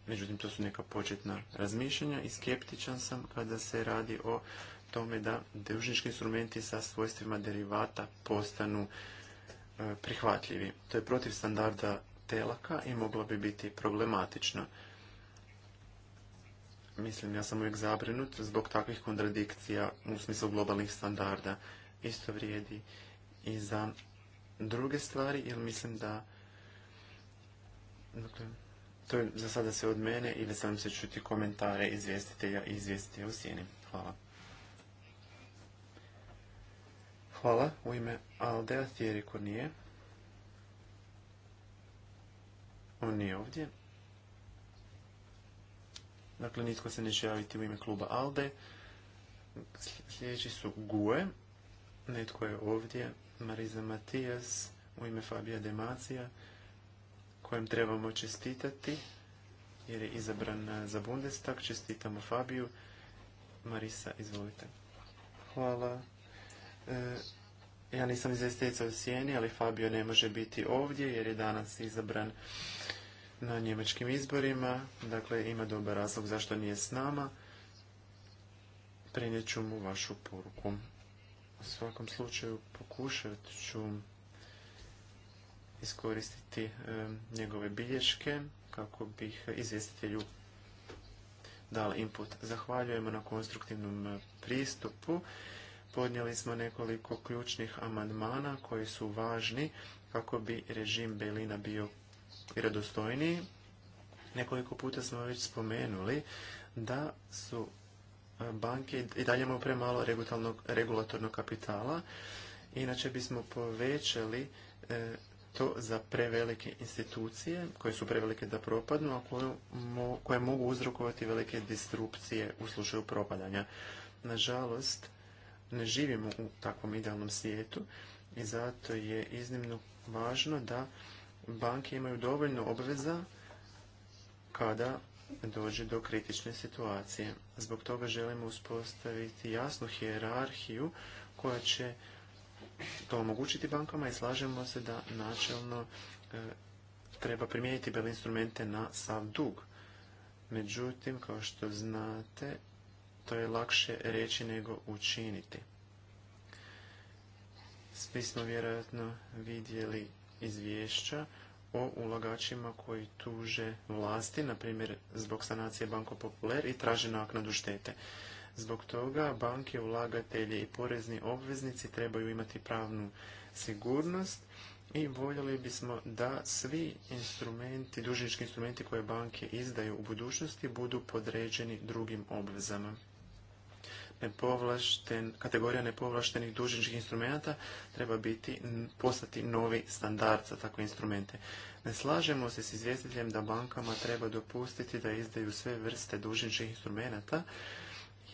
Međutim, to su neka početna razmišljanja i skeptičan sam kada se radi o tome da dužnički instrumenti sa svojstvima derivata postanu e, prihvatljivi. To je protiv standarda telaka i mogla bi biti problematična. Mislim, ja sam uvijek zabrinut zbog takvih kontradikcija u smislu globalnih standarda. Isto vrijedi i za druge stvari, jer mislim da... Dakle, to je za sada sve od mene i sam se čuti komentare izvjestitelja i izvjestitelja u sjeni. Hvala. Hvala. U ime Aldea Thierry On nije ovdje. Dakle, nitko se neće javiti u ime kluba ALDE. Sljedeći su GUE. Netko je ovdje. Mariza Matijas u ime Fabija Demacija kojem trebamo čestitati jer je izabran za Bundestag. Čestitamo Fabiju. Marisa, izvolite. Hvala. E, ja nisam izvjestiteljica u Sijeni, ali Fabio ne može biti ovdje jer je danas izabran na njemačkim izborima. Dakle, ima dobar razlog zašto nije s nama. Prenijet ću mu vašu poruku. U svakom slučaju pokušat ću iskoristiti e, njegove bilješke kako bih izvjestitelju dala input. Zahvaljujemo na konstruktivnom e, pristupu Podnijeli smo nekoliko ključnih amandmana koji su važni kako bi režim Belina bio vjerodostojniji. Nekoliko puta smo već spomenuli da su e, banke i dalje imaju premalo regulatornog kapitala. Inače bismo povećali e, to za prevelike institucije, koje su prevelike da propadnu, a koje, koje mogu uzrokovati velike disrupcije u slučaju propadanja. Nažalost, ne živimo u takvom idealnom svijetu i zato je iznimno važno da banke imaju dovoljno obveza kada dođe do kritične situacije. Zbog toga želimo uspostaviti jasnu hijerarhiju koja će to omogućiti bankama i slažemo se da načelno e, treba primijeniti bel instrumente na sav dug. Međutim, kao što znate, to je lakše reći nego učiniti. Svi smo vjerojatno vidjeli izvješća o ulagačima koji tuže vlasti, na primjer zbog sanacije Banko Populer i traže naknadu štete. Zbog toga banke, ulagatelji i porezni obveznici trebaju imati pravnu sigurnost i voljeli bismo da svi instrumenti, dužnički instrumenti koje banke izdaju u budućnosti budu podređeni drugim obvezama nepovlašten, kategorija nepovlaštenih dužničkih instrumenata treba biti, postati novi standard za takve instrumente. Ne slažemo se s izvjestiteljem da bankama treba dopustiti da izdaju sve vrste dužničkih instrumenata,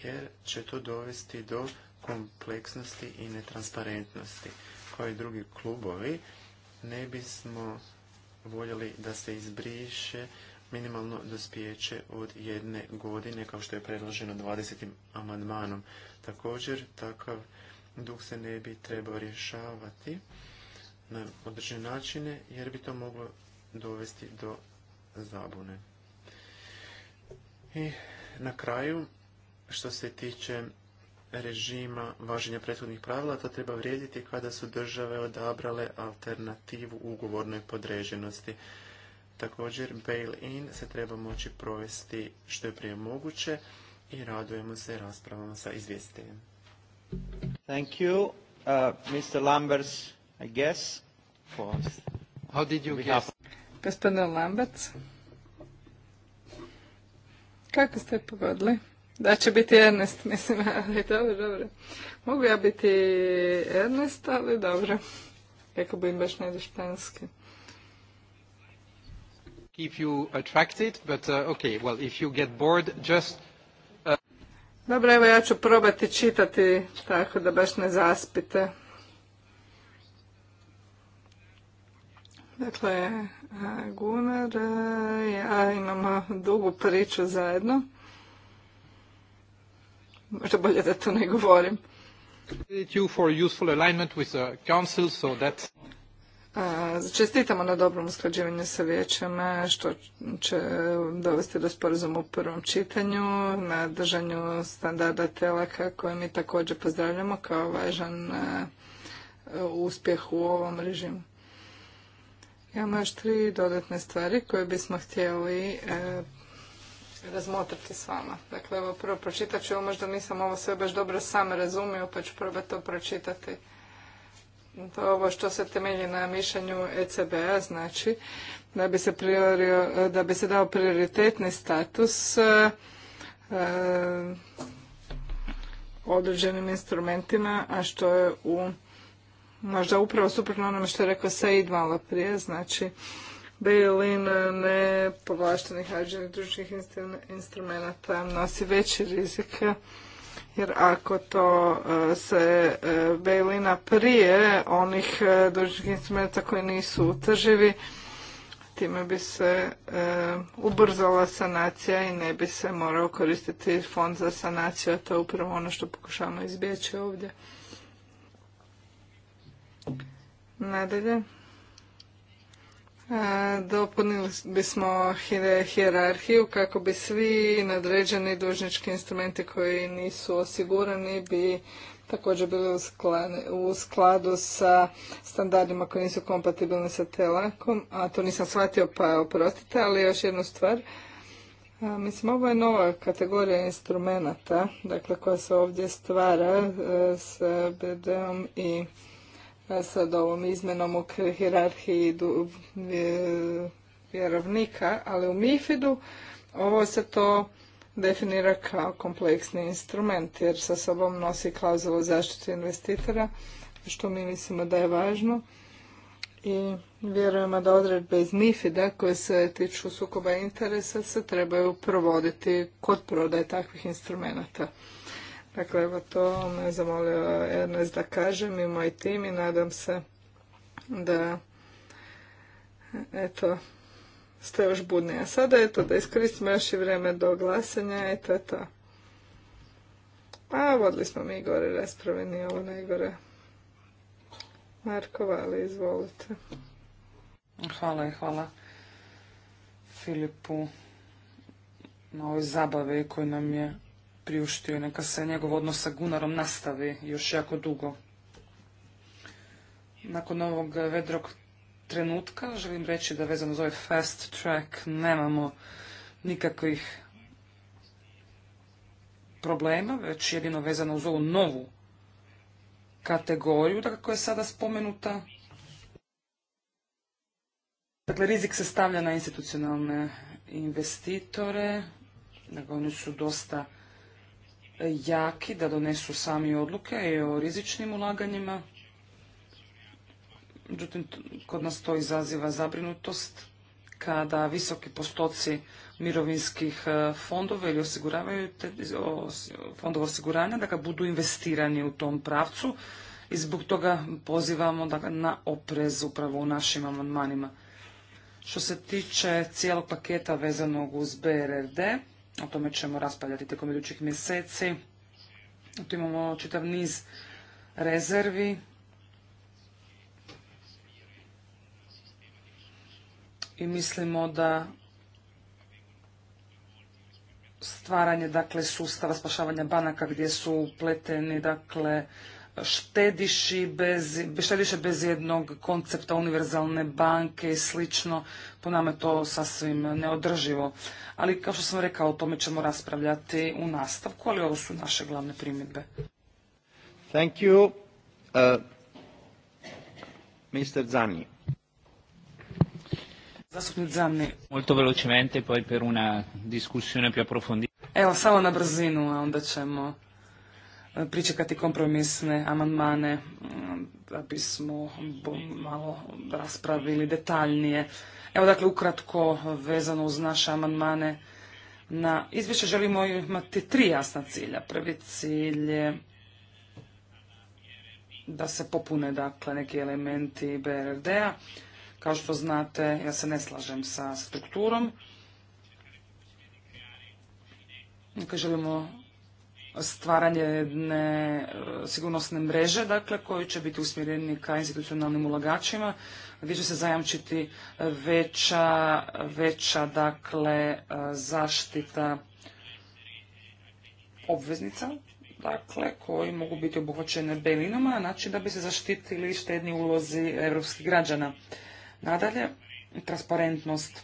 jer će to dovesti do kompleksnosti i netransparentnosti. Kao i drugi klubovi, ne bismo voljeli da se izbriše minimalno dospijeće od jedne godine, kao što je predloženo 20. amandmanom. Također, takav dug se ne bi trebao rješavati na određene načine, jer bi to moglo dovesti do zabune. I na kraju, što se tiče režima važenja prethodnih pravila, to treba vrijediti kada su države odabrale alternativu ugovornoj podređenosti. Također, bail-in se treba moći provesti što je prije moguće i radujemo se raspravama sa izvjestiteljem. Thank you, uh, Mr. Lambers, I guess. How did you guess? kako ste pogodili? Da će biti Ernest, mislim, <laughs> ali dobro, dobro. Mogu ja biti Ernest, ali dobro. Kako bi im baš ne keep you attracted, but uh, okay, well, if you get bored, just... Uh, Dobro, evo ja ću probati čitati tako da baš ne zaspite. Dakle, e, Gunar, e, ja imamo dugu priču zajedno. Možda bolje da to ne govorim. You for useful alignment with the council, so that... Čestitamo na dobrom usklađivanju sa vijećem što će dovesti do sporazuma u prvom čitanju, na držanju standarda telaka koje mi također pozdravljamo kao važan uspjeh u ovom režimu. Imamo još tri dodatne stvari koje bismo htjeli razmotriti s vama. Dakle, evo prvo pročitat ću, možda nisam ovo sve baš dobro sam razumio, pa ću probati to pročitati ovo što se temelji na mišljenju ECB-a znači da bi se priorio, da bi se dao prioritetni status e, e, određenim instrumentima, a što je u možda upravo suprotno onome što je rekao Said malo prije, znači ne in hađenih društvenih instrumenata nosi veći rizik jer ako to e, se e, belina prije onih e, dužničkih instrumenta koji nisu utrživi, time bi se ubrzala sanacija i ne bi se morao koristiti fond za sanaciju, a to je upravo ono što pokušavamo izbjeći ovdje. Nadalje, Dopunili bismo hijerarhiju kako bi svi nadređeni dužnički instrumenti koji nisu osigurani bi također bili u skladu sa standardima koji nisu kompatibilni sa telakom, a to nisam shvatio pa oprostite, ali još jednu stvar. mislim, ovo je nova kategorija instrumenta, dakle koja se ovdje stvara e, s bd i E, sad ovom izmenom u hirarhiji e, vjerovnika, ali u MIFID-u ovo se to definira kao kompleksni instrument jer sa sobom nosi klauzulu zaštite investitora, što mi mislimo da je važno. I vjerujemo da odredbe iz MIFID-a koje se tiču sukoba interesa se trebaju provoditi kod prodaje takvih instrumenta. Dakle, evo to me zamolio Ernest da kažem i moj tim i nadam se da eto ste još budni. A sada eto da iskoristimo još i vrijeme do glasanja i to Pa vodili smo mi gore rasprave, nije ovo najgore. Marko Vali, izvolite. Hvala i hvala Filipu na ovoj zabavi koju nam je priuštio i neka se njegov odnos sa Gunarom nastavi još jako dugo. Nakon ovog vedrog trenutka želim reći da vezano za ovaj fast track nemamo nikakvih problema, već jedino vezano uz ovu novu kategoriju, da dakle, koja je sada spomenuta. Dakle, rizik se stavlja na institucionalne investitore, dakle oni su dosta jaki da donesu sami odluke i o rizičnim ulaganjima. Međutim, kod nas to izaziva zabrinutost kada visoki postoci mirovinskih e, fondova ili fondova osiguranja da ga budu investirani u tom pravcu i zbog toga pozivamo da na oprez upravo u našim amandmanima. Što se tiče cijelog paketa vezanog uz BRRD, o tome ćemo raspravljati tijekom idućih mjeseci. Tu imamo čitav niz rezervi. I mislimo da stvaranje dakle sustava spašavanja banaka gdje su upleteni dakle štediše bez jednog koncepta univerzalne banke i slično. Po nama je to sasvim neodrživo. Ali kao što sam rekao, o tome ćemo raspravljati u nastavku, ali ovo su naše glavne primjedbe. Thank you. Uh, Mr. Zani. Zastupnik Zani. Molto velocemente, poi per una discussione più approfondita. Evo, samo na brzinu, a onda ćemo pričekati kompromisne amandmane mm, da bismo malo raspravili detaljnije. Evo dakle ukratko vezano uz naše amandmane na izvješće želimo imati tri jasna cilja. Prvi cilj je da se popune dakle neki elementi BRD-a. Kao što znate, ja se ne slažem sa strukturom. Dakle, želimo stvaranje jedne e, sigurnosne mreže, dakle, koji će biti usmjereni ka institucionalnim ulagačima, gdje će se zajamčiti veća, veća dakle, e, zaštita obveznica, dakle, koji mogu biti obuhvaćene belinama, znači da bi se zaštitili štedni ulozi europskih građana. Nadalje, transparentnost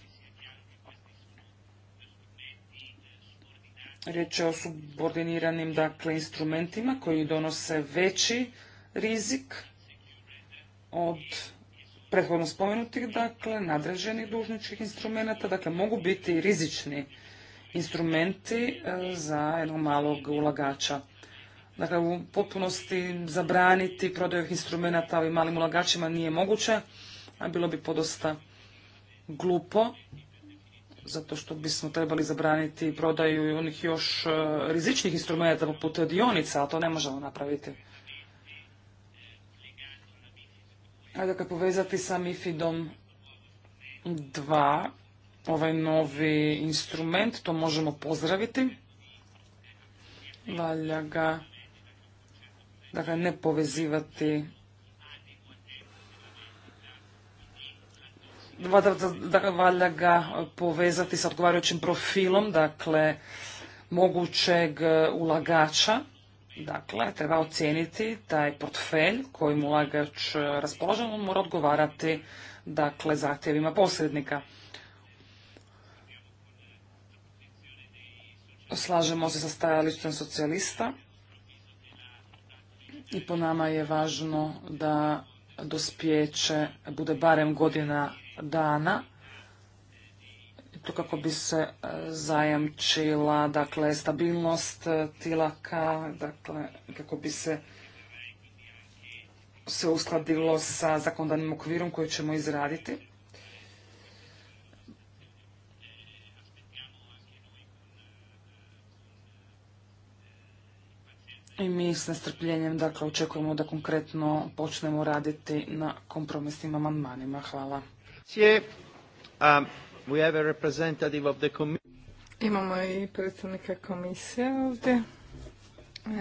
Riječ je o subordiniranim dakle, instrumentima koji donose veći rizik od prethodno spomenutih, dakle, nadređenih dužničkih instrumenta, dakle, mogu biti rizični instrumenti e, za jednog malog ulagača. Dakle, u potpunosti zabraniti prodaju instrumenta ovim malim ulagačima nije moguće, a bilo bi podosta glupo zato što bismo trebali zabraniti prodaju onih još e, rizičnih instrumenta poput dionica, a to ne možemo napraviti. Ajde kako povezati sa MIFIDom 2, ovaj novi instrument, to možemo pozdraviti. Valja ga dakle, ne povezivati Da valja ga povezati sa odgovarajućim profilom, dakle, mogućeg e, ulagača. Dakle, treba ocijeniti taj portfelj kojim ulagač e, raspoložen, on mora odgovarati dakle, zahtjevima posrednika. Slažemo se sa stajalištem socijalista i po nama je važno da dospjeće bude barem godina dana to kako bi se e, zajamčila dakle stabilnost e, tilaka, dakle kako bi se se uskladilo sa zakonodavnim okvirom koji ćemo izraditi. I mi s nestrpljenjem dakle, očekujemo da konkretno počnemo raditi na kompromisnim amandmanima. Hvala. Um, Imamo i predstavnika komisije ovdje.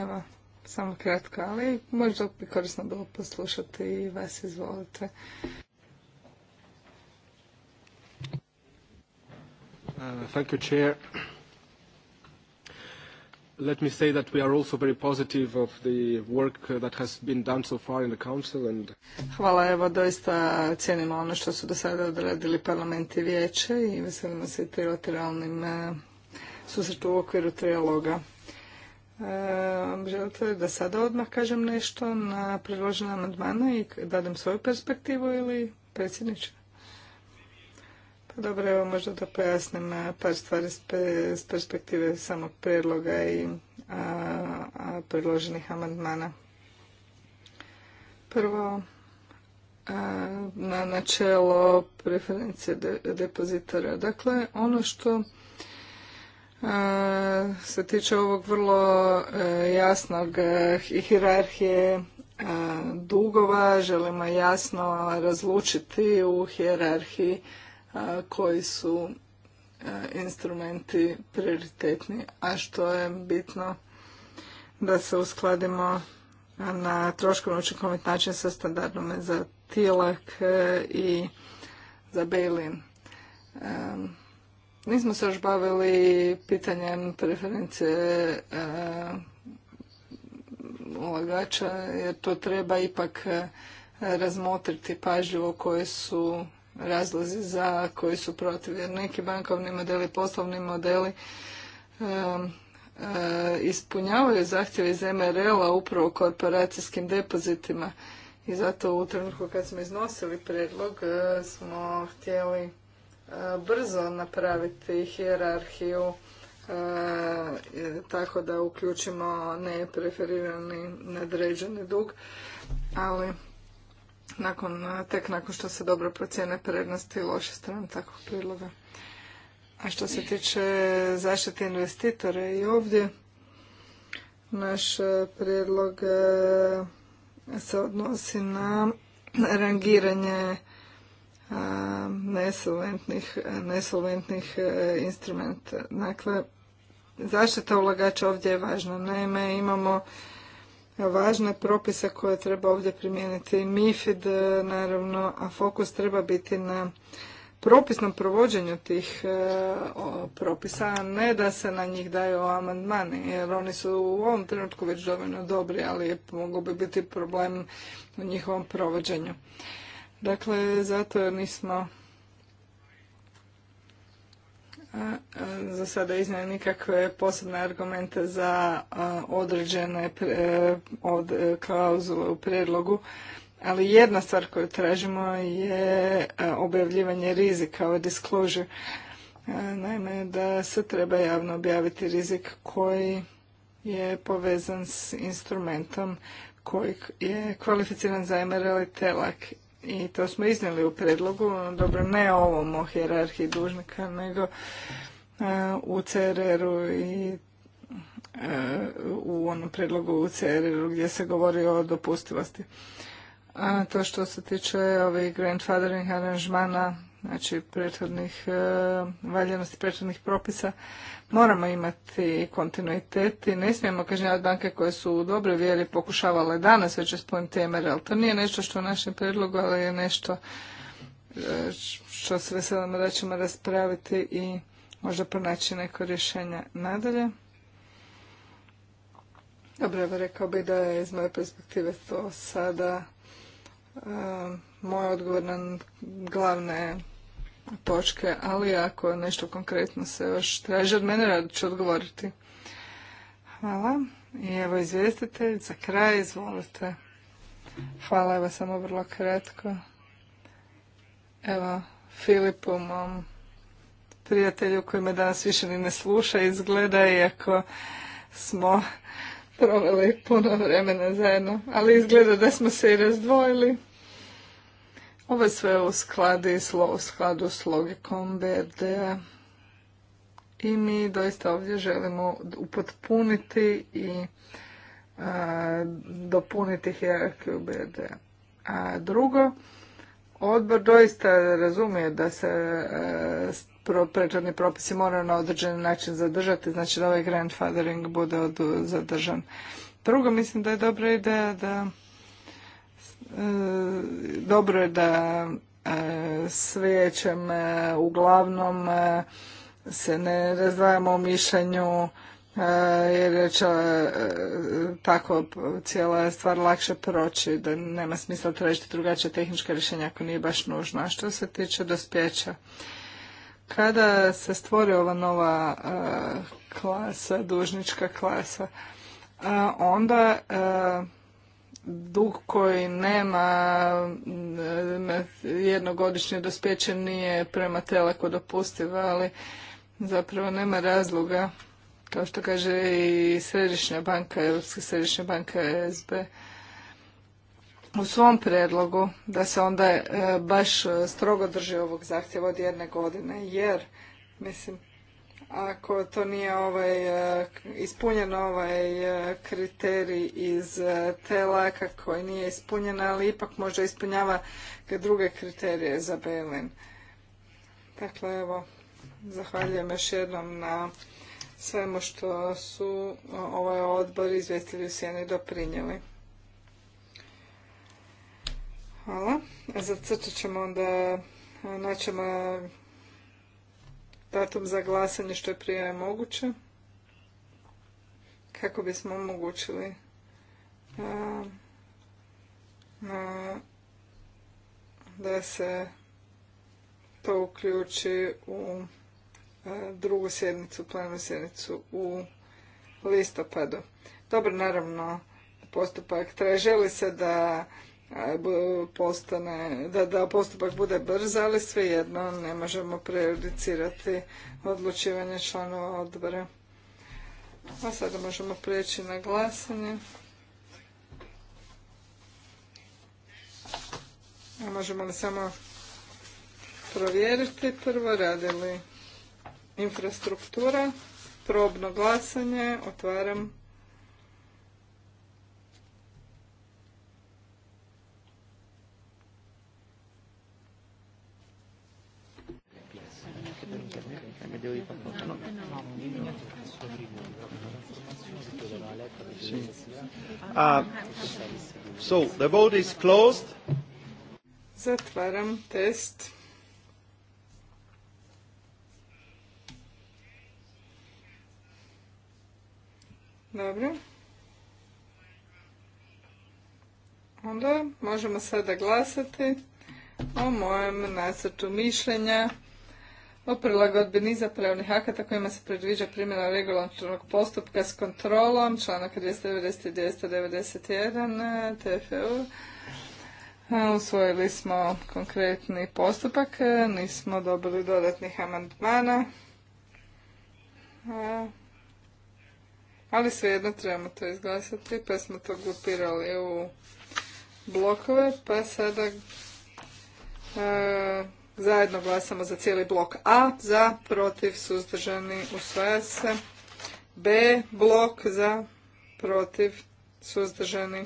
Evo, samo kratko, ali možda bi korisno bilo poslušati i vas, izvolite. Uh, thank Let me say that we are also very positive of the work uh, that has been done so far in the council and... Hvala, evo doista cijenimo ono što su do sada odradili parlament i vijeće i veselimo se trilateralnim e, susretu u okviru trijaloga. E, želite da sada odmah kažem nešto na predložene amandmane i dadem svoju perspektivu ili predsjedniče? Dobro, evo možda da pojasnim eh, par stvari s perspektive samog prijedloga i predloženih amandmana. Prvo, na načelo preferencije depozitora. Dakle, ono što se tiče ovog vrlo e, jasnog i e, hirarhije e, dugova, želimo jasno razlučiti u hirarhiji koji su e, instrumenti prioritetni, a što je bitno da se uskladimo na troškovno učinkovit način sa standardom za tilak e, i za bail-in. E, nismo se još bavili pitanjem preferencije ulagača, jer to treba ipak razmotriti pažljivo koje su razlozi za koji su protiv. Jer neki bankovni modeli, poslovni modeli ispunjavaju zahtjeve iz MRL-a upravo korporacijskim depozitima. I zato u trenutku kad smo iznosili predlog eh, smo htjeli eh, brzo napraviti hjerarhiju eh, tako da uključimo nepreferirani nadređeni dug, ali nakon, tek nakon što se dobro procjene prednosti i loše strane takvog prijedloga. A što se tiče zaštite investitora i ovdje, naš e, prijedlog e, se odnosi na rangiranje e, nesolventnih, nesolventnih instrumenta. Dakle, zaštita ulagača ovdje je važna. Naime, imamo važne propise koje treba ovdje primijeniti. MIFID e, naravno, a fokus treba biti na propisnom provođenju tih e, propisa, a ne da se na njih daju amandmani, jer oni su u ovom trenutku već dovoljno dobri, ali mogu bi biti problem u njihovom provođenju. Dakle, zato nismo za sada iznio nikakve posebne argumente za određene e, od e, klauzule u predlogu, ali jedna stvar koju tražimo je objavljivanje rizika, o disclosure. Naime, da se treba javno objaviti rizik koji je povezan s instrumentom koji je kvalificiran za MRL i TELAK i to smo iznijeli u predlogu, dobro ne ovom o hjerarhiji dužnika, nego e, u CRR-u i e, u onom predlogu u CRR-u gdje se govori o dopustivosti. to što se tiče ovih grandfathering aranžmana, znači prethodnih e, valjanosti prethodnih propisa moramo imati kontinuitet i ne smijemo kažnjavati banke koje su u dobroj vjeri pokušavale danas već ispuniti MR, ali to nije nešto što u našem predlogu, ali je nešto e, što se veselimo da ćemo raspraviti i možda pronaći neko rješenje nadalje. Dobro, evo rekao bih da je iz moje perspektive to sada e, moj odgovor na glavne točke, ali ako nešto konkretno se još traži od mene, rado ću odgovoriti. Hvala. I evo izvjestitelj, za kraj izvolite. Hvala, evo samo vrlo kratko. Evo, Filipu, mom prijatelju koji me danas više ni ne sluša, izgleda, iako smo proveli puno vremena zajedno, ali izgleda da smo se i razdvojili. Ovo je sve u skladi, u skladu s logikom BRD-a i mi doista ovdje želimo upotpuniti i dopuniti hierarhiju BRD-a. A drugo, odbor doista razumije da se a, propisi moraju na određeni način zadržati, znači da ovaj grandfathering bude zadržan. Drugo, mislim da je dobra ideja da E, dobro je da e, s e, uglavnom se ne razdvajamo u mišljenju jer će tako cijela stvar lakše proći, da nema smisla tražiti drugačije tehničke rješenja ako nije baš nužno. A što se tiče dospjeća, kada se stvori ova nova klasa, dužnička klasa, onda dug koji nema mm, jednogodišnje dospeće nije prema teleko dopustiva, ali zapravo nema razloga, kao što kaže i Središnja banka, Europska središnja banka ESB, u svom predlogu da se onda e, baš e, strogo drži ovog zahtjeva od jedne godine, jer mislim ako to nije ovaj, e, ispunjen ovaj e, kriterij iz e, tela koji nije ispunjen, ali ipak možda ispunjava druge kriterije za Belin. Dakle, evo, zahvaljujem još jednom na svemu što su ovaj odbor izvjestili u Sjeni doprinijeli. Hvala. Zacrčat ćemo onda, naćemo datum za glasanje što je prije moguće kako bismo omogućili da se to uključi u drugu sjednicu, planu sjednicu u listopadu. Dobro, naravno, postupak traje. Želi se da postane, da, da postupak bude brz, ali svejedno ne možemo prejudicirati odlučivanje članova odbora. A sada možemo prijeći na glasanje. A možemo li samo provjeriti prvo radili infrastruktura, probno glasanje, otvaram Uh, so, the vote is closed. Zatvaram test. Dobro. Onda možemo sada glasati o mojem nacrtu mišljenja o prilagodbi niza pravnih akata kojima se predviđa primjena regulatornog postupka s kontrolom, članak 290 i 291 TFU. Usvojili smo konkretni postupak, nismo dobili dodatnih amandmana, ali svejedno trebamo to izglasati, pa smo to grupirali u blokove, pa sada Zajedno glasamo za cijeli blok A, za, protiv, suzdržani, usvaja se. B, blok za, protiv, suzdržani,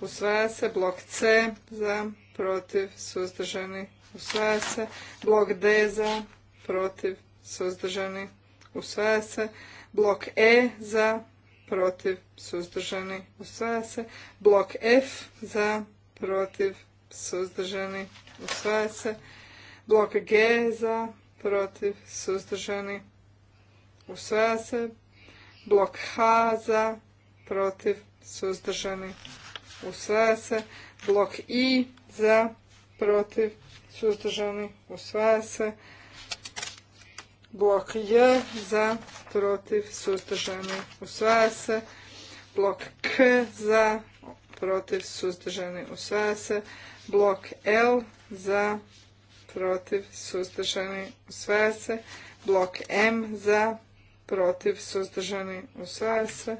usvaja se. Blok C, za, protiv, suzdržani, usvaja se. Blok D, za, protiv, suzdržani, usvaja se. Blok E, za, protiv, suzdržani, usvaja se. Blok F, za, protiv, suzdržani, usvaja se. Blok G za, protiv, suzdržani, usvaja se. Blok H za, protiv, suzdržani, usvaja se. Blok I za, protiv, suzdržani, usvaja se. Blok J za, protiv, suzdržani, usvaja se. Blok K za, protiv, suzdržani, usvaja se. Blok L za, protiv, suzdržani, usvaja se. Blok M za, protiv, suzdržani, usvaja se.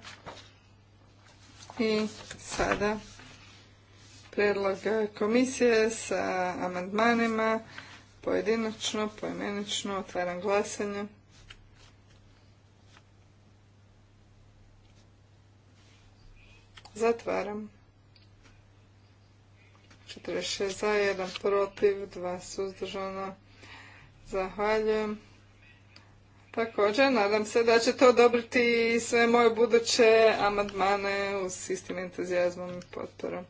I sada predlog komisije sa amandmanima pojedinačno, poimenično, otvaram glasanje. Zatvaram. 46 za, 1 protiv, 2 suzdržana. Zahvaljujem. Također, nadam se da ćete odobriti sve moje buduće amandmane uz istim entuzijazmom i potporom.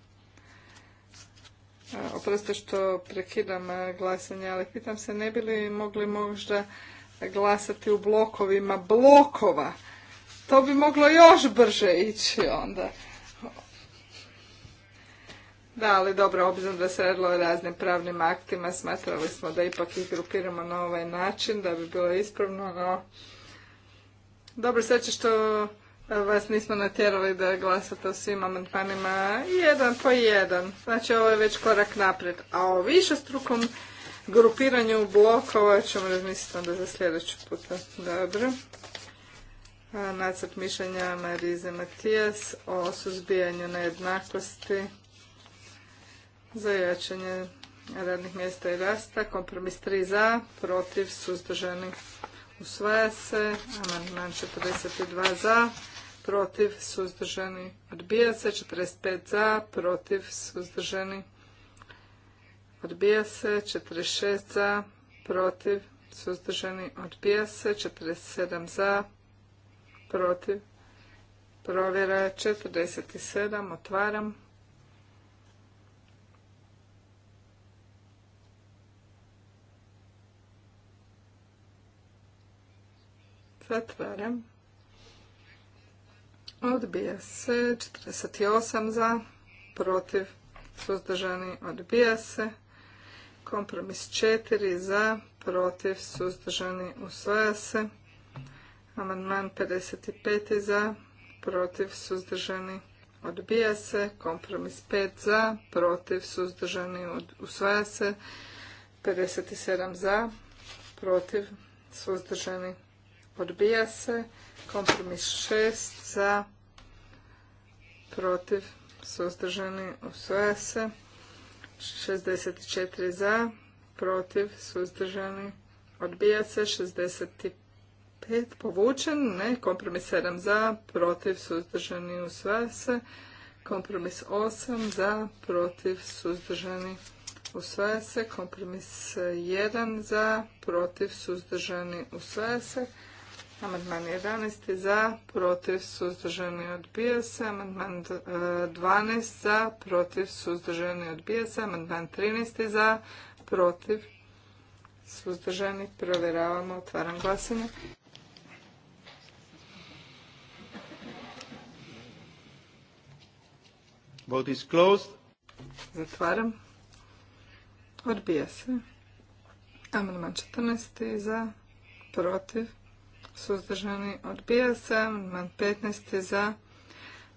Oprosto što prekidam e, glasanje, ali pitam se ne bi li mogli možda glasati u blokovima blokova. To bi moglo još brže ići onda. Da, ali dobro, obzirom da se radilo o raznim pravnim aktima, smatrali smo da ipak ih grupiramo na ovaj način, da bi bilo ispravno, no... Dobro, sve što e, vas nismo natjerali da glasate o svim amandmanima jedan po jedan. Znači, ovo je već korak naprijed. A o višestrukom grupiranju blokova ćemo razmisliti onda za sljedeću puta. Dobro. E, nacrt mišljenja Marize Matijas o suzbijanju nejednakosti za jačanje radnih mjesta i rasta. Kompromis 3 za, protiv, suzdržani. Usvaja se. Amandman 42 za, protiv, suzdržani. Odbija se. 45 za, protiv, suzdržani. Odbija se. 46 za, protiv, suzdržani. Odbija se. 47 za, protiv. Provjera 47. Otvaram. Zatvaram. Odbija se. 48 za. Protiv. Suzdržani. Odbija se. Kompromis 4 za. Protiv. Suzdržani. Usvaja se. Amandman 55 za. Protiv. Suzdržani. Odbija se. Kompromis 5 za. Protiv. Suzdržani. Usvaja se. 57 za. Protiv. Suzdržani odbija se. Kompromis 6 za, protiv, suzdržani, usvaja se. 64 za, protiv, suzdržani, odbija se. 65 povučen, ne. Kompromis 7 za, protiv, suzdržani, usvaja se. Kompromis 8 za, protiv, suzdržani, usvaja se. Kompromis 1 za, protiv, suzdržani, usvaja se. Amandman 11. za, protiv, suzdržani, odbija se. Amandman 12. E, za, protiv, suzdržani, odbija se. Amandman 13. za, protiv, suzdržani, provjeravamo, otvaram glasanje. Vote is closed. Zatvaram. Odbija se. Amandman 14. za, protiv, suzdržani, odbija se. Amandman 15. za,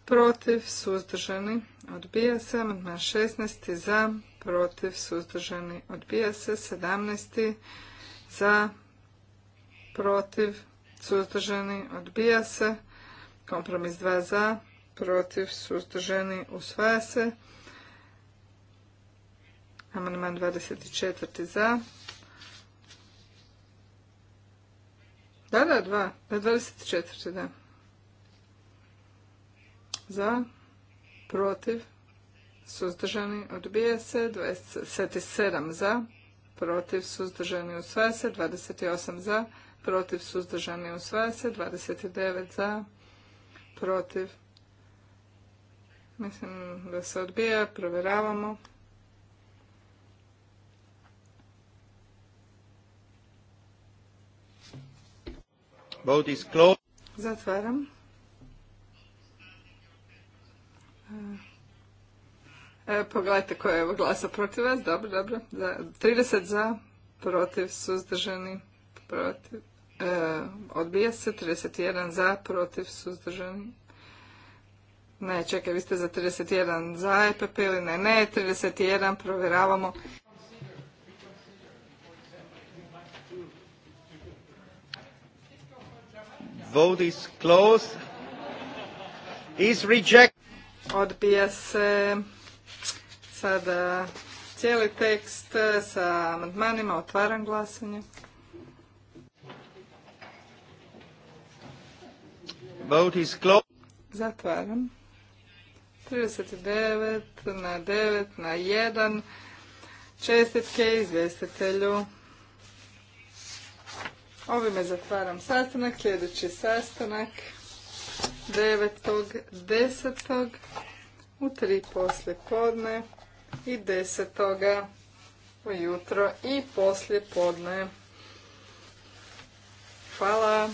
protiv, suzdržani, odbija se. Amandman 16. za, protiv, suzdržani, odbija se. 17. za, protiv, suzdržani, odbija se. Kompromis 2 za, protiv, suzdržani, usvaja se. Amandman 24. za, Da, da, dva. Na pa 24. da. Za, protiv, suzdržani, odbija se. 27 za, protiv, suzdržani, usvaja se. 28 za, protiv, suzdržani, usvaja se. 29 za, protiv. Mislim da se odbija, provjeravamo. Vote is closed. Zatvaram. E, e pogledajte ko je glasa protiv vas. Dobro, dobro. 30 za, protiv, suzdržani, protiv. E, odbija se. 31 za, protiv, suzdržani. Ne, čekaj, vi ste za 31 za EPP ili ne? Ne, 31 provjeravamo. Vote is closed. Is reject. Odbija se sada cijeli tekst sa amandmanima. Otvaram glasanje. Vote is closed. Zatvaram. 39 na 9 na 1. Čestitke izvjestitelju. Ovime zatvaram sastanak. Sljedeći sastanak 9.10. u tri poslje podne i 10. ujutro i poslje podne. Hvala.